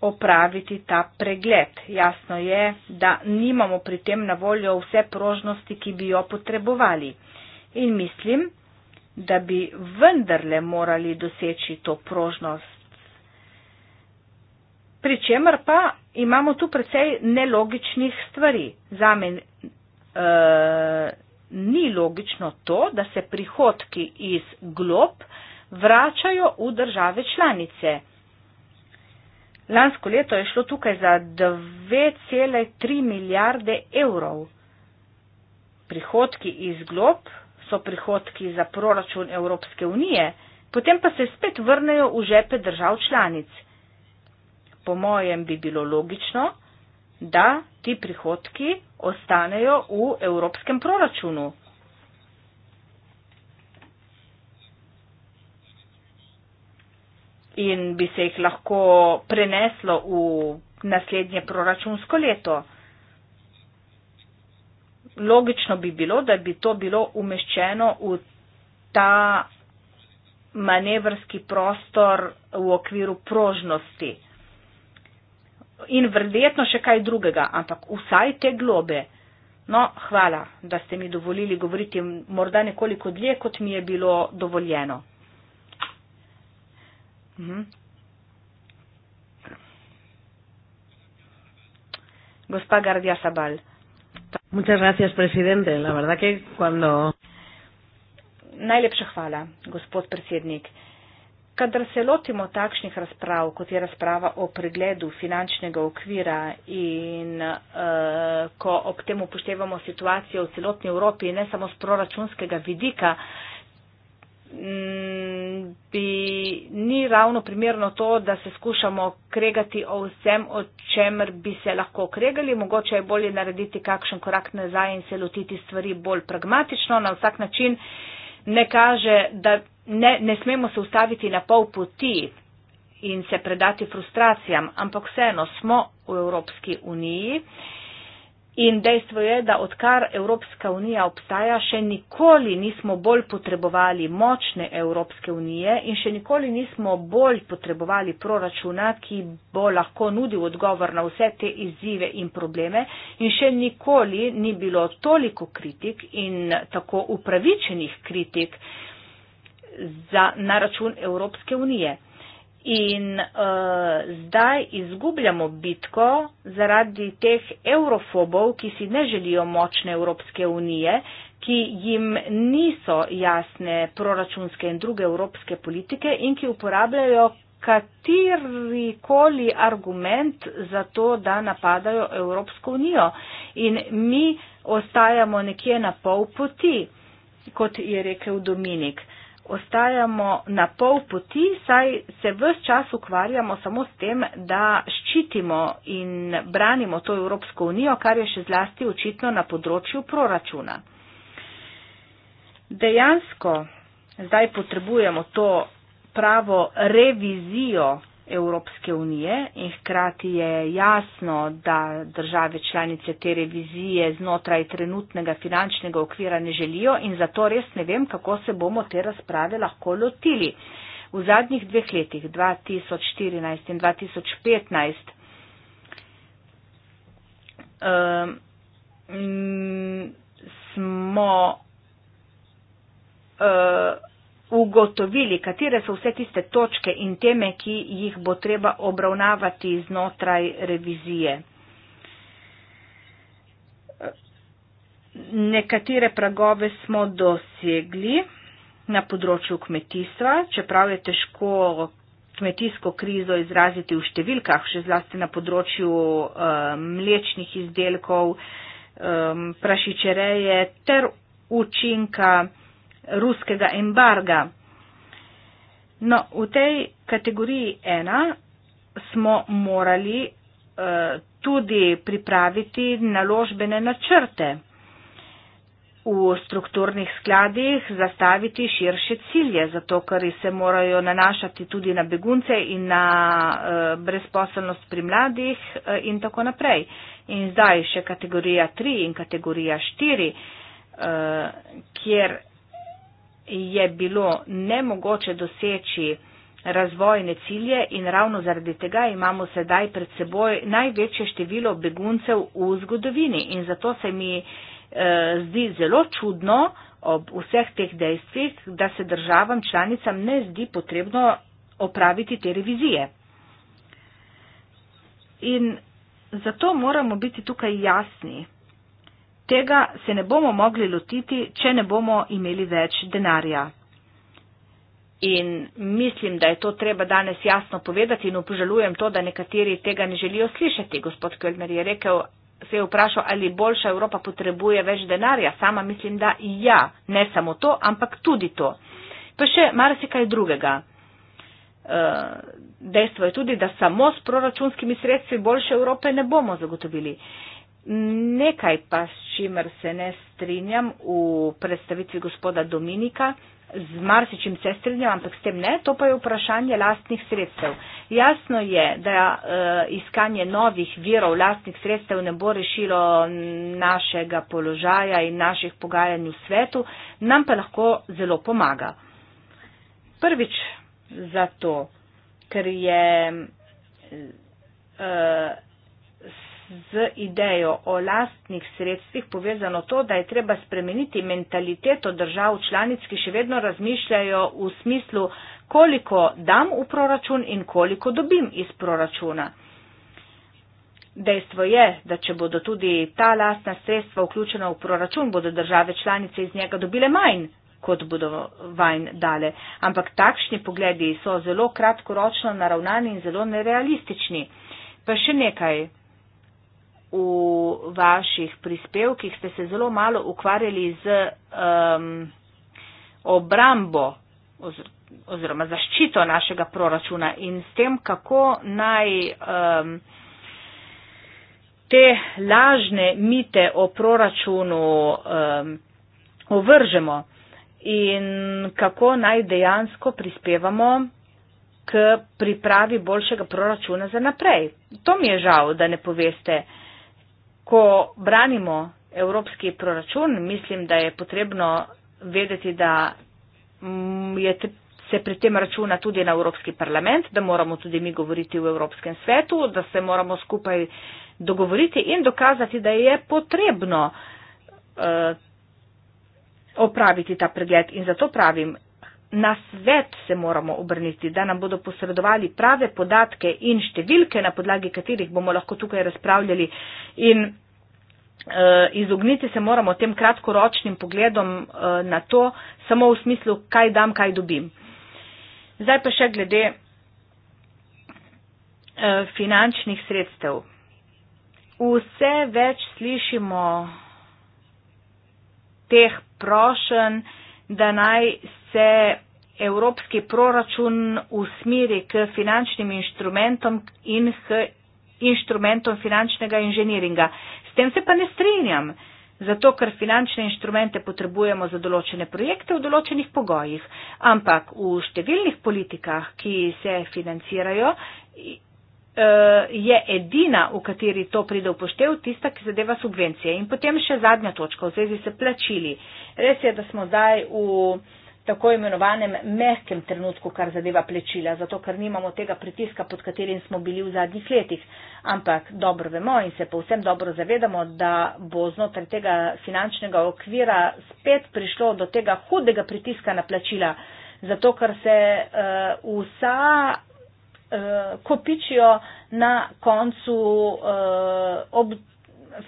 opraviti ta pregled. Jasno je, da nimamo pri tem na voljo vse prožnosti, ki bi jo potrebovali in mislim, da bi vendarle morali doseči to prožnost. Pričemer pa imamo tu precej nelogičnih stvari. Za men e, eh, ni logično to, da se prihodki iz glob vračajo v države članice. Lansko leto je šlo tukaj za 9,3 milijarde evrov. Prihodki iz glob so prihodki za proračun Evropske unije, potem pa se spet vrnejo v žepe držav članic. Po mojem bi bilo logično, da ti prihodki ostanejo v evropskem proračunu. In bi se jih lahko preneslo v naslednje proračunsko leto logično bi bilo, da bi to bilo umeščeno v ta manevrski prostor v okviru prožnosti. In verjetno še kaj drugega, ampak vsaj te globe. No, hvala, da ste mi dovolili govoriti morda nekoliko dlje, kot mi je bilo dovoljeno. Mhm. Gospa Gardija Sabal. Muchas gracias, presidente. La verdad que cuando. Najlepša hvala, gospod predsednik. Kadar se lotimo takšnih razprav, kot je razprava o pregledu finančnega okvira in uh, ko ob tem upoštevamo situacijo v celotni Evropi, ne samo z proračunskega vidika, uh, Mm, bi ni ravno primerno to, da se skušamo kregati o vsem, o čemer bi se lahko kregali. Mogoče je bolje narediti kakšen korak nazaj in se lotiti stvari bolj pragmatično. Na vsak način ne kaže, da ne, ne smemo se ustaviti na pol poti in se predati frustracijam, ampak vseeno smo v Evropski uniji. Uh, In dejstvo je, da odkar Evropska unija obstaja, še nikoli nismo bolj potrebovali močne Evropske unije in še nikoli nismo bolj potrebovali proračuna, ki bo lahko nudil odgovor na vse te izzive in probleme. In še nikoli ni bilo toliko kritik in tako upravičenih kritik za, na račun Evropske unije. In uh, zdaj izgubljamo bitko zaradi teh eurofobov, ki si ne želijo močne Evropske unije, ki jim niso jasne proračunske in druge evropske politike in ki uporabljajo katerikoli argument za to, da napadajo Evropsko unijo. In mi ostajamo nekje na pol poti, kot je rekel Dominik. Uh, ostajamo na pol poti, saj se vse čas ukvarjamo samo s tem, da ščitimo in branimo to Evropsko unijo, kar je še zlasti očitno na področju proračuna. Dejansko zdaj potrebujemo to pravo revizijo Evropske unije in hkrati je jasno, da države članice te revizije znotraj trenutnega finančnega okvira ne želijo in zato res ne vem, kako se bomo te razprave lahko lotili. V zadnjih dveh letih, 2014 in 2015, um, ehm, smo. Uh, ugotovili, katere so vse tiste točke in teme, ki jih bo treba obravnavati znotraj revizije. Nekatere pragove smo dosegli na področju kmetijstva, čeprav je težko kmetijsko krizo izraziti v številkah, še zlasti na področju um, mlečnih izdelkov, um, prašičereje ter učinka um, ruskega embarga. No, v tej kategoriji ena smo morali eh, tudi pripraviti naložbene načrte, v strukturnih skladih zastaviti širše cilje, zato ker se morajo nanašati tudi na begunce in na eh, brezposelnost pri mladih eh, in tako naprej. In zdaj še kategorija 3 in kategorija 4, eh, kjer je bilo nemogoče doseči razvojne cilje in ravno zaradi tega imamo sedaj pred seboj največje število beguncev v zgodovini. In zato se mi eh, zdi zelo čudno ob vseh teh dejstvih, da se državam članicam ne zdi potrebno opraviti te revizije. In zato moramo biti tukaj jasni. Tega se ne bomo mogli lotiti, če ne bomo imeli več denarja. In mislim, da je to treba danes jasno povedati in obžalujem to, da nekateri tega ne želijo slišati. Gospod Kölner je rekel, se je vprašal, ali boljša Evropa potrebuje več denarja. Sama mislim, da ja, ne samo to, ampak tudi to. Pa še marsikaj drugega. Eh, dejstvo je tudi, da samo s proračunskimi sredstvi boljše Evrope ne bomo zagotovili. Nekaj pa, s čimer se ne strinjam v predstavitvi gospoda Dominika, z marsičim se strinjam, ampak s tem ne, to pa je vprašanje lastnih sredstev. Jasno je, da uh, iskanje novih virov lastnih sredstev ne bo rešilo našega položaja in naših pogajanj v svetu, nam pa lahko zelo pomaga. Prvič zato, ker je. Uh, z idejo o lastnih sredstvih povezano to, da je treba spremeniti mentaliteto držav članic, ki še vedno razmišljajo v smislu, koliko dam v proračun in koliko dobim iz proračuna. Dejstvo je, da če bodo tudi ta lastna sredstva vključena v proračun, bodo države članice iz njega dobile manj kot bodo vanj dale. Ampak takšni pogledi so zelo kratkoročno naravnani in zelo nerealistični. Pa še nekaj, v vaših prispevkih ste se zelo malo ukvarjali z um, obrambo oziroma zaščito našega proračuna in s tem, kako naj um, te lažne mite o proračunu um, ovržemo in kako naj dejansko prispevamo k pripravi boljšega proračuna za naprej. To mi je žal, da ne poveste, uh, Ko branimo evropski proračun, mislim, da je potrebno vedeti, da je se pri tem računa tudi na Evropski parlament, da moramo tudi mi govoriti v Evropskem svetu, da se moramo skupaj dogovoriti in dokazati, da je potrebno uh, opraviti ta pregled. In zato pravim, na svet se moramo obrniti, da nam bodo posredovali prave podatke in številke, na podlagi katerih bomo lahko tukaj razpravljali. In uh, izogniti se moramo tem kratkoročnim pogledom uh, na to, samo v smislu, kaj dam, kaj dobim. Zdaj pa še glede uh, finančnih sredstev. Vse več slišimo teh prošen, uh, da naj se evropski proračun usmiri k finančnim inštrumentom in k inštrumentom finančnega inženiringa. S tem se pa ne strinjam, zato ker finančne inštrumente potrebujemo za določene projekte v določenih pogojih, ampak v številnih politikah, ki se financirajo, Eh, je edina, v kateri to pride v poštev, tista, ki zadeva subvencije. In potem še zadnja točka v zvezi se plačili. Res je, da smo zdaj v tako imenovanem mehkem trenutku, kar zadeva plačila, zato ker nimamo tega pritiska, pod katerim smo bili v zadnjih letih. Ampak dobro vemo in se povsem dobro zavedamo, da bo znotraj tega finančnega okvira spet prišlo do tega hudega pritiska na plačila, zato ker se uh, vsa uh, kopičijo na koncu uh, ob,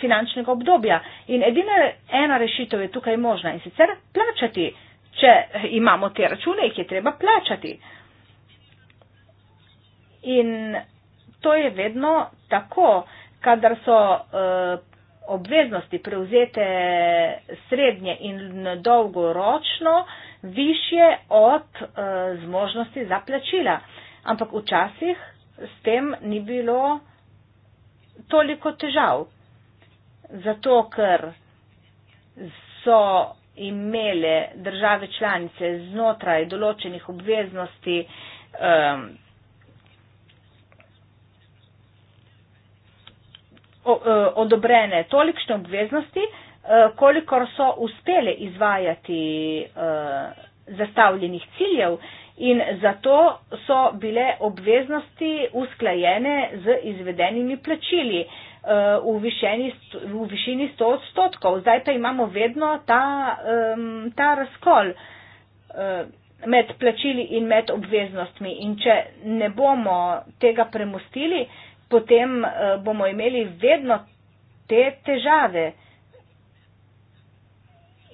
finančnega obdobja. In edina ena rešitev je tukaj možna in sicer plačati, če imamo te račune, jih je treba plačati. In to je vedno tako, kadar so uh, obveznosti prevzete srednje in dolgoročno višje od uh, zmožnosti za plačila. Uh, ampak včasih s tem ni bilo toliko težav. Zato, ker so imele države članice znotraj določenih obveznosti um, uh, odobrene tolikšne obveznosti, uh, kolikor so uspele izvajati uh, zastavljenih ciljev in zato so bile obveznosti usklajene z izvedenimi plačili eh, v, višeni, v višini 100 odstotkov. Zdaj pa imamo vedno ta, ta razkol eh, med plačili in med obveznostmi. In če ne bomo tega premustili, potem eh, bomo imeli vedno te težave.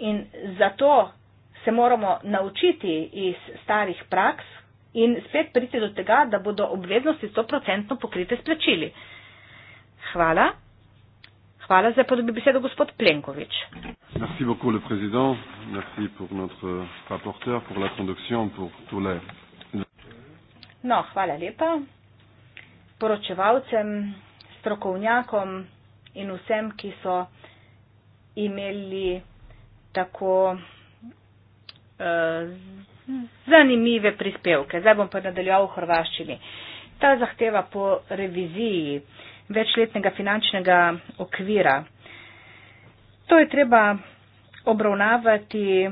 In zato se moramo naučiti iz starih praks in spet priti do tega, da bodo obveznosti 100% pokrite s plačili. Hvala. Hvala za podobi besedo, gospod Plenković. Merci beaucoup, le président. Merci pour notre rapporteur, pour la conduction, pour tous les. No, hvala lepa poročevalcem, strokovnjakom in vsem, ki so imeli tako zanimive prispevke. Zdaj bom pa nadaljeval v hrvaščini. Ta zahteva po reviziji večletnega finančnega okvira. To je treba obravnavati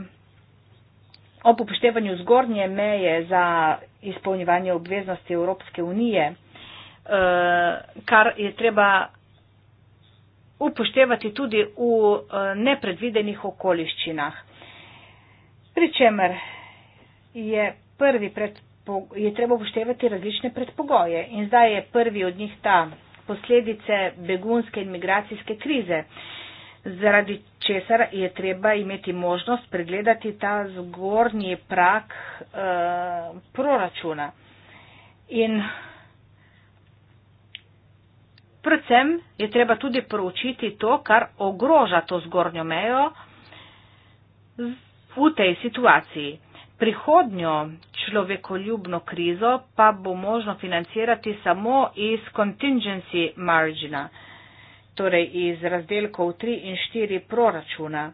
ob upoštevanju zgornje meje za izpolnjevanje obveznosti Evropske unije, eh, kar je treba upoštevati tudi v eh, nepredvidenih okoliščinah pri čemer je prvi je treba upoštevati različne predpogoje in zdaj je prvi od njih ta posledice begunske in migracijske krize, zaradi česar je treba imeti možnost pregledati ta zgornji prak uh, eh, proračuna. In predvsem je treba tudi proučiti to, kar ogroža to zgornjo mejo, v tej situaciji. Prihodnjo človekoljubno krizo pa bo možno financirati samo iz contingency margina, torej iz razdelkov 3 in 4 proračuna.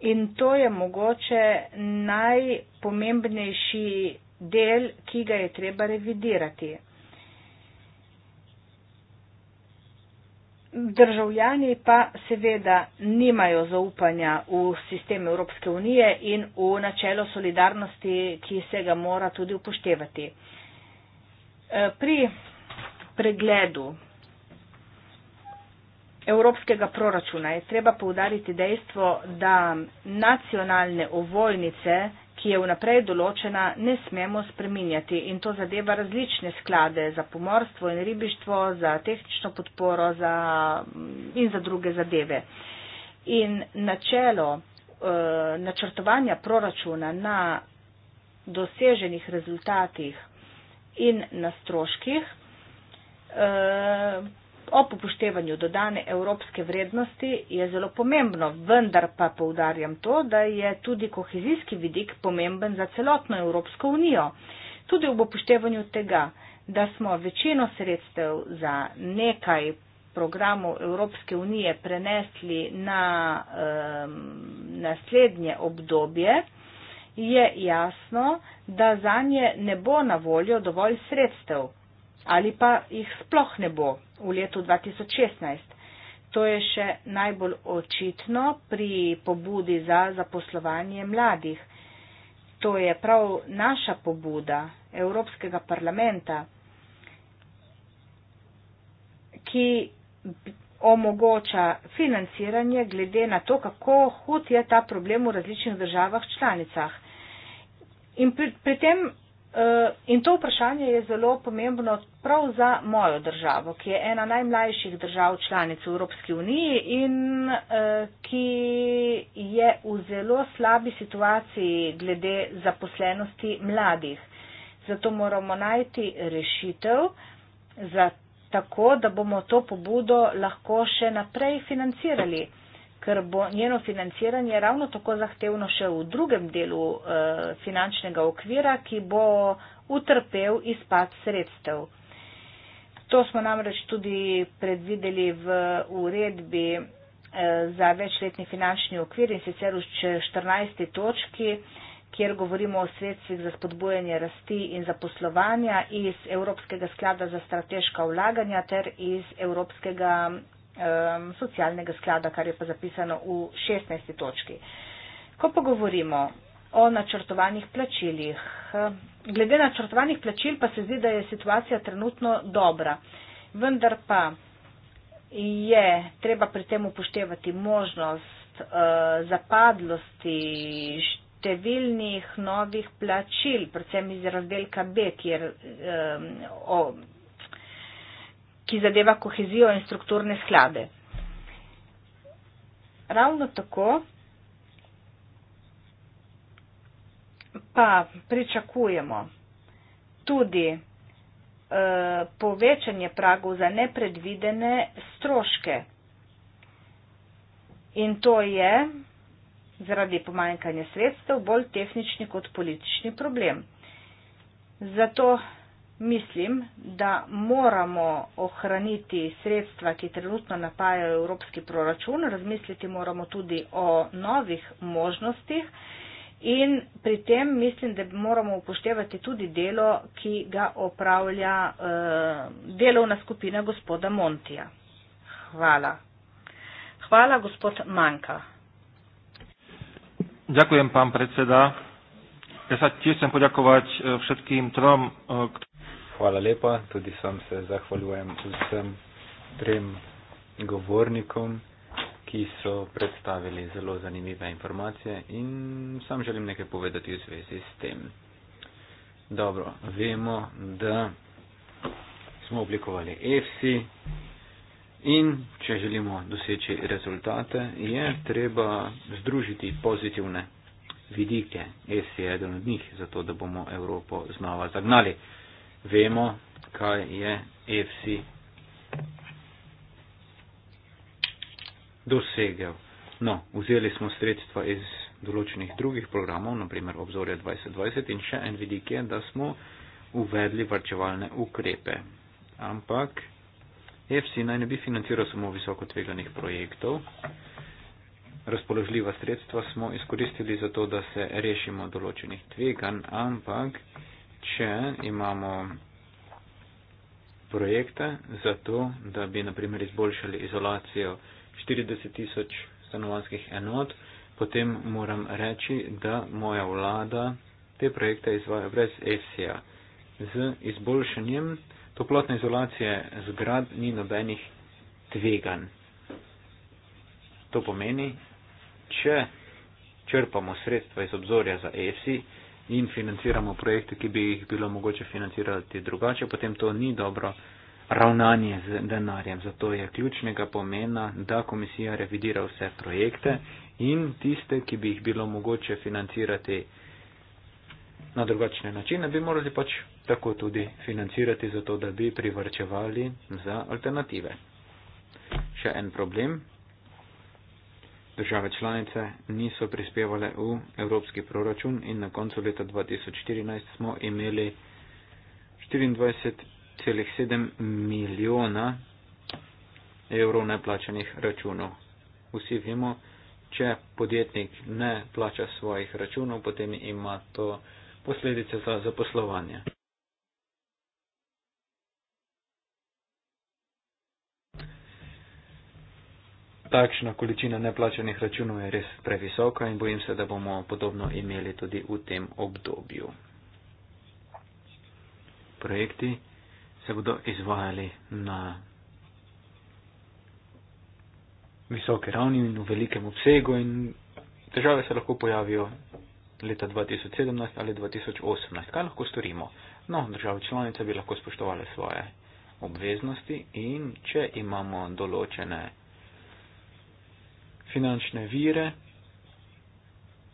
In to je mogoče najpomembnejši del, ki ga je treba revidirati. državljani pa seveda nimajo zaupanja v sistem Evropske unije in v načelo solidarnosti, ki se ga mora tudi upoštevati. E, pri pregledu evropskega proračuna je treba povdariti dejstvo, da nacionalne ovojnice ki je vnaprej določena, ne smemo spreminjati in to zadeva različne sklade za pomorstvo in ribištvo, za tehnično podporo za, in za druge zadeve. In načelo e, načrtovanja proračuna na doseženih rezultatih in na stroških e, ob upoštevanju dodane evropske vrednosti je zelo pomembno, vendar pa poudarjam to, da je tudi kohezijski vidik pomemben za celotno Evropsko unijo. Tudi ob upoštevanju tega, da smo večino sredstev za nekaj programov Evropske unije prenesli na um, naslednje obdobje, je jasno, da za nje ne bo na voljo dovolj sredstev ali pa jih sploh ne bo v letu 2016. To je še najbolj očitno pri pobudi za zaposlovanje mladih. To je prav naša pobuda Evropskega parlamenta, ki omogoča financiranje glede na to, kako hud je ta problem v različnih državah članicah. In pri, pri tem Eh, in to vprašanje je zelo pomembno prav za mojo državo, ki je ena najmlajših držav članic Evropske unije in eh, ki je v zelo slabi situaciji glede zaposlenosti mladih. Zato moramo najti rešitev, tako da bomo to pobudo lahko še naprej financirali ker bo njeno financiranje ravno tako zahtevno še v drugem delu eh, finančnega okvira, ki bo utrpel izpad sredstev. To smo namreč tudi predvideli v uredbi eh, za večletni finančni okvir in sicer v 14. točki, kjer govorimo o sredstvih za spodbujanje rasti in zaposlovanja iz Evropskega sklada za strateška vlaganja ter iz Evropskega um, socialnega sklada, kar je pa zapisano v 16. točki. Ko pa govorimo o načrtovanih plačilih, eh, glede načrtovanih plačil pa se zdi, da je situacija trenutno dobra, vendar pa je treba pri tem upoštevati možnost uh, zapadlosti številnih novih plačil, predvsem iz razdelka B, kjer um, ki zadeva kohezijo in strukturne sklade. Ravno tako pa pričakujemo tudi eh, povečanje pragov za nepredvidene stroške. In to je zaradi pomanjkanja sredstev bolj tehnični kot politični problem. Zato mislim, da moramo ohraniti sredstva, ki trenutno napajajo evropski proračun, razmisliti moramo tudi o novih možnostih in pri tem mislim, da moramo upoštevati tudi delo, ki ga opravlja eh, delovna skupina gospoda Montija. Hvala. Hvala, gospod Manka. Ďakujem, pán predseda. Ja sa tiež chcem poďakovať eh, všetkým trom, ktorí... Eh, hvala lepa, tudi sam se zahvaljujem vsem trem govornikom, ki so predstavili zelo zanimive informacije in sam želim nekaj povedati v zvezi s tem. Dobro, vemo, da smo oblikovali EFSI in če želimo doseči rezultate, je treba združiti pozitivne vidike. EFSI je eden od njih, zato da bomo Evropo znova zagnali vemo, kaj je FC dosegel. No, vzeli smo sredstva iz določenih drugih programov, naprimer obzorja 2020 in še en vidik je, da smo uvedli varčevalne ukrepe. Ampak EFSI naj ne bi financiral samo visoko tveganih projektov. Razpoložljiva sredstva smo izkoristili za to, da se rešimo določenih tveganj, ampak če imamo projekte za to, da bi naprimer izboljšali izolacijo 40 tisoč stanovanskih enot, potem moram reči, da moja vlada te projekte izvaja brez ESIA. Z izboljšanjem toplotne izolacije zgrad ni nobenih tveganj. To pomeni, če črpamo sredstva iz obzorja za ESI, in financiramo projekte, ki bi jih bilo mogoče financirati drugače, potem to ni dobro ravnanje z denarjem. Zato je ključnega pomena, da komisija revidira vse projekte in tiste, ki bi jih bilo mogoče financirati na drugačne načine, bi morali pač tako tudi financirati, zato da bi privrčevali za alternative. Še en problem, Države članice niso prispevale v evropski proračun in na koncu leta 2014 smo imeli 24,7 milijona evrov neplačanih računov. Vsi vemo, če podjetnik ne plača svojih računov, potem ima to posledice za zaposlovanje. takšna količina neplačanih računov je res previsoka in bojim se, da bomo podobno imeli tudi v tem obdobju. Projekti se bodo izvajali na visoke ravni in v velikem obsegu in težave se lahko pojavijo leta 2017 ali 2018. Kaj lahko storimo? No, države članice bi lahko spoštovali svoje obveznosti in če imamo določene finančne vire,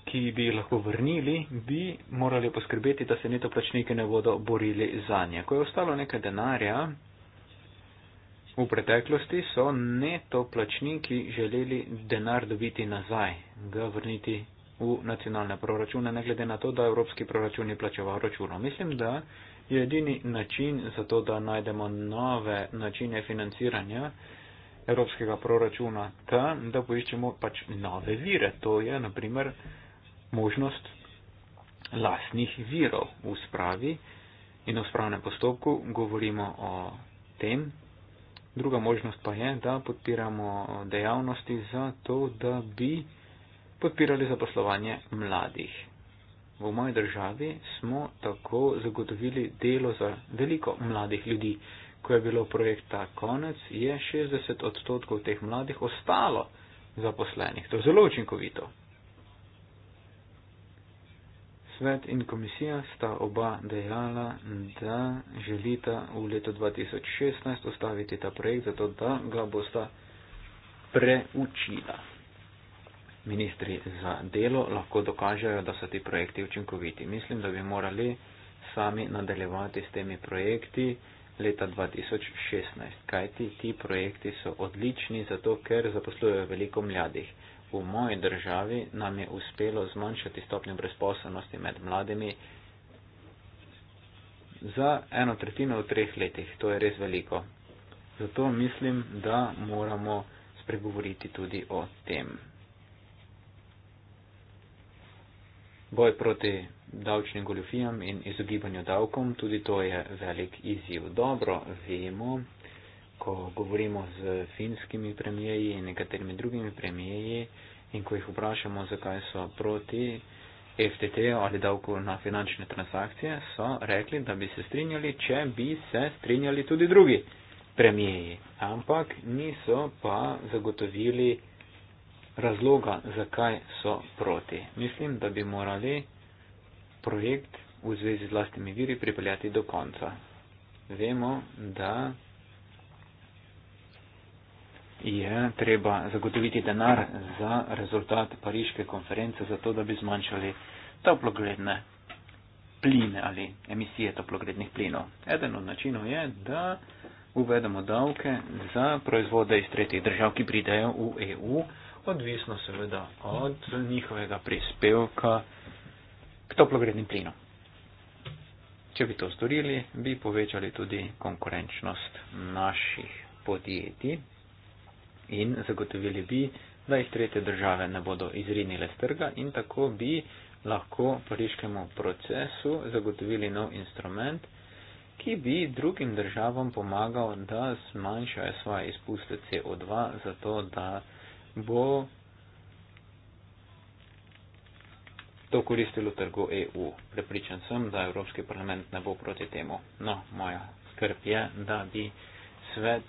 ki bi lahko vrnili, bi morali poskrbeti, da se neto plačniki ne bodo borili za nje. Ko je ostalo nekaj denarja, v preteklosti so neto plačniki želeli denar dobiti nazaj, ga vrniti v nacionalne proračune, ne glede na to, da evropski proračun je plačeval računo. Mislim, da je edini način za to, da najdemo nove načine financiranja, evropskega proračuna ta, da poiščemo pač nove vire. To je, naprimer, možnost lasnih virov v spravi in v spravnem postopku govorimo o tem. Druga možnost pa je, da podpiramo dejavnosti za to, da bi podpirali zaposlovanje mladih. V moji državi smo tako zagotovili delo za veliko mladih ljudi ko je bilo projekta konec, je 60 odstotkov teh mladih ostalo zaposlenih. To je zelo učinkovito. Svet in komisija sta oba dejala, da želita v letu 2016 ustaviti ta projekt, zato da ga bosta preučila. Ministri za delo lahko dokažejo, da so ti projekti učinkoviti. Mislim, da bi morali sami nadaljevati s temi projekti leta 2016. Kajti ti projekti so odlični zato, ker zaposlujejo veliko mladih. V moji državi nam je uspelo zmanjšati stopnjo brezposobnosti med mladimi za eno tretjino v treh letih. To je res veliko. Zato mislim, da moramo spregovoriti tudi o tem. Boj proti davčnim goljofijam in izogibanju davkom, tudi to je velik izziv. Dobro vemo, ko govorimo z finskimi premijeji in nekaterimi drugimi premijeji in ko jih vprašamo, zakaj so proti FTT-ju ali davku na finančne transakcije, so rekli, da bi se strinjali, če bi se strinjali tudi drugi premijeji. Ampak niso pa zagotovili razloga, zakaj so proti. Mislim, da bi morali projekt v zvezi z vlastnimi viri pripeljati do konca. Vemo, da je treba zagotoviti denar za rezultat pariške konference, zato da bi zmanjšali toplogredne pline ali emisije toplogrednih plinov. Eden od načinov je, da uvedemo davke za proizvode iz tretjih držav, ki pridejo v EU, odvisno seveda od njihovega prispevka k toplogrednim plinom. Če bi to storili, bi povečali tudi konkurenčnost naših podjetij in zagotovili bi, da jih tretje države ne bodo izrinile z trga in tako bi lahko pariškemu procesu zagotovili nov instrument, ki bi drugim državam pomagal, da zmanjšajo svoje izpuste CO2, zato da bo to koristilo trgu EU. Prepričan sem, da Evropski parlament ne bo proti temu. No, moja skrb je, da bi svet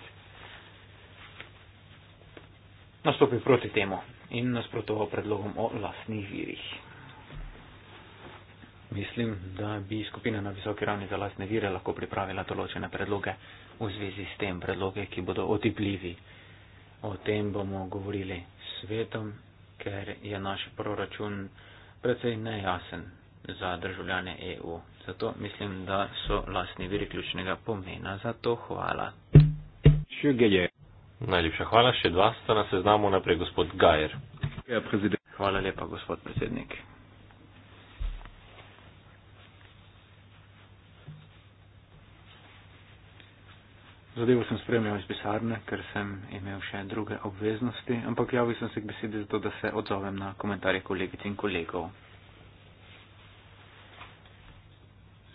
nastopil proti temu in nasprotoval predlogom o lastnih virih. Mislim, da bi skupina na visoki ravni za lastne vire lahko pripravila določene predloge v zvezi s tem, predloge, ki bodo otipljivi. O tem bomo govorili svetom, ker je naš proračun precej nejasen za državljane EU. Zato mislim, da so lastni viri ključnega pomena. Zato hvala. Najlepša hvala. Še dva sta na seznamu naprej, gospod Gajer. Ja, hvala lepa, gospod predsednik. Zadevo sem spremljal iz pisarne, ker sem imel še druge obveznosti, ampak javil sem se k besedi zato, da se odzovem na komentarje kolegic in kolegov.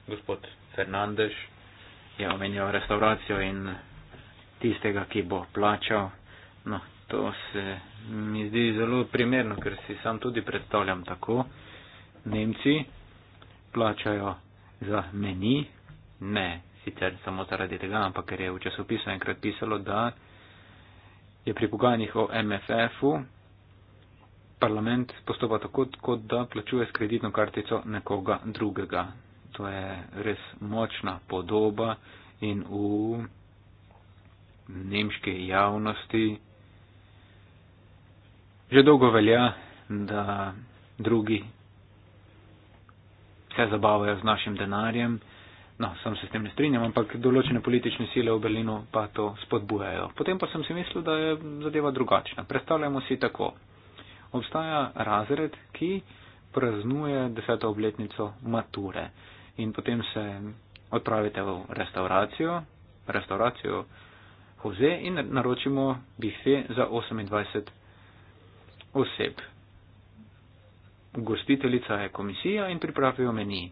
Gospod Fernandež je omenjal restauracijo in tistega, ki bo plačal. No, to se mi zdi zelo primerno, ker si sam tudi predstavljam tako. Nemci plačajo za meni, ne sicer samo zaradi tega, ampak ker je v časopisu enkrat pisalo, da je pri pogajanjih o MFF-u parlament postopa tako, kot da plačuje s kreditno kartico nekoga drugega. To je res močna podoba in v nemške javnosti že dolgo velja, da drugi se zabavajo z našim denarjem no, sem se s tem ne strinjam, ampak določene politične sile v Berlinu pa to spodbujajo. Potem pa sem si mislil, da je zadeva drugačna. Predstavljamo si tako. Obstaja razred, ki praznuje deseto obletnico mature in potem se odpravite v restauracijo, restauracijo Hoze in naročimo bife za 28 oseb. Gostiteljica je komisija in pripravijo meni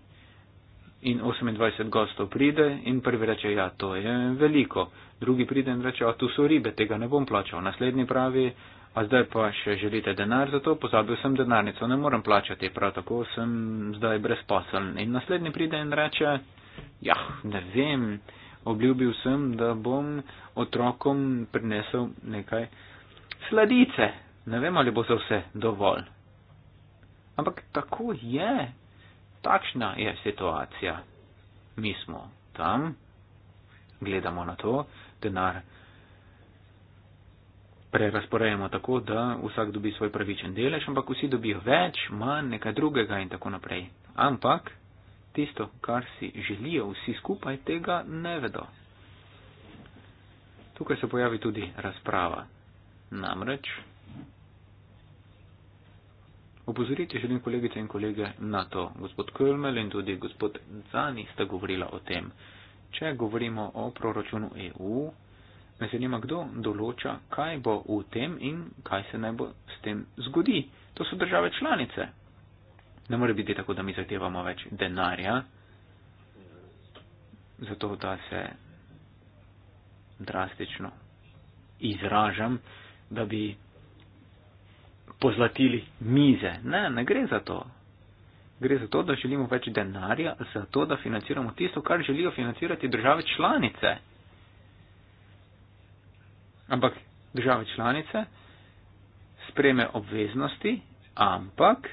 in 28 gostov pride in prvi reče, ja, to je veliko. Drugi pride in reče, a tu so ribe, tega ne bom plačal. Naslednji pravi, a zdaj pa še želite denar za to, pozabil sem denarnico, ne morem plačati, prav tako sem zdaj brezposeln. In naslednji pride in reče, ja, ne vem, obljubil sem, da bom otrokom prinesel nekaj sladice. Ne vem, ali bo za vse dovolj. Ampak tako je, takšna je situacija. Mi smo tam, gledamo na to, denar prerasporejamo tako, da vsak dobi svoj pravičen delež, ampak vsi dobijo več, manj, nekaj drugega in tako naprej. Ampak tisto, kar si želijo vsi skupaj, tega ne vedo. Tukaj se pojavi tudi razprava. Namreč Opozoriti želim kolegice in kolege na to. Gospod Kölmel in tudi gospod Zani sta govorila o tem. Če govorimo o proračunu EU, me zanima, kdo določa, kaj bo v tem in kaj se naj bo s tem zgodi. To so države članice. Ne more biti tako, da mi zahtevamo več denarja, zato da se drastično izražam, da bi pozlatili mize. Ne, ne gre za to. Gre za to, da želimo več denarja, za to, da financiramo tisto, kar želijo financirati države članice. Ampak države članice spreme obveznosti, ampak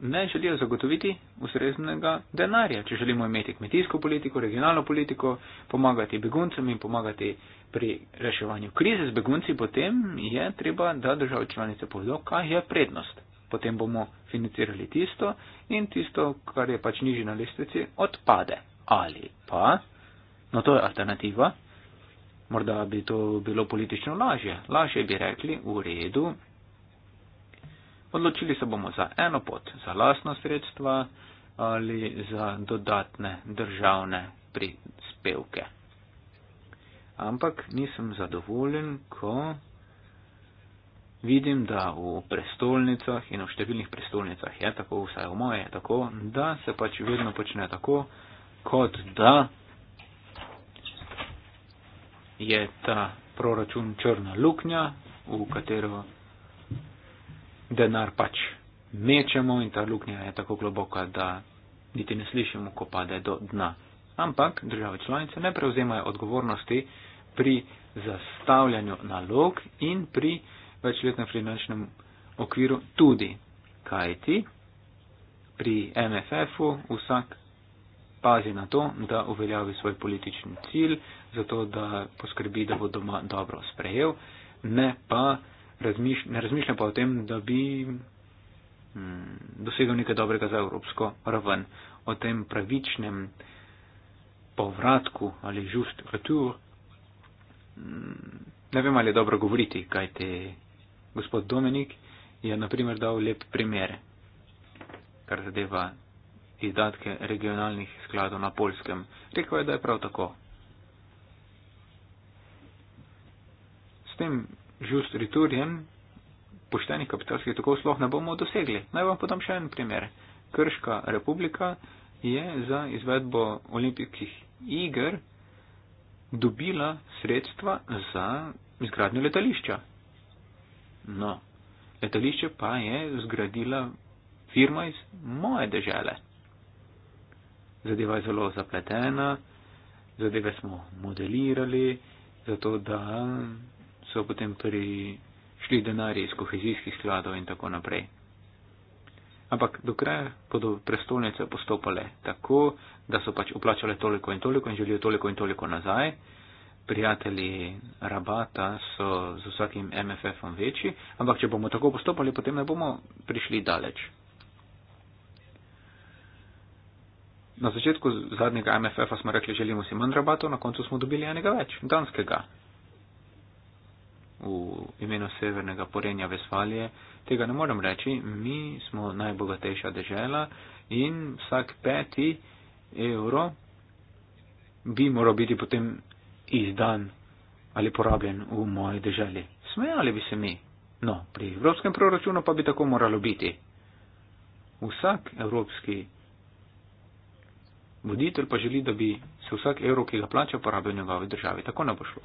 ne želijo zagotoviti ustreznega denarja. Če želimo imeti kmetijsko politiko, regionalno politiko, pomagati beguncem in pomagati pri reševanju krize z begunci, potem je treba, da države članice povedo, kaj je prednost. Potem bomo financirali tisto in tisto, kar je pač nižje na listici, odpade. Ali pa, no to je alternativa, morda bi to bilo politično lažje. Lažje bi rekli, v redu, Odločili se bomo za eno pot, za lasna sredstva ali za dodatne državne prispevke. Ampak nisem zadovoljen, ko vidim, da v prestolnicah in v številnih prestolnicah je tako, vsaj v moje je tako, da se pač vedno počne tako, kot da je ta proračun črna luknja, v katero denar pač mečemo in ta luknja je tako globoka, da niti ne slišimo, ko pade do dna. Ampak države članice ne prevzemajo odgovornosti pri zastavljanju nalog in pri večletnem finančnem okviru tudi. Kaj ti? Pri MFF-u vsak pazi na to, da uveljavi svoj politični cilj, zato da poskrbi, da bo doma dobro sprejel, ne pa razmišlj, ne razmišljam pa o tem, da bi mm, dosegel nekaj dobrega za evropsko raven, o tem pravičnem povratku ali just retour. Mm, ne vem, ali je dobro govoriti, kaj te gospod Dominik je naprimer dal lep primer, kar zadeva izdatke regionalnih skladov na polskem. Rekel je, da je prav tako. S tem just returnjem poštenih kapitalskih tokov sloh ne bomo dosegli. Naj vam podam še en primer. Krška republika je za izvedbo olimpijskih igr dobila sredstva za izgradnjo letališča. No, letališče pa je zgradila firma iz moje države. Zadeva je zelo zapletena, zadeve smo modelirali, zato da so potem prišli denarje iz kohezijskih skladov in tako naprej. Ampak do kraja bodo prestolnice postopale tako, da so pač uplačale toliko in toliko in želijo toliko in toliko nazaj. Prijatelji rabata so z vsakim MFF-om večji, ampak če bomo tako postopali, potem ne bomo prišli daleč. Na začetku zadnjega MFF-a smo rekli, želimo si manj rabatov, na koncu smo dobili enega več, danskega v imenu severnega porenja Vesvalije, tega ne morem reči, mi smo najbogatejša država in vsak peti evro bi moral biti potem izdan ali porabljen v moji državi. Smejali bi se mi. No, pri evropskem proračunu pa bi tako moralo biti. Vsak evropski voditelj pa želi, da bi se vsak evro, ki ga plača, porabil v njegovi državi. Tako ne bo šlo.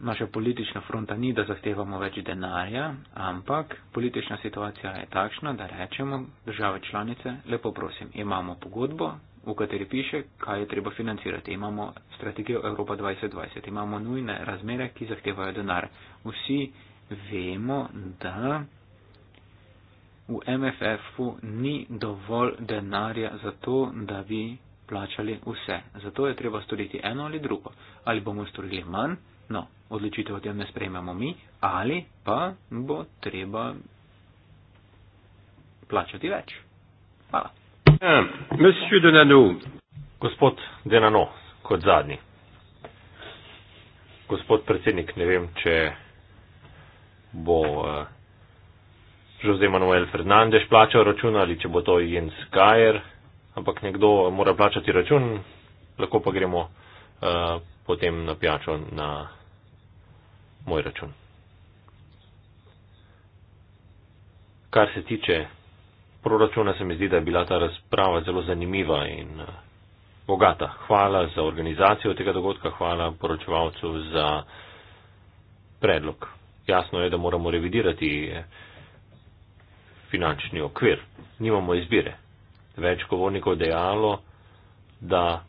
naša politična fronta ni, da zahtevamo več denarja, ampak politična situacija je takšna, da rečemo države članice, lepo prosim, imamo pogodbo, v kateri piše, kaj je treba financirati. Imamo strategijo Evropa 2020, imamo nujne razmere, ki zahtevajo denar. Vsi vemo, da v MFF-u ni dovolj denarja za to, da bi plačali vse. Zato je treba storiti eno ali drugo. Ali bomo storili manj, No, odločitev o tem ne sprejmemo mi, ali pa bo treba plačati več. Hvala. Ja, monsieur Denano, gospod Denano, kot zadnji. Gospod predsednik, ne vem, če bo uh, eh, Jose Manuel Fernandez plačal račun ali če bo to Jens Geier, ampak nekdo mora plačati račun, lahko pa gremo uh, potem na pijačo na moj račun. Kar se tiče proračuna, se mi zdi, da je bila ta razprava zelo zanimiva in eh, bogata. Hvala za organizacijo tega dogodka, hvala poročevalcu za predlog. Jasno je, da moramo revidirati eh, finančni okvir. Nimamo izbire. Več govornikov dejalo, da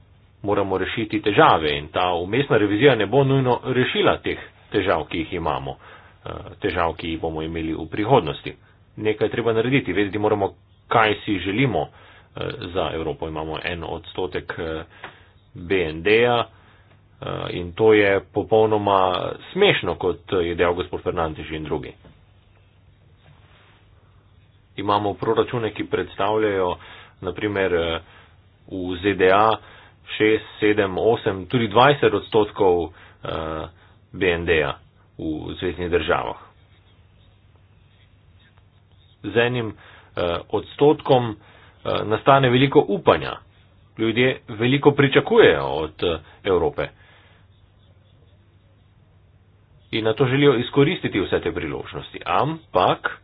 moramo rešiti težave in ta umestna revizija ne bo nujno rešila teh težav, ki jih imamo, eh, težav, ki jih bomo imeli v prihodnosti. Nekaj je treba narediti, vedeti moramo, kaj si želimo eh, za Evropo. Imamo en odstotek eh, BND-ja in to je popolnoma smešno, kot je dejal gospod Fernandez in drugi. Imamo proračune, ki predstavljajo, naprimer, v ZDA 6, 7, 8, tudi 20 odstotkov eh, BND-ja v zvezdnih državah. Z enim eh, odstotkom eh, nastane veliko upanja. Ljudje veliko pričakujejo od Evrope. In na to želijo izkoristiti vse te priložnosti. Ampak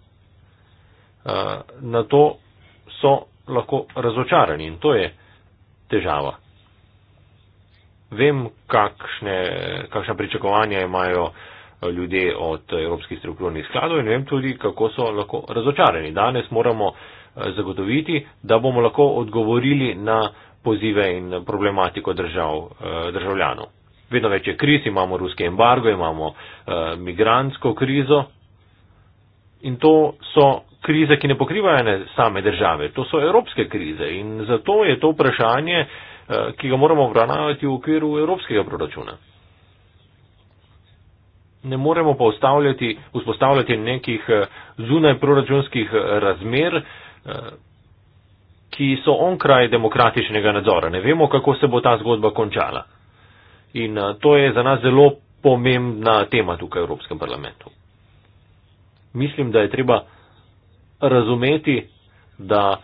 na to so lahko razočarani in to je težava vem, kakšne, kakšna pričakovanja imajo ljudje od evropskih strukturnih skladov in vem tudi, kako so lahko razočarani. Danes moramo eh, zagotoviti, da bomo lahko odgovorili na pozive in problematiko držav, eh, državljanov. Vedno več je kriz, imamo ruske embargo, imamo eh, migransko krizo in to so krize, ki ne pokrivajo ne same države, to so evropske krize in zato je to vprašanje, Eh, ki ga moramo obravnavati v okviru evropskega proračuna. Ne moremo pa vzpostavljati nekih eh, zunaj proračunskih eh, razmer, ki so onkraj demokratičnega nadzora. Ne vemo, kako se bo ta zgodba končala. In to je za nas zelo pomembna tema tukaj v Evropskem parlamentu. Mislim, da je treba razumeti, da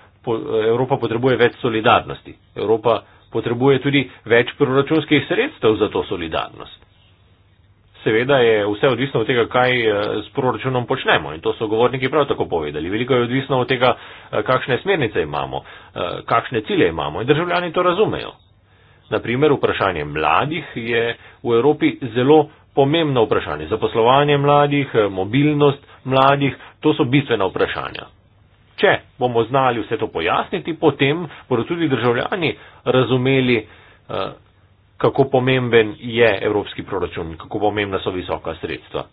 Evropa potrebuje več solidarnosti. Evropa potrebuje tudi več proračunskih sredstev za to solidarnost. Seveda je vse odvisno od tega, kaj eh, s proračunom počnemo in to so govorniki prav tako povedali. Veliko je odvisno od tega, eh, kakšne smernice imamo, eh, kakšne cilje imamo in državljani to razumejo. Naprimer, vprašanje mladih je v Evropi zelo pomembno vprašanje. Zaposlovanje mladih, mobilnost mladih, to so bistvena vprašanja. Če bomo znali vse to pojasniti, potem bodo tudi državljani razumeli, eh, kako pomemben je evropski proračun, kako pomembna so visoka sredstva.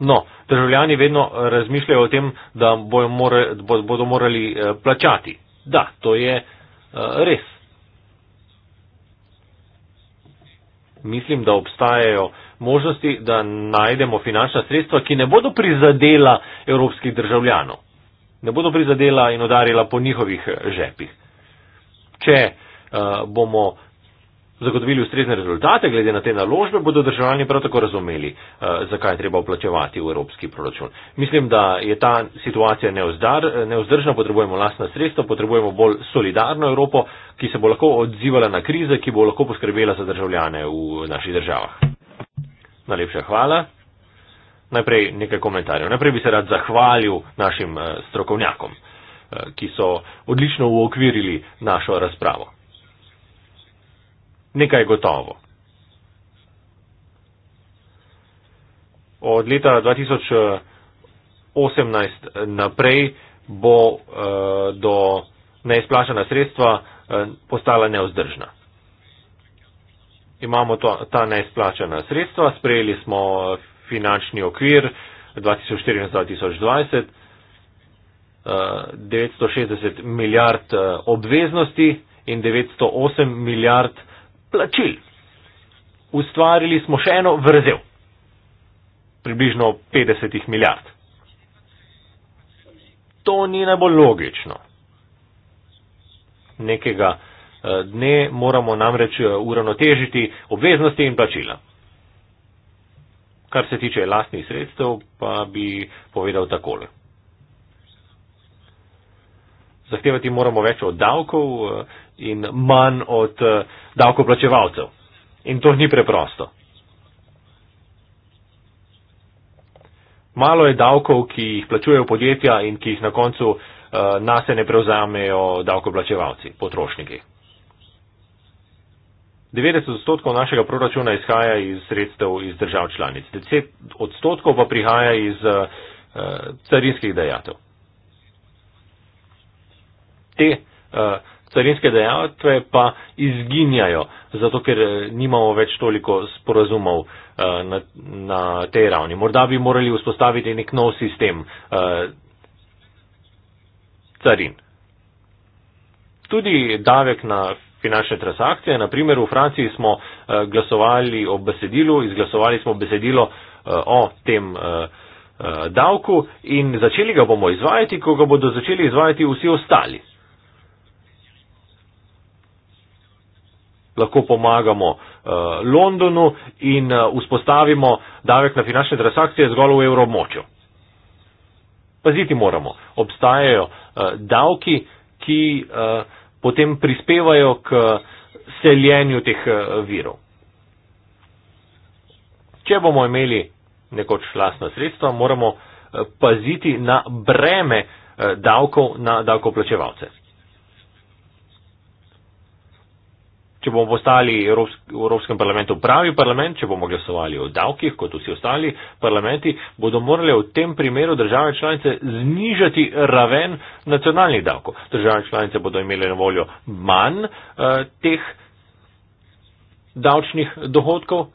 No, državljani vedno eh, razmišljajo o tem, da bojo more, bodo morali eh, plačati. Da, to je res. Mislim, da obstajajo možnosti, da najdemo finančna sredstva, ki ne bodo prizadela evropskih državljanov, ne bodo prizadela in odarila po njihovih eh, žepih. Če uh, bomo zagotovili ustrezne rezultate glede na te naložbe, bodo državljani prav tako razumeli, uh, zakaj je treba uplačevati v evropski proračun. Mislim, da je ta situacija neozdar, neozdržna, potrebujemo lastna sredstva, potrebujemo bolj solidarno Evropo, ki se bo lahko odzivala na krize, ki bo lahko poskrbela za državljane v naših državah. Najlepša hvala. Najprej nekaj komentarjev. Najprej bi se rad zahvalil našim eh, strokovnjakom, eh, ki so odlično uokvirili našo razpravo. Nekaj gotovo. Od leta 2018 eh, naprej bo do neizplašena sredstva postala neozdržna imamo to, ta neizplačena sredstva, sprejeli smo finančni okvir 2014-2020, 960 eh, milijard eh, obveznosti in 908 milijard plačil. Ustvarili smo še eno vrzel, približno 50 milijard. To ni najbolj logično. Nekega Eh, dne moramo namreč eh, uravnotežiti obveznosti in plačila. Kar se tiče lastnih sredstev, pa bi povedal takole. Zahtevati moramo več od davkov eh, in manj od davkoplačevalcev. In to ni preprosto. Malo je davkov, ki jih plačujejo podjetja in ki jih na koncu uh, nase ne prevzamejo davkoplačevalci, potrošniki. 90 odstotkov našega proračuna izhaja iz sredstev iz držav članic, 10 odstotkov pa prihaja iz uh, carinskih dejatev. Te uh, carinske dejatve pa izginjajo, zato ker eh, nimamo več toliko sporazumov uh, na, na tej ravni. Morda bi morali vzpostaviti nek nov sistem uh, carin. Tudi davek na finančne transakcije. Naprimer, v Franciji smo eh, glasovali o besedilu, izglasovali smo besedilo eh, o tem eh, davku in začeli ga bomo izvajati, ko ga bodo začeli izvajati vsi ostali. Lahko pomagamo Londonu in vzpostavimo davek na finančne transakcije zgolj v evromočju. Paziti moramo, obstajajo davki, ki uh, potem prispevajo k seljenju teh eh, virov. Če bomo imeli nekoč lastna sredstva, moramo eh, paziti na breme eh, davkov na davkoplačevalce. Če bomo postali v Evropskem parlamentu pravi parlament, če bomo glasovali o davkih, kot vsi ostali parlamenti, bodo morali v tem primeru države članice znižati raven nacionalnih davkov. Države članice bodo imele na voljo manj uh, teh davčnih dohodkov,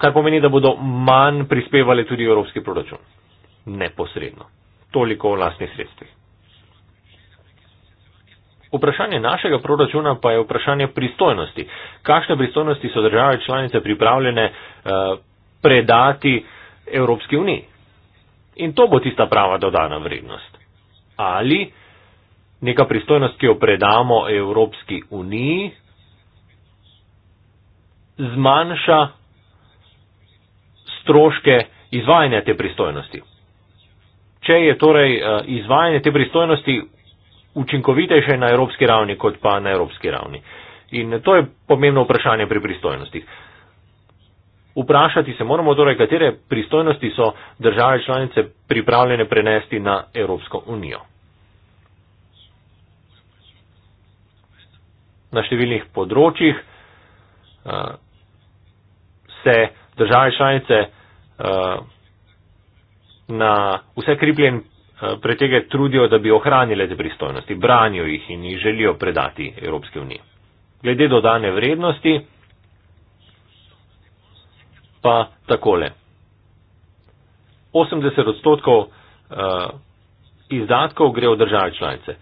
kar pomeni, da bodo manj prispevali tudi Evropski proračun. Neposredno. Toliko o lastnih sredstvih. Vprašanje našega proračuna pa je vprašanje pristojnosti. Kakšne pristojnosti so države članice pripravljene uh, predati Evropski uniji? In to bo tista prava dodana vrednost. Ali neka pristojnost, ki jo predamo Evropski uniji, zmanjša stroške izvajanja te pristojnosti. Če je torej eh, izvajanje te pristojnosti učinkovitejše na evropski ravni kot pa na evropski ravni. In to je pomembno vprašanje pri pristojnostih. Vprašati se moramo torej, katere pristojnosti so države članice pripravljene prenesti na Evropsko unijo. Na številnih področjih uh, se države članice uh, na vse kripljen Eh, pretege trudijo, da bi ohranile te pristojnosti, branijo jih in jih želijo predati Evropske unije. Glede dodane vrednosti pa takole. 80 odstotkov uh, izdatkov gre v države članice.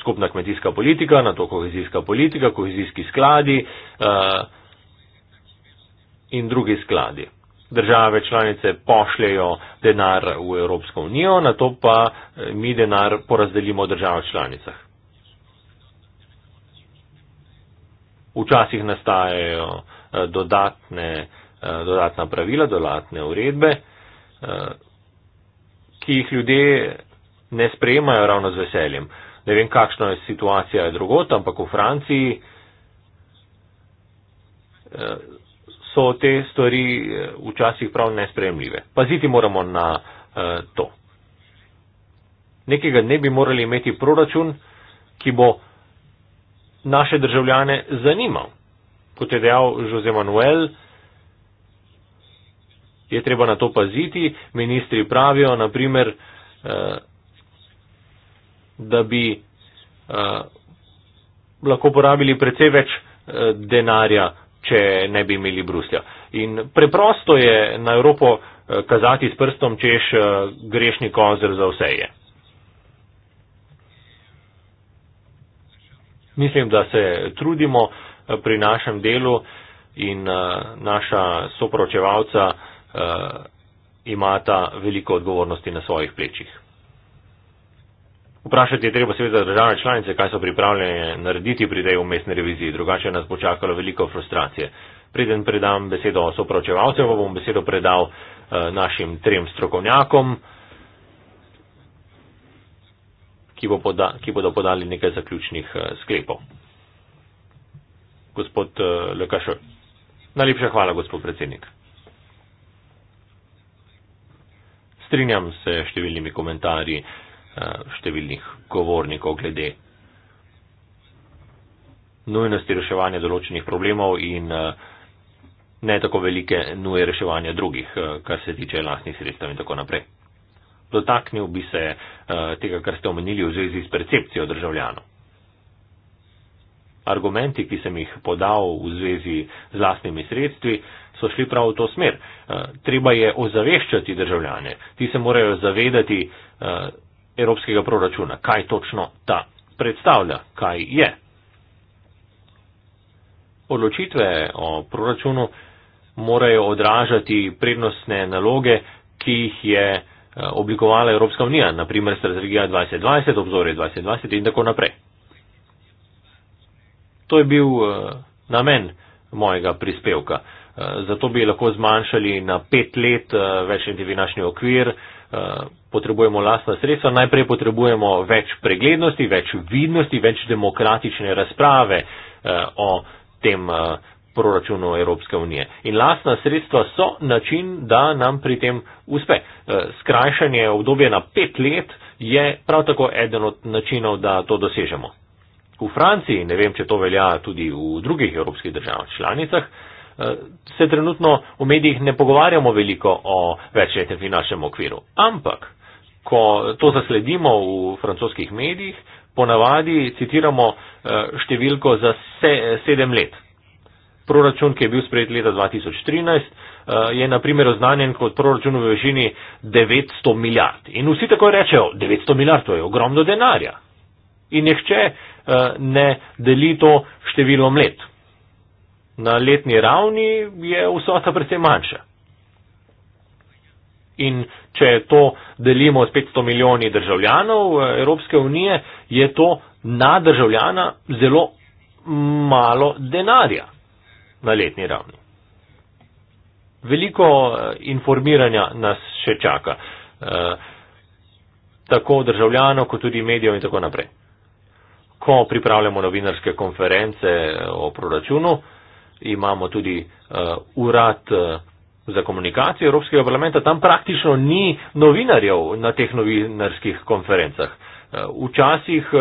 Skupna kmetijska politika, na to kohezijska politika, kohezijski skladi uh, in drugi skladi države članice pošljejo denar v Evropsko unijo, na to pa eh, mi denar porazdelimo v državah članicah. Včasih nastajajo eh, dodatne, eh, dodatna pravila, dodatne uredbe, ki jih ljudje ne sprejemajo ravno z veseljem. Ne vem, kakšna je situacija drugot, ampak v Franciji so te stvari eh, včasih prav nespremljive. Paziti moramo na uh, to. Nekega dne bi morali imeti proračun, ki bo naše državljane zanimal. Kot je dejal Jose Manuel, je treba na to paziti. Ministri pravijo, naprimer, uh, eh, da bi uh, lahko porabili precej več uh, denarja če ne bi imeli Bruslja. In preprosto je na Evropo eh, kazati s prstom, češ eh, grešni kozr za vse je. Mislim, da se trudimo eh, pri našem delu in naša soporočevalca imata veliko odgovornosti na svojih plečih. Vprašati je treba seveda države članice, kaj so pripravljene narediti pri tej umestni reviziji, drugače nas bo čakalo veliko frustracije. Preden predam besedo sopravčevalcev, bom besedo predal eh, našim trem strokovnjakom, ki, bo poda, ki bodo podali nekaj zaključnih eh, sklepov. Gospod eh, Lekašo, najlepša hvala, gospod predsednik. Strinjam se številnimi komentarji. Eh, Eh, številnih govornikov glede nujnosti reševanja določenih problemov in eh, ne tako velike nuje reševanja drugih, eh, kar se tiče lastnih sredstev in tako naprej. Dotaknil bi se tega, kar ste omenili v zvezi s percepcijo državljanov. Argumenti, ki sem jih podal v zvezi z lastnimi sredstvi, so šli prav v to smer. Treba je ozaveščati državljane. Ti se morajo zavedati evropskega proračuna. Kaj točno ta predstavlja, kaj je. Odločitve o proračunu morajo odražati prednostne naloge, ki jih je eh, oblikovala Evropska unija, naprimer strategija 2020, obzorje 2020 in tako naprej. To je bil eh, namen mojega prispevka. Eh, zato bi lahko zmanjšali na pet let večni finančni okvir, Eh, potrebujemo lastna sredstva, najprej potrebujemo več preglednosti, več vidnosti, več demokratične razprave uh, o tem uh, proračunu Evropske unije. In lastna sredstva so način, da nam pri tem uspe. Uh, skrajšanje obdobja na pet let je prav tako eden od načinov, da to dosežemo. V Franciji, ne vem, če to velja tudi v drugih evropskih državah članicah, uh, Eh, se trenutno v medijih ne pogovarjamo veliko o večletnem finančnem okviru. Ampak, ko to zasledimo v francoskih medijih, ponavadi citiramo eh, številko za sedem let. Proračun, ki je bil sprejet leta 2013, eh, je na primer oznanjen kot proračun v vežini 900 milijard. In vsi takoj rečejo, 900 milijard, to je ogromno denarja. In nihče ne deli to številom let na letni ravni je vsota predvsem manjša. In če to delimo s 500 milijoni državljanov eh, Evropske unije, je to na državljana zelo malo denarja na letni ravni. Veliko eh, informiranja nas še čaka, eh, tako državljanov, kot tudi medijev in tako naprej. Ko pripravljamo novinarske konference o proračunu, imamo tudi uh, urad uh, za komunikacijo Evropskega parlamenta, tam praktično ni novinarjev na teh novinarskih konferencah. Uh, včasih uh,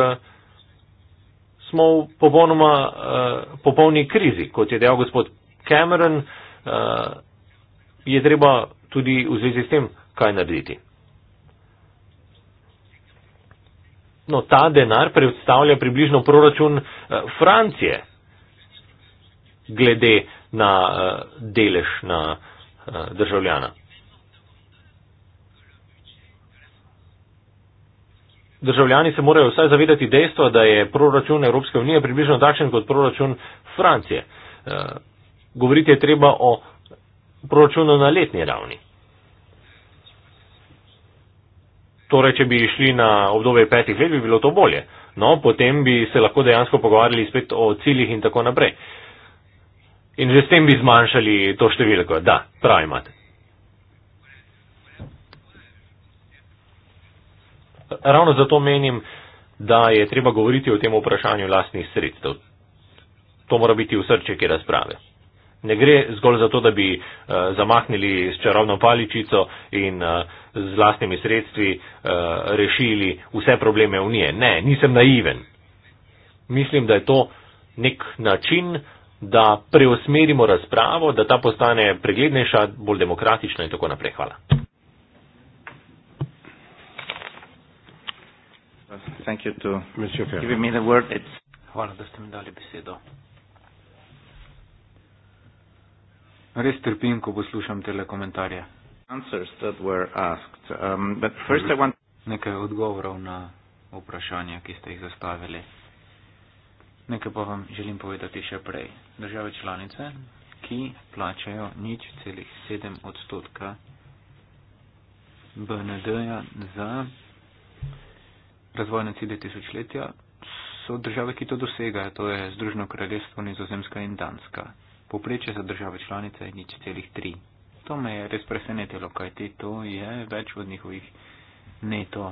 smo v popolnoma, uh, popolni krizi, kot je dejal gospod Cameron, uh, je treba tudi v zvezi s tem kaj narediti. No, ta denar predstavlja približno proračun Francije, glede na eh, delež na eh, državljana. Državljani se morajo vsaj zavedati dejstva, da je proračun Evropske unije približno takšen kot proračun Francije. Eh, govoriti je treba o proračunu na letni ravni. Torej, če bi šli na obdobje petih let, bi bilo to bolje. No, potem bi se lahko dejansko pogovarjali spet o ciljih in tako naprej. Uh, In že s tem bi zmanjšali to številko. Da, prav imate. Ravno zato menim, da je treba govoriti o tem vprašanju lastnih sredstev. To mora biti v srček razprave. Ne gre zgolj za to, da bi uh, eh, zamahnili s čarobno paličico in uh, z lastnimi sredstvi uh, rešili vse probleme Unije. Ne, nisem naiven. Mislim, da je to nek način, uh, da preusmerimo razpravo, da ta postane preglednejša, bolj demokratična in tako naprej. Hvala. Hvala, da ste mi dali besedo. Res trpim, ko poslušam tele komentarje. Um, first... Nekaj odgovorov na vprašanja, ki ste jih zastavili. Nekaj pa vam želim povedati še prej. Države članice, ki plačajo nič celih sedem odstotka BND-ja za razvojne cilje tisočletja, so države, ki to dosegajo, to je Združeno kraljestvo, Nizozemska in Danska. Poprečje za države članice je nič celih tri. To me je res presenetilo, kajti to je več od njihovih neto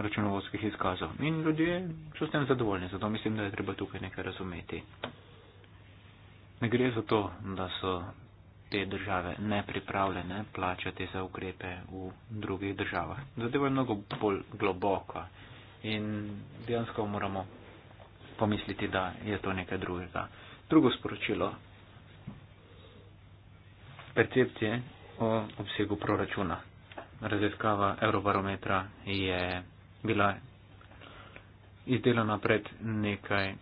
računovodskih izkazov. In ljudje so s tem zadovoljni, zato mislim, da je treba tukaj nekaj razumeti. Ne gre za to, da so te države nepripravljene plačati za ukrepe v drugih državah. Zadeva je mnogo bolj globoka in dejansko moramo pomisliti, da je to nekaj drugega. Drugo sporočilo. Percepcije o obsegu proračuna. Raziskava Eurobarometra je bila izdelana pred nekaj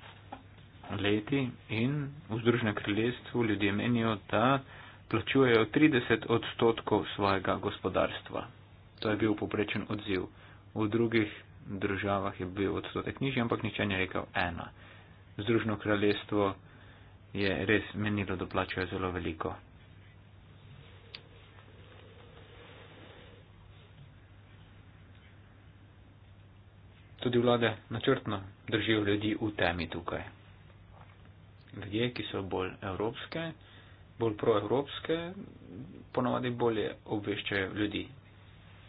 leti in v Združenem kraljestvu ljudje menijo, da plačujejo 30 odstotkov svojega gospodarstva. To je bil poprečen odziv. V drugih državah je bil odstotek nižji, ampak nihče ni rekel ena. Združeno kraljestvo je res menilo, da plačajo zelo veliko. tudi vlade načrtno držijo ljudi v temi tukaj. Ljudje, ki so bolj evropske, bolj proevropske, ponovadi bolje obveščajo ljudi.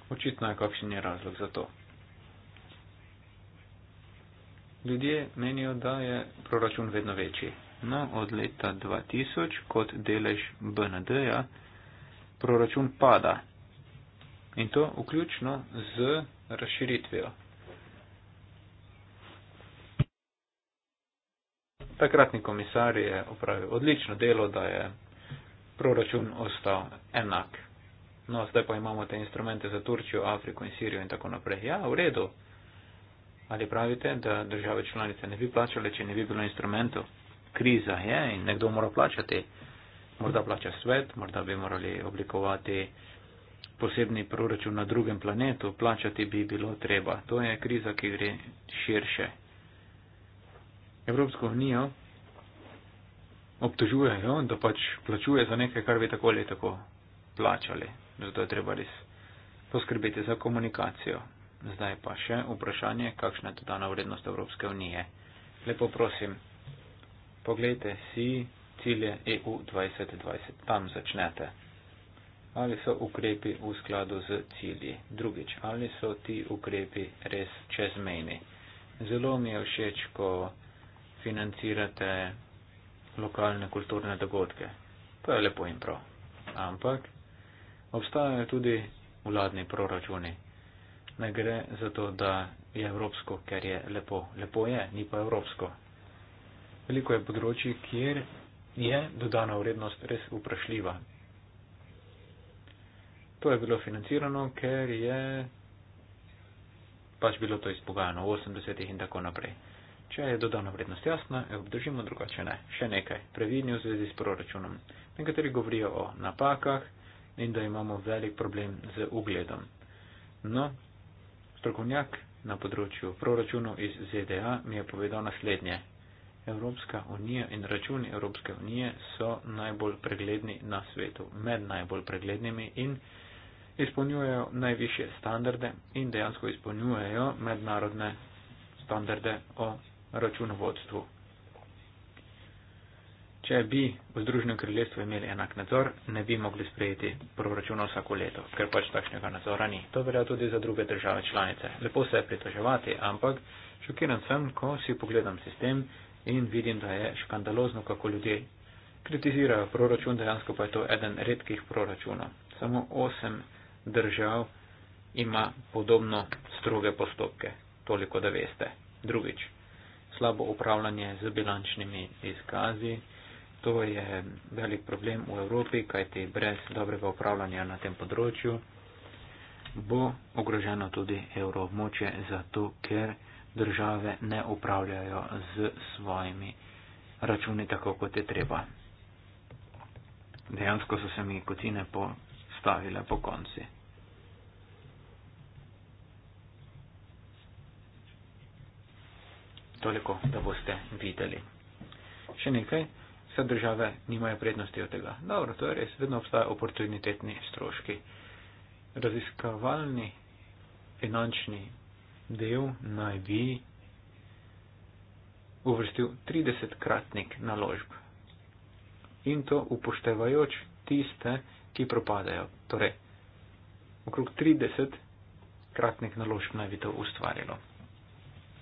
Očitno je kakšen je razlog za to. Ljudje menijo, da je proračun vedno večji. No, od leta 2000 kot delež BND-ja proračun pada. In to vključno z razširitvijo. takratni komisar je opravil odlično delo, da je proračun ostal enak. No, zdaj pa imamo te instrumente za Turčijo, Afriko in Sirijo in tako naprej. Ja, v redu. Ali pravite, da države članice ne bi plačale, če ne bi bilo instrumentov? Kriza je in nekdo mora plačati. Morda plača svet, morda bi morali oblikovati posebni proračun na drugem planetu, plačati bi bilo treba. To je kriza, ki gre širše. Evropsko unijo obtožujejo, da pač plačuje za nekaj, kar bi tako ali tako plačali. Zato je treba res poskrbeti za komunikacijo. Zdaj pa še vprašanje, kakšna je dodana vrednost Evropske unije. Lepo prosim, pogledajte si cilje EU 2020, tam začnete. Ali so ukrepi v skladu z cilji? Drugič, ali so ti ukrepi res čezmejni? Zelo mi je všeč, ko financirate lokalne kulturne dogodke. To je lepo in prav. Ampak obstajajo tudi vladni proračuni. Ne gre za to, da je evropsko, ker je lepo. Lepo je, ni pa evropsko. Veliko je področji, kjer je dodana vrednost res vprašljiva. To je bilo financirano, ker je pač bilo to izpogajano v 80-ih in tako naprej. Če je dodana vrednost jasna, jo obdržimo, drugače ne. Še nekaj, previdni v zvezi s proračunom. Nekateri govorijo o napakah in da imamo velik problem z ugledom. No, strokovnjak na področju proračunov iz ZDA mi je povedal naslednje. Evropska unija in računi Evropske unije so najbolj pregledni na svetu, med najbolj preglednimi in izpolnjujejo najviše standarde in dejansko izpolnjujejo mednarodne standarde o računovodstvu. Če bi v Združenem kraljestvu imeli enak nadzor, ne bi mogli sprejeti proračuna vsako leto, ker pač takšnega nadzora ni. To velja tudi za druge države članice. Lepo se je pritoževati, ampak šokiran sem, ko si pogledam sistem in vidim, da je škandalozno, kako ljudje kritizirajo proračun, dejansko pa je to eden redkih proračunov. Samo osem držav ima podobno stroge postopke. Toliko, da veste. Drugič slabo upravljanje z bilančnimi izkazi. To je velik problem v Evropi, kajti brez dobrega upravljanja na tem področju bo ogroženo tudi evroobmočje, zato ker države ne upravljajo z svojimi računi tako, kot je treba. Dejansko so se mi kotine postavile po konci. toliko, da boste videli. Še nekaj, vse države nimajo prednosti od tega. Dobro, to je res, vedno obstaja oportunitetni stroški. Raziskovalni finančni del naj bi uvrstil 30-kratnik naložb in to upoštevajoč tiste, ki propadajo. Torej, okrog 30-kratnik naložb naj bi to ustvarilo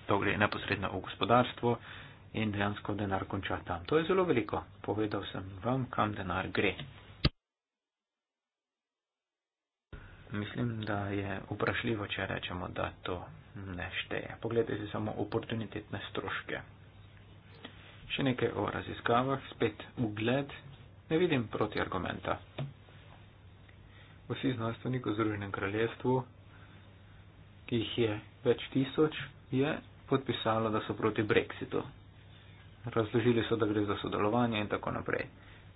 to gre neposredno v gospodarstvo in dejansko denar konča tam. To je zelo veliko. Povedal sem vam, kam denar gre. Mislim, da je vprašljivo, če rečemo, da to ne šteje. Poglejte si samo oportunitetne stroške. Še nekaj o raziskavah, spet ugled, ne vidim proti argumenta. Vsi znanstveniki v Združenem kraljestvu, ki jih je več tisoč, je podpisalo, da so proti Brexitu. Razložili so, da gre za sodelovanje in tako naprej.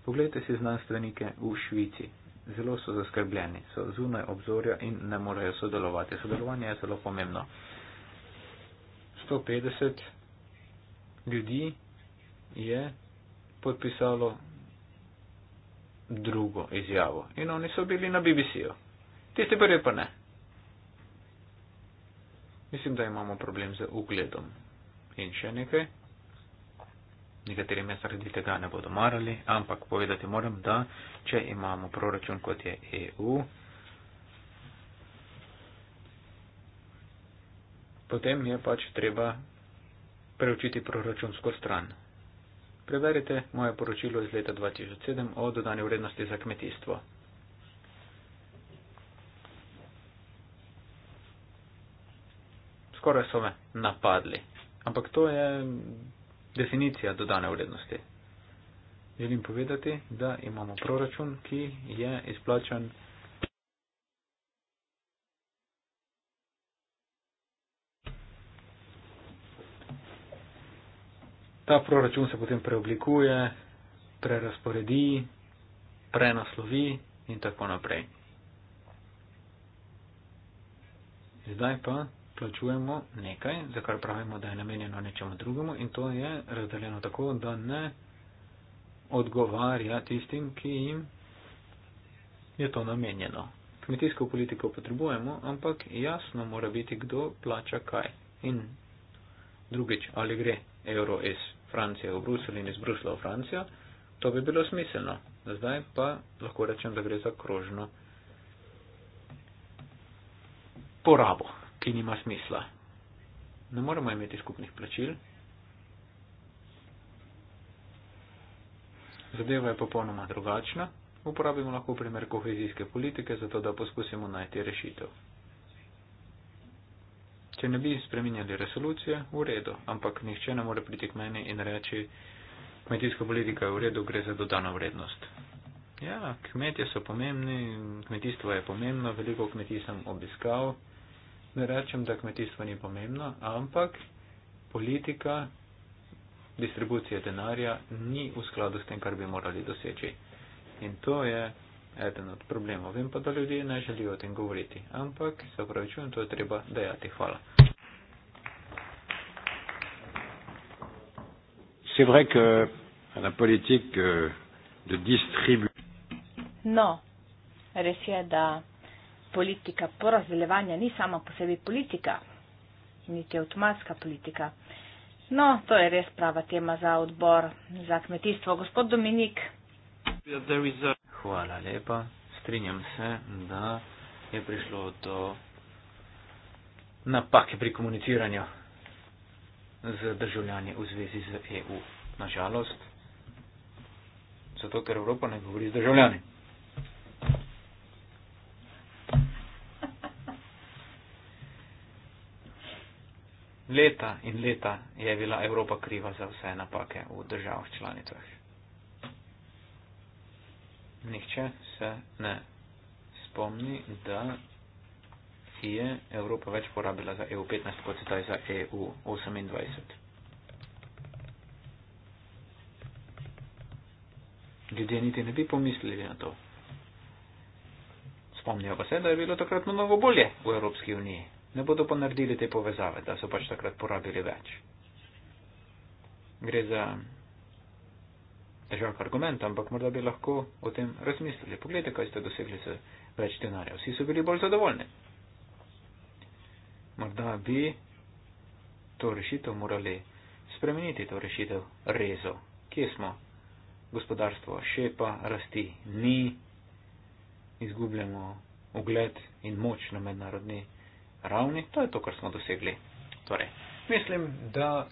Poglejte si znanstvenike v Švici. Zelo so zaskrbljeni, so zunaj obzorja in ne morejo sodelovati. Sodelovanje je zelo pomembno. 150 ljudi je podpisalo drugo izjavo in oni so bili na BBC-u. Tisti prvi pa ne. Mislim, da imamo problem z ugledom. In še nekaj. Nekateri me zaradi tega ne bodo marali, ampak povedati moram, da če imamo proračun kot je EU, potem je pač treba preučiti proračunsko stran. Preverite moje poročilo iz leta 2007 o dodani vrednosti za kmetijstvo. skoraj so me napadli. Ampak to je definicija dodane vrednosti. Želim povedati, da imamo proračun, ki je izplačan. Ta proračun se potem preoblikuje, prerasporedi, prenaslovi in tako naprej. Zdaj pa plačujemo nekaj, za kar pravimo, da je namenjeno nečemu drugemu in to je razdeljeno tako, da ne odgovarja tistim, ki jim je to namenjeno. Kmetijsko politiko potrebujemo, ampak jasno mora biti, kdo plača kaj. In drugič, ali gre evro iz Francije v Bruselj in iz Bruslja v Francijo, to bi bilo smiselno. Zdaj pa lahko rečem, da gre za krožno porabo ki nima smisla. Ne moremo imeti skupnih plačil. Zadeva je popolnoma drugačna. Uporabimo lahko primer kohezijske politike, zato da poskusimo najti rešitev. Če ne bi spreminjali resolucije, v redu, ampak nihče ne more priti k meni in reči, kmetijska politika je v redu, gre za dodano vrednost. Ja, kmetje so pomembni, kmetijstvo je pomembno, veliko kmetij sem obiskal ne rečem, da kmetijstvo ni pomembno, ampak politika distribucije denarja ni v skladu s tem, kar bi morali doseči. In to je eden od problemov. Vem pa, da ljudje ne želijo o tem govoriti, ampak se upravičujem, to je treba dejati. Hvala. Euh, no, res je, da politika porazdeljevanja ni sama po sebi politika, niti avtomatska politika. No, to je res prava tema za odbor za kmetijstvo. Gospod Dominik. Hvala lepa. Strinjam se, da je prišlo do napake pri komuniciranju z državljani v zvezi z EU. Nažalost, zato ker Evropa ne govori z državljani. leta in leta je bila Evropa kriva za vse napake v državah članicah. Nihče se ne spomni, da je Evropa več porabila za EU15 kot sedaj za EU28. Ljudje niti ne bi pomislili na to. Spomnijo pa se, da je bilo takrat mnogo bolje v Evropski uniji ne bodo pa naredili te povezave, da so pač takrat porabili več. Gre za težak argument, ampak morda bi lahko o tem razmislili. Poglejte, kaj ste dosegli z več denarja. Vsi so bili bolj zadovoljni. Morda bi to rešitev morali spremeniti, to rešitev rezo. Kje smo? Gospodarstvo šepa, rasti ni, izgubljamo ugled in moč na mednarodni ravni, to je to, kar smo dosegli. Torej, mislim, da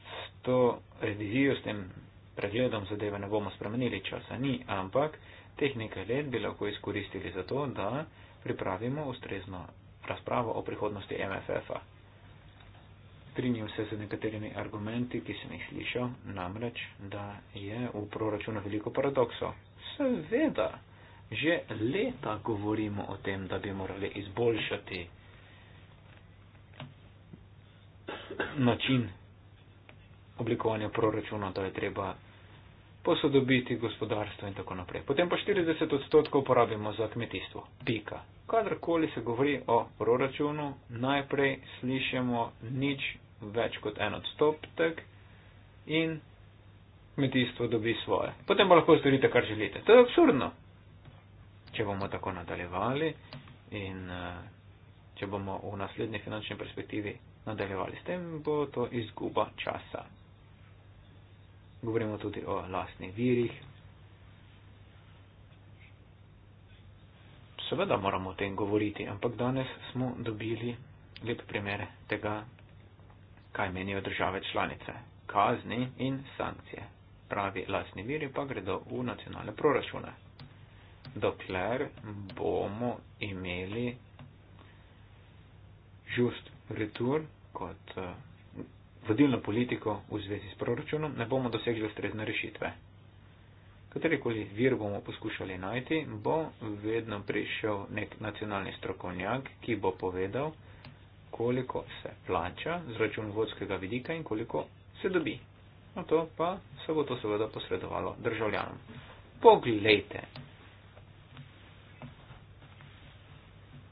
s to revizijo, s tem pregledom zadeve ne bomo spremenili, časa ni, ampak teh nekaj let bi lahko izkoristili za to, da pripravimo ustrezno razpravo o prihodnosti MFF-a. Strinjam se z nekaterimi argumenti, ki sem jih slišal, namreč, da je v proračunu veliko paradoksov. Seveda že leta govorimo o tem, da bi morali izboljšati način oblikovanja proračuna, da je treba posodobiti gospodarstvo in tako naprej. Potem pa 40 odstotkov porabimo za kmetijstvo. Pika. Kadarkoli se govori o proračunu, najprej slišimo nič več kot en odstotek in kmetijstvo dobi svoje. Potem pa lahko storite, kar želite. To je absurdno če bomo tako nadaljevali in eh, če bomo v naslednji finančni perspektivi nadaljevali s tem, bo to izguba časa. Govorimo tudi o lastnih virih. Seveda moramo o tem govoriti, ampak danes smo dobili lep primer tega, kaj menijo države članice. Kazni in sankcije. Pravi lastni viri pa gredo v nacionalne proračune dokler bomo imeli just retur kot eh, vodilno politiko v zvezi s proračunom, ne bomo dosegli ustrezne rešitve. Katerikoli vir bomo poskušali najti, bo vedno prišel nek nacionalni strokovnjak, ki bo povedal, koliko se plača z račun vodskega vidika in koliko se dobi. No to pa se bo to seveda posredovalo državljanom. Poglejte,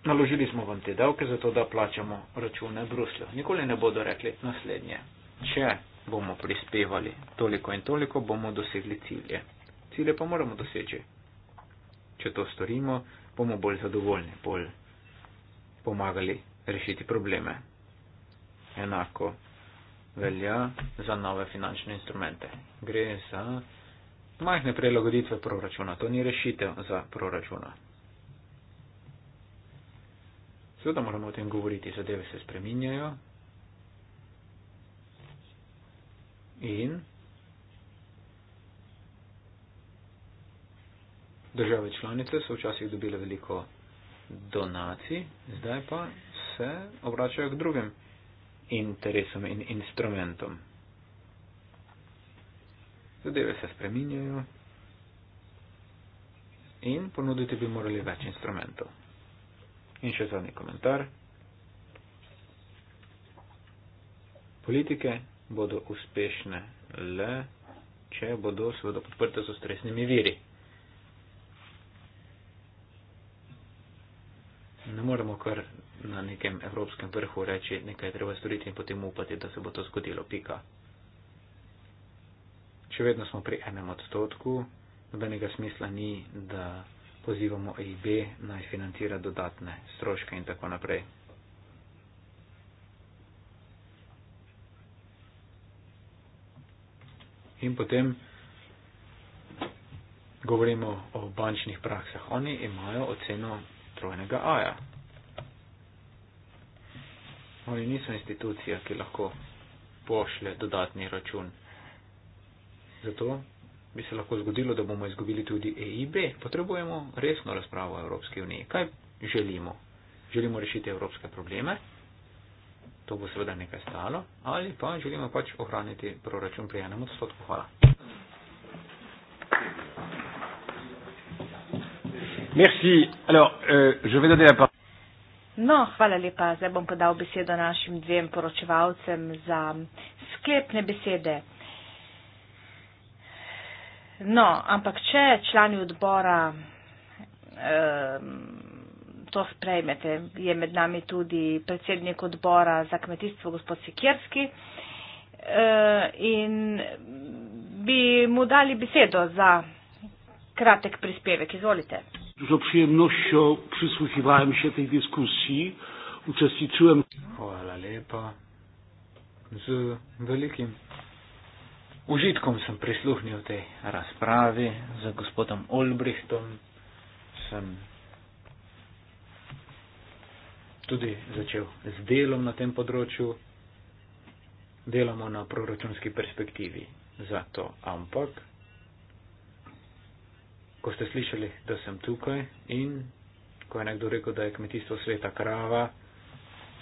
naložili smo vam te davke zato, da plačamo račune Bruslju. Nikoli ne bodo rekli naslednje. Če bomo prispevali toliko in toliko, bomo dosegli cilje. Cilje pa moramo doseči. Če to storimo, bomo bolj zadovoljni, bolj pomagali rešiti probleme. Enako velja za nove finančne instrumente. Gre za majhne prelagoditve proračuna. To ni rešitev za proračuna. Seveda moramo o tem govoriti, zadeve se spreminjajo in države članice so včasih dobile veliko donacij, zdaj pa se obračajo k drugim interesom in instrumentom. Zadeve se spreminjajo in ponuditi bi morali več instrumentov. In še zadnji komentar. Politike bodo uspešne le, če bodo seveda podprte z ustreznimi viri. Ne moremo kar na nekem evropskem vrhu reči, nekaj je treba storiti in potem upati, da se bo to zgodilo. Pika. Še vedno smo pri enem odstotku, nobenega smisla ni, da pozivamo EIB naj financira dodatne stroške in tako naprej. In potem govorimo o bančnih praksah. Oni imajo oceno trojnega A-ja. Oni niso institucija, ki lahko pošle dodatni račun. Zato bi se lahko zgodilo, da bomo izgubili tudi EIB. Potrebujemo resno razpravo o Evropski uniji. Kaj želimo? Želimo rešiti evropske probleme, to bo seveda nekaj stalo, ali pa želimo pač ohraniti proračun pri enem odstotku. Hvala. Merci. Alors, euh, je vais donner la parole. No, hvala lepa. Zdaj bom podal besedo našim dvem poročevalcem za sklepne besede. No, ampak če člani odbora to sprejmete, je med nami tudi predsednik odbora za kmetijstvo, gospod Sikirski, eh, in bi mu dali besedo za kratek prispevek. Izvolite. Z obširnostjo prisluhivam še tej diskusiji, učestvujem. Hvala lepa. Z velikim užitkom sem prisluhnil tej razpravi z gospodom Olbrichtom. Sem tudi začel z delom na tem področju. Delamo na proračunski perspektivi za to, ampak ko ste slišali, da sem tukaj in ko je nekdo rekel, da je kmetijstvo sveta krava,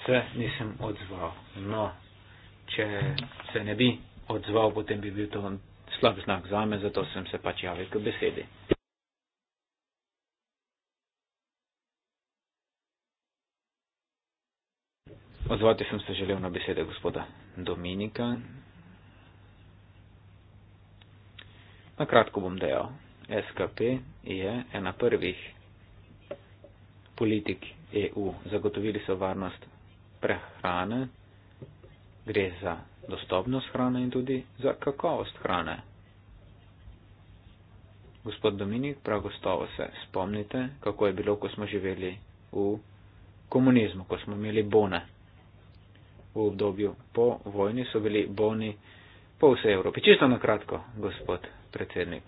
se nisem odzval. No, če se ne bi odzval, potem bi bil to slab znak zame, zato sem se pač javil k besedi. Odzvati sem se želel na besede gospoda Dominika. Na kratko bom dejal. SKP je ena prvih politik EU. Zagotovili so varnost prehrane. Gre za dostopnost hrane in tudi za kakovost hrane. Gospod Dominik, prav gotovo se spomnite, kako je bilo, ko smo živeli v komunizmu, ko smo imeli bone. V obdobju po vojni so bili boni po vsej Evropi. Čisto na kratko, gospod predsednik.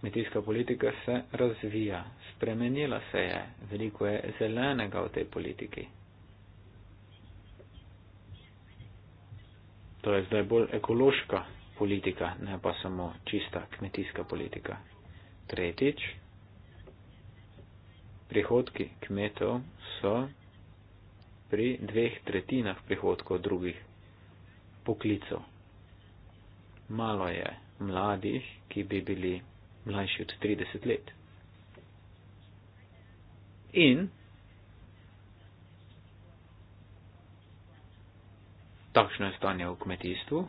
Kmetijska politika se razvija, spremenila se je, veliko je zelenega v tej politiki. to torej je zdaj bolj ekološka politika, ne pa samo čista kmetijska politika. Tretjič, prihodki kmetov so pri dveh tretjinah prihodkov drugih poklicov. Malo je mladih, ki bi bili mlajši od 30 let. In takšno je stanje v kmetijstvu.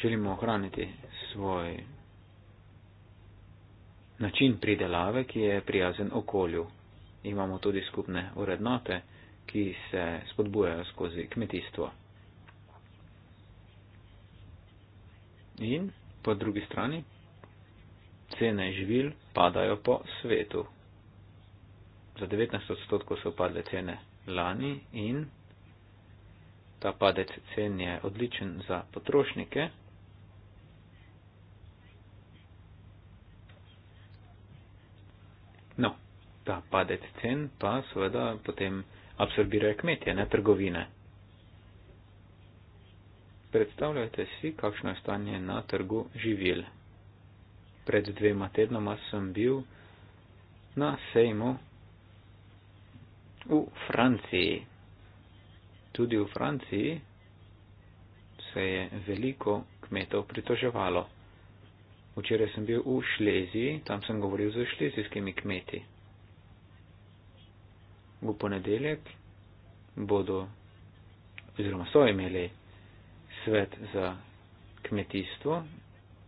Želimo ohraniti svoj način pridelave, ki je prijazen okolju. Imamo tudi skupne urednote, ki se spodbujajo skozi kmetijstvo. In po drugi strani, cene živil padajo po svetu. Za 19 odstotkov so padle cene lani in ta padec cen je odličen za potrošnike. No, ta padec cen pa seveda potem absorbirajo kmetje, ne trgovine. Predstavljajte si, kakšno je stanje na trgu živil. Pred dvema tednoma sem bil na sejmu v Franciji tudi v Franciji se je veliko kmetov pritoževalo. Včeraj sem bil v Šleziji, tam sem govoril z šlezijskimi kmeti. V ponedeljek bodo, oziroma so imeli svet za kmetijstvo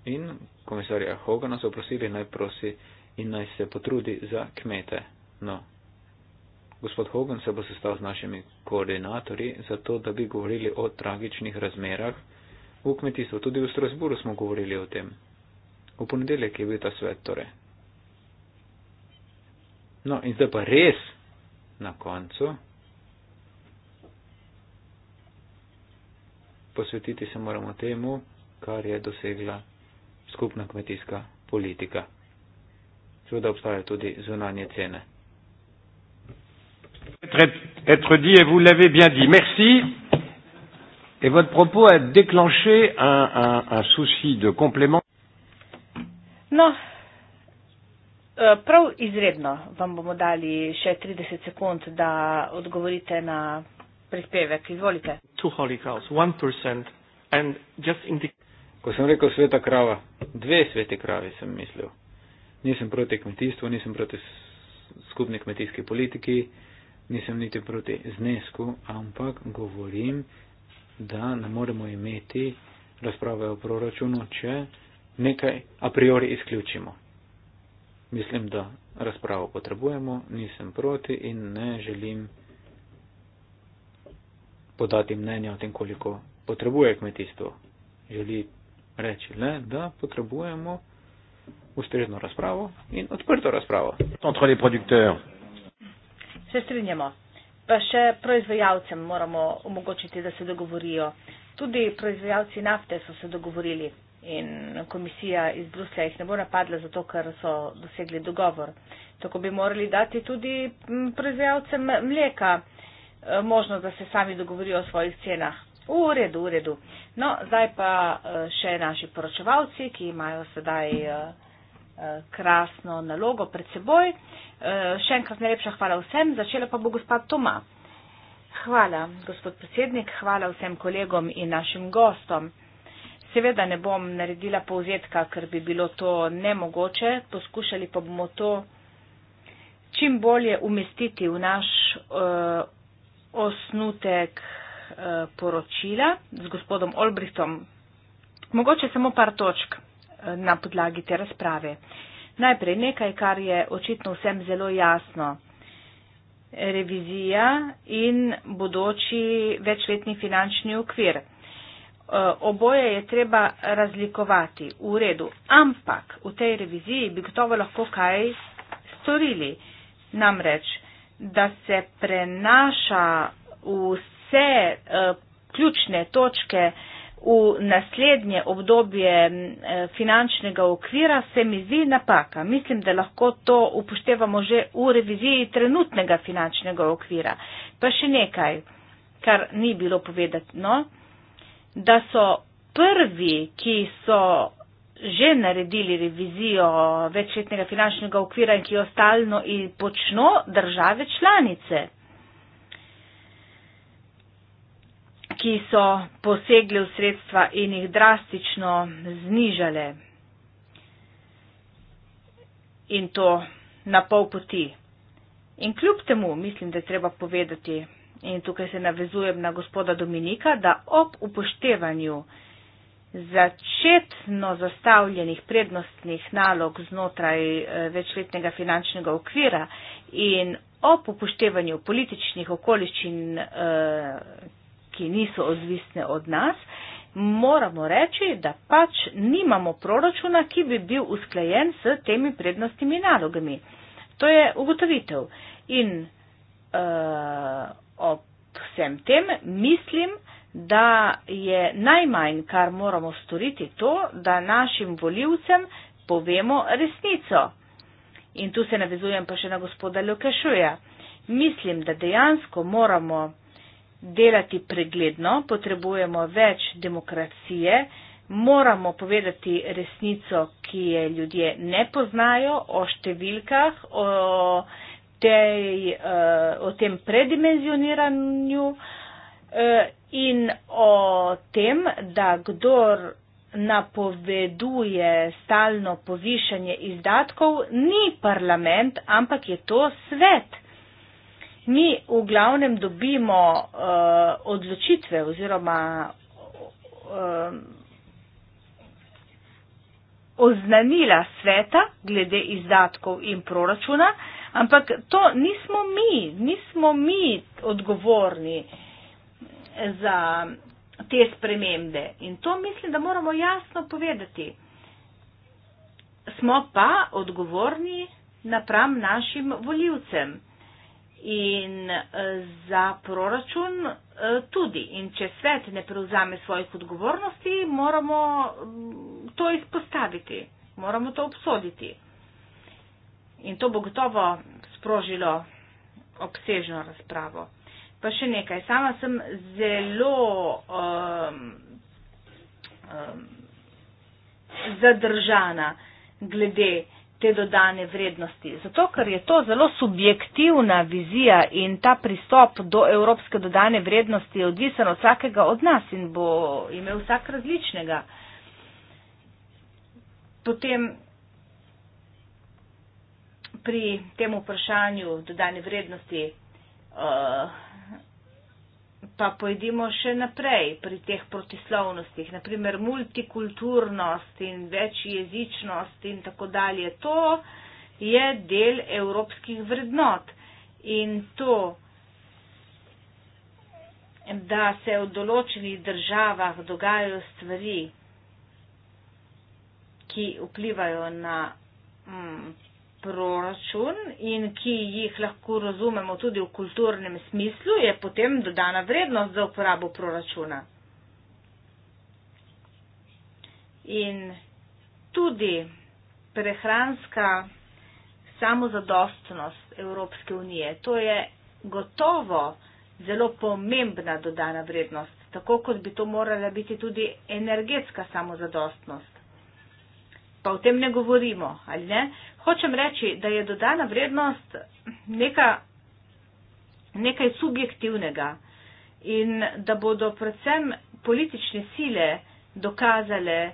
in komisarja Hogana so prosili naj prosi in naj se potrudi za kmete. No, Gospod Hogan se bo sestal z našimi koordinatorji, zato da bi govorili o tragičnih razmerah v kmetijstvu. Tudi v Strasburu smo govorili o tem. V ponedeljek je bil ta svet torej. No, in zdaj pa res na koncu posvetiti se moramo temu, kar je dosegla skupna kmetijska politika. Seveda obstajajo tudi zunanje cene être, être dit et vous l'avez bien dit. Merci. Et votre propos a déclenché un, un, un souci de complément. Non. Eh, prav izredno vam bomo dali še 30 sekund, da odgovorite na prispevek. Izvolite. Ko sem rekel sveta krava, dve svete krave sem mislil. Nisem proti kmetijstvu, nisem proti skupni kmetijski politiki, uh, nisem niti proti znesku, ampak govorim, da ne moremo imeti razprave o proračunu, če nekaj a priori izključimo. Mislim, da razpravo potrebujemo, nisem proti in ne želim podati mnenja o tem, koliko potrebuje kmetijstvo. Želi reči le, da potrebujemo ustrezno razpravo in odprto razpravo. Se strinjamo. Pa še proizvajalcem moramo omogočiti, da se dogovorijo. Tudi proizvajalci nafte so se dogovorili in komisija iz Bruslja jih ne bo napadla zato, ker so dosegli dogovor. Tako bi morali dati tudi proizvajalcem mleka e, možnost, da se sami dogovorijo o svojih cenah. V redu, v redu. No, zdaj pa e, še naši poročevalci, ki imajo sedaj. Uh, krasno nalogo pred seboj. Eh, še enkrat najlepša hvala vsem, začela pa bo gospod Toma. Hvala, gospod predsednik, hvala vsem kolegom in našim gostom. Seveda ne bom naredila povzetka, ker bi bilo to nemogoče, poskušali pa bomo to čim bolje umestiti v naš uh, osnutek uh, poročila z gospodom Olbrihtom. Mogoče samo par točk na podlagi te razprave. Najprej nekaj, kar je očitno vsem zelo jasno. Revizija in bodoči večletni finančni okvir. E, oboje je treba razlikovati v redu, ampak v tej reviziji bi gotovo lahko kaj storili. Namreč, da se prenaša vse uh, ključne točke uh, v naslednje obdobje e, finančnega okvira se mi zdi napaka. Mislim, da lahko to upoštevamo že v reviziji trenutnega finančnega okvira. Pa še nekaj, kar ni bilo povedano, da so prvi, ki so že naredili revizijo večletnega finančnega okvira in ki jo stalno in počno države članice. ki so posegle v sredstva in jih drastično znižale. In to na pol poti. In kljub temu, mislim, da je treba povedati, in tukaj se navezujem na gospoda Dominika, da ob upoštevanju začetno zastavljenih prednostnih nalog znotraj eh, večletnega finančnega okvira in ob upoštevanju političnih okoliščin, eh, ki niso odvisne od nas, moramo reči, da pač nimamo proračuna, ki bi bil usklajen s temi prednostimi nalogami. To je ugotovitev. In uh, ob vsem tem mislim, da je najmanj, kar moramo storiti, to, da našim voljivcem povemo resnico. In tu se navezujem pa še na gospoda Ljukešuja. Mislim, da dejansko moramo delati pregledno, potrebujemo več demokracije, moramo povedati resnico, ki je ljudje ne poznajo, o številkah, o, tej, eh, o tem predimenzioniranju eh, in o tem, da kdor napoveduje stalno povišanje izdatkov, ni parlament, ampak je to svet mi v glavnem dobimo uh, odločitve oziroma uh, oznanila sveta glede izdatkov in proračuna, ampak to nismo mi, nismo mi odgovorni za te spremembe in to mislim, da moramo jasno povedati. Smo pa odgovorni napram našim voljivcem in eh, za proračun eh, tudi. In če svet ne prevzame svojih odgovornosti, moramo mm, to izpostaviti, moramo to obsoditi. In to bo gotovo sprožilo obsežno razpravo. Pa še nekaj, sama sem zelo um, um, zadržana glede te dodane vrednosti. Zato, ker je to zelo subjektivna vizija in ta pristop do evropske dodane vrednosti je odvisen od vsakega od nas in bo imel vsak različnega. Potem pri tem vprašanju dodane vrednosti. Uh, pa pojdimo še naprej pri teh protislovnostih, naprimer multikulturnost in večjezičnost in tako dalje. To je del evropskih vrednot in to, da se v določenih državah dogajajo stvari, ki vplivajo na. Mm, proračun in ki jih lahko razumemo tudi v kulturnem smislu, je potem dodana vrednost za uporabo proračuna. In tudi prehranska samozadostnost Evropske unije, to je gotovo zelo pomembna dodana vrednost, tako kot bi to morala biti tudi energetska samozadostnost. Pa o tem ne govorimo, ali ne? Uh, hočem reči, da je dodana vrednost neka, nekaj subjektivnega in da bodo predvsem politične sile dokazale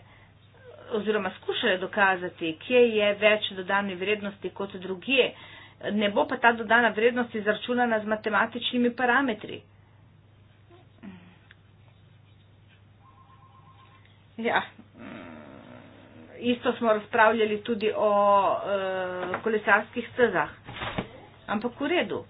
oziroma skušale dokazati, kje je več dodane vrednosti kot druge. Ne bo pa ta dodana vrednost izračunana z matematičnimi parametri. Ja, isto smo razpravljali tudi o uh, kolesarskih stezah. Ampak v redu.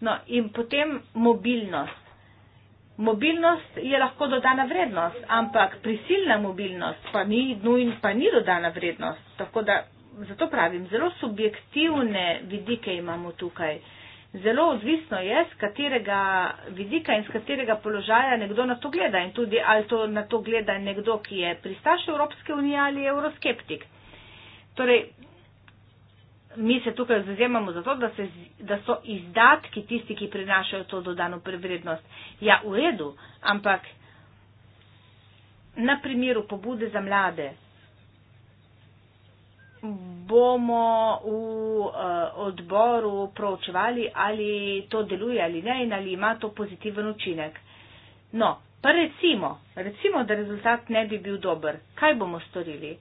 No, in potem mobilnost. Mobilnost je lahko dodana vrednost, ampak prisilna mobilnost pa ni nujna, pa ni dodana vrednost. Tako da, zato pravim, zelo subjektivne vidike imamo tukaj. Uh, zelo odvisno je, z katerega vidika in z katerega položaja nekdo na to gleda in tudi ali to na to gleda nekdo, ki je pristaš Evropske unije ali evroskeptik. Torej, mi se tukaj zazemamo za to, da, se, da so izdatki tisti, ki prinašajo to dodano prevrednost. Ja, v redu, ampak na primeru pobude za mlade bomo v uh, odboru proučevali, ali to deluje ali ne in ali ima to pozitiven učinek. No, pa recimo, recimo, da rezultat ne bi bil dober, kaj bomo storili?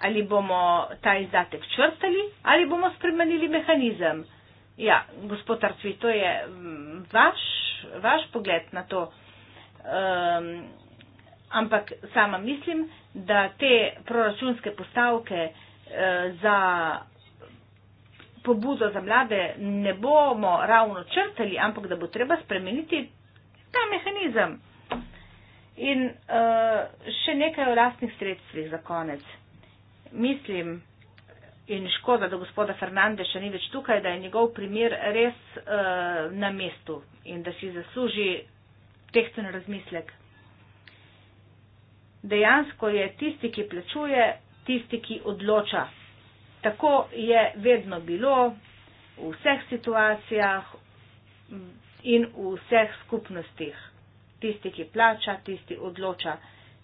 Ali bomo ta izdatek črtali ali bomo spremenili mehanizem? Ja, gospod Arcvi, to je mm, vaš, vaš pogled na to. Um, ampak sama mislim, da te proračunske postavke, Eh, za pobudo za mlade ne bomo ravno črtali, ampak da bo treba spremeniti ta mehanizem. In uh, še nekaj o lastnih sredstvih za konec. Mislim, in škoda, da gospoda Fernandeša ni več tukaj, da je njegov primer res uh, na mestu in da si zasluži tehten razmislek. Dejansko je tisti, ki plačuje, tisti, ki odloča. Tako je vedno bilo v vseh situacijah in v vseh skupnostih. Tisti, ki plača, tisti odloča.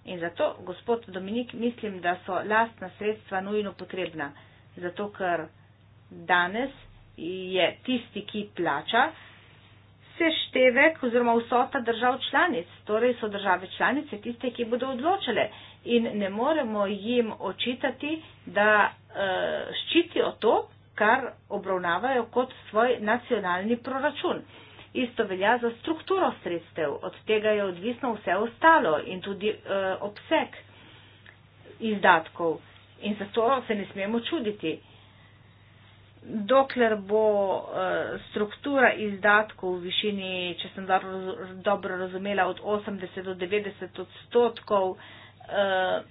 In zato, gospod Dominik, mislim, da so lastna sredstva nujno potrebna. Zato, ker danes je tisti, ki plača, se števek oziroma vsota držav članic. Torej so države članice tiste, ki bodo odločale in ne moremo jim očitati, da uh, ščitijo to, kar obravnavajo kot svoj nacionalni proračun. Isto velja za strukturo sredstev, od tega je odvisno vse ostalo in tudi uh, obseg izdatkov in zato se ne smemo čuditi. Dokler bo uh, struktura izdatkov v višini, če sem dobro, dobro razumela, od 80 do 90 odstotkov, uh, Uh,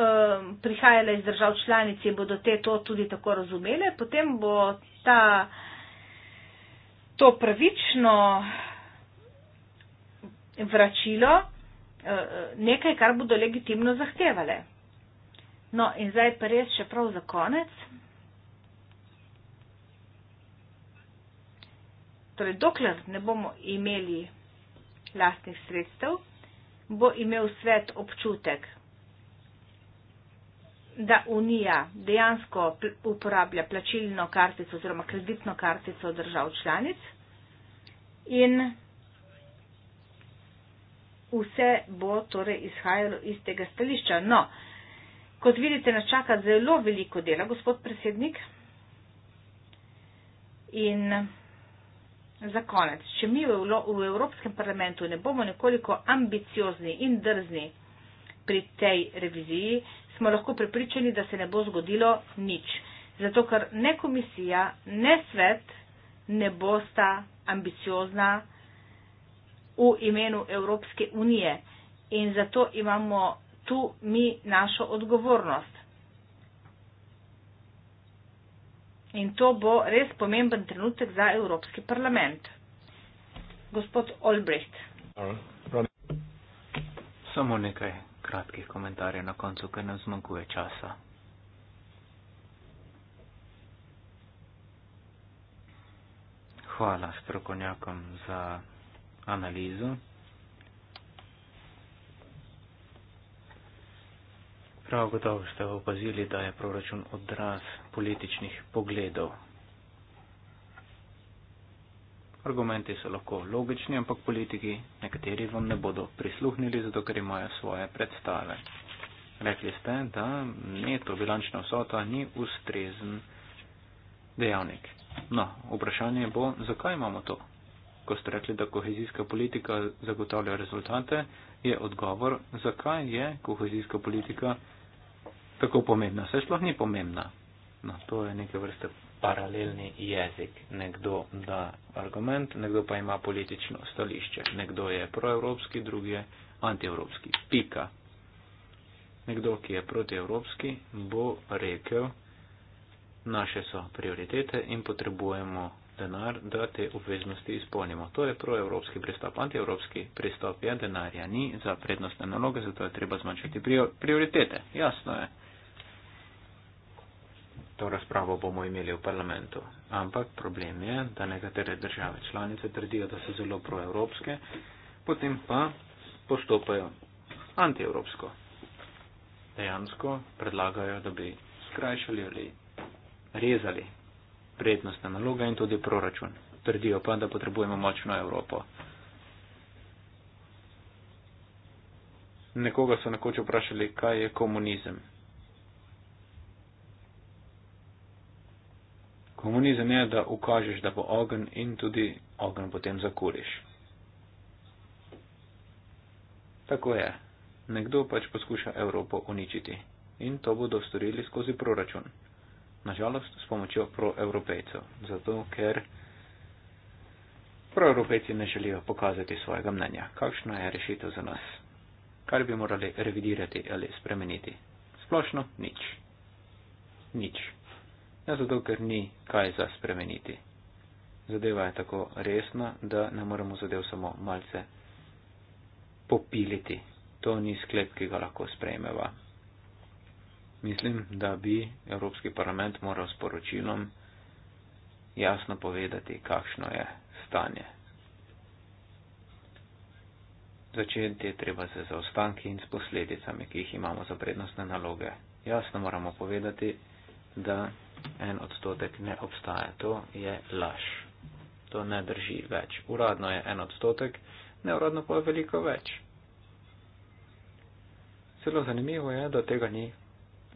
um, prihajale iz držav članici, bodo te to tudi tako razumele, potem bo ta, to pravično vračilo uh, uh, nekaj, kar bodo legitimno zahtevale. No in zdaj pa res še prav za konec. Torej, dokler ne bomo imeli lastnih sredstev, bo imel svet občutek, da Unija dejansko uporablja plačilno kartico oziroma kreditno kartico držav članic in vse bo torej izhajalo iz tega stališča. No, kot vidite, nas čaka zelo veliko dela, gospod predsednik. In Za konec, če mi v Evropskem parlamentu ne bomo nekoliko ambiciozni in drzni pri tej reviziji, smo lahko prepričani, da se ne bo zgodilo nič. Zato, ker ne komisija, ne svet ne bosta ambiciozna v imenu Evropske unije. In zato imamo tu mi našo odgovornost. in to bo res pomemben trenutek za Evropski parlament. Gospod Olbricht. Samo nekaj kratkih komentarjev na koncu, ker nam zmanjkuje časa. Hvala strokovnjakom za analizo. Prav gotovo ste opazili, da je proračun odraz političnih pogledov. Argumenti so lahko logični, ampak politiki nekateri vam ne bodo prisluhnili, zato ker imajo svoje predstave. Rekli ste, da neto bilančna vsota ni ustrezen dejavnik. No, vprašanje bo, zakaj imamo to? Ko ste rekli, da kohezijska politika zagotavlja rezultate, je odgovor, zakaj je kohezijska politika tako pomembna, vse sploh ni pomembna. No, to je neke vrste paralelni jezik. Nekdo da argument, nekdo pa ima politično stališče. Nekdo je proevropski, drugi je antievropski. Pika. Nekdo, ki je protievropski, bo rekel, naše so prioritete in potrebujemo denar, da te obveznosti izpolnimo. To je proevropski pristop. Antievropski pristop je denarja ni za prednostne naloge, zato je treba zmanjšati priori prioritete. Jasno je. To razpravo bomo imeli v parlamentu. Ampak problem je, da nekatere države članice trdijo, da so zelo proevropske, potem pa postopajo antievropsko. Dejansko predlagajo, da bi skrajšali ali rezali prednostne naloge in tudi proračun. Trdijo pa, da potrebujemo močno Evropo. Nekoga so nekoč vprašali, kaj je komunizem. komunizem je, da ukažeš, da bo ogen in tudi ogen potem zakuriš. Tako je. Nekdo pač poskuša Evropo uničiti. In to bodo storili skozi proračun. Nažalost, s pomočjo proevropejcev. Zato, ker proevropejci ne želijo pokazati svojega mnenja, kakšna je rešitev za nas. Kar bi morali revidirati ali spremeniti. Splošno nič. Nič. Ja, zato, ker ni kaj za spremeniti. Zadeva je tako resna, da ne moremo zadev samo malce popiliti. To ni sklep, ki ga lahko sprejmeva. Mislim, da bi Evropski parlament moral s poročilom jasno povedati, kakšno je stanje. Začeti je treba se zaostanki in s posledicami, ki jih imamo za prednostne naloge. Jasno moramo povedati, da en odstotek ne obstaja. To je laž. To ne drži več. Uradno je en odstotek, neuradno pa je veliko več. Zelo zanimivo je, da tega ni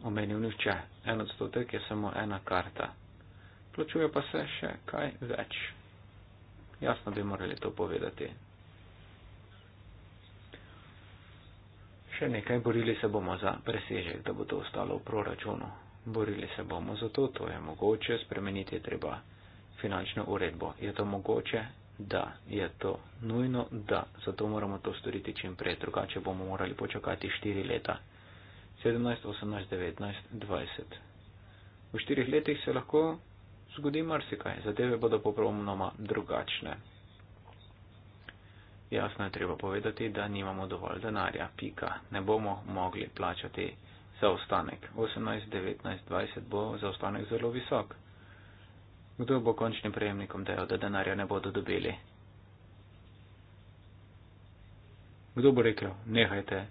omenil nihče. En odstotek je samo ena karta. Plačuje pa se še kaj več. Jasno bi morali to povedati. Še nekaj borili se bomo za presežek, da bo to ostalo v proračunu borili se bomo za to, to je mogoče, spremeniti je treba finančno uredbo. Je to mogoče? Da. Je to nujno? Da. Zato moramo to storiti čim prej, drugače bomo morali počakati 4 leta. 17, 18, 19, 20. V 4 letih se lahko zgodi marsikaj, zadeve bodo popolnoma drugačne. Jasno je treba povedati, da nimamo dovolj denarja, pika. Ne bomo mogli plačati zaostanek. 18, 19, 20 bo zaostanek zelo visok. Kdo bo končnim prejemnikom dejal, da denarja ne bodo dobili? Kdo bo rekel, nehajte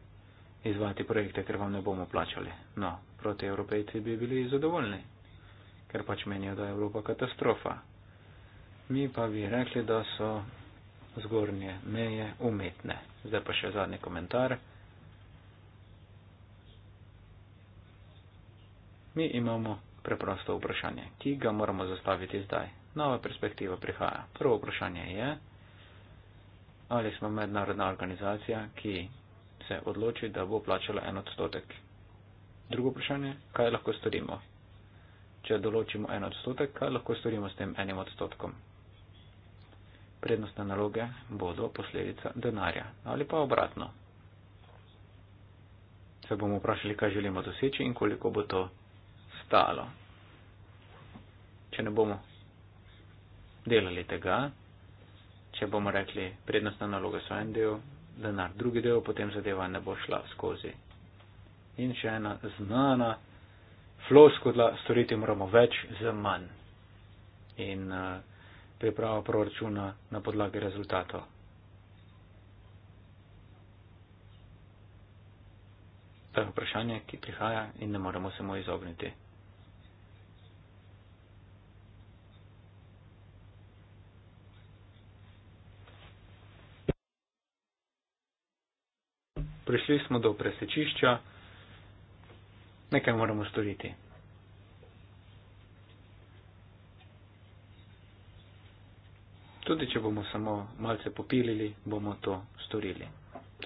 izvajati projekte, ker vam ne bomo plačali? No, proti evropejci bi bili zadovoljni, ker pač menijo, da je Evropa katastrofa. Mi pa bi rekli, da so zgornje meje umetne. Zdaj pa še zadnji komentar. Mi imamo preprosto vprašanje, ki ga moramo zastaviti zdaj. Nova perspektiva prihaja. Prvo vprašanje je, ali smo mednarodna organizacija, ki se odloči, da bo plačala en odstotek. Drugo vprašanje, kaj lahko storimo? Če določimo en odstotek, kaj lahko storimo s tem enim odstotkom? Prednostne naloge bodo posledica denarja ali pa obratno. Se bomo vprašali, kaj želimo doseči in koliko bo to stalo. Če ne bomo delali tega, če bomo rekli, prednostna naloga so en del, denar drugi del, potem zadeva ne bo šla skozi. In še ena znana floskodla, storiti moramo več za manj. In uh, priprava proračuna na podlagi rezultatov. To je vprašanje, ki prihaja in ne moremo se mu izogniti. prišli smo do presečišča, nekaj moramo storiti. Tudi, če bomo samo malce popilili, bomo to storili.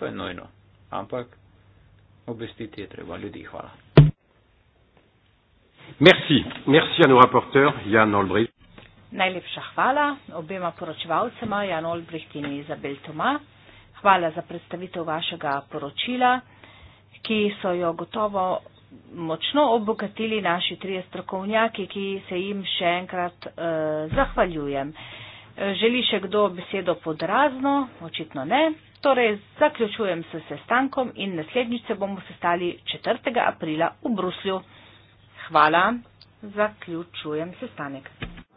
To je nojno. Ampak obvestiti je treba ljudi. Hvala. Merci. Merci à nos rapporteurs, Jan Olbricht. Najlepša hvala obema poročevalcema, Jan Olbricht in Izabel Tomas. Hvala za predstavitev vašega poročila, ki so jo gotovo močno obogatili naši trije strokovnjaki, ki se jim še enkrat eh, zahvaljujem. Eh, želi še kdo besedo podrazno? Očitno ne. Torej, zaključujem se sestankom in naslednjič se bomo sestali 4. aprila v Bruslju. Hvala. Zaključujem sestanek.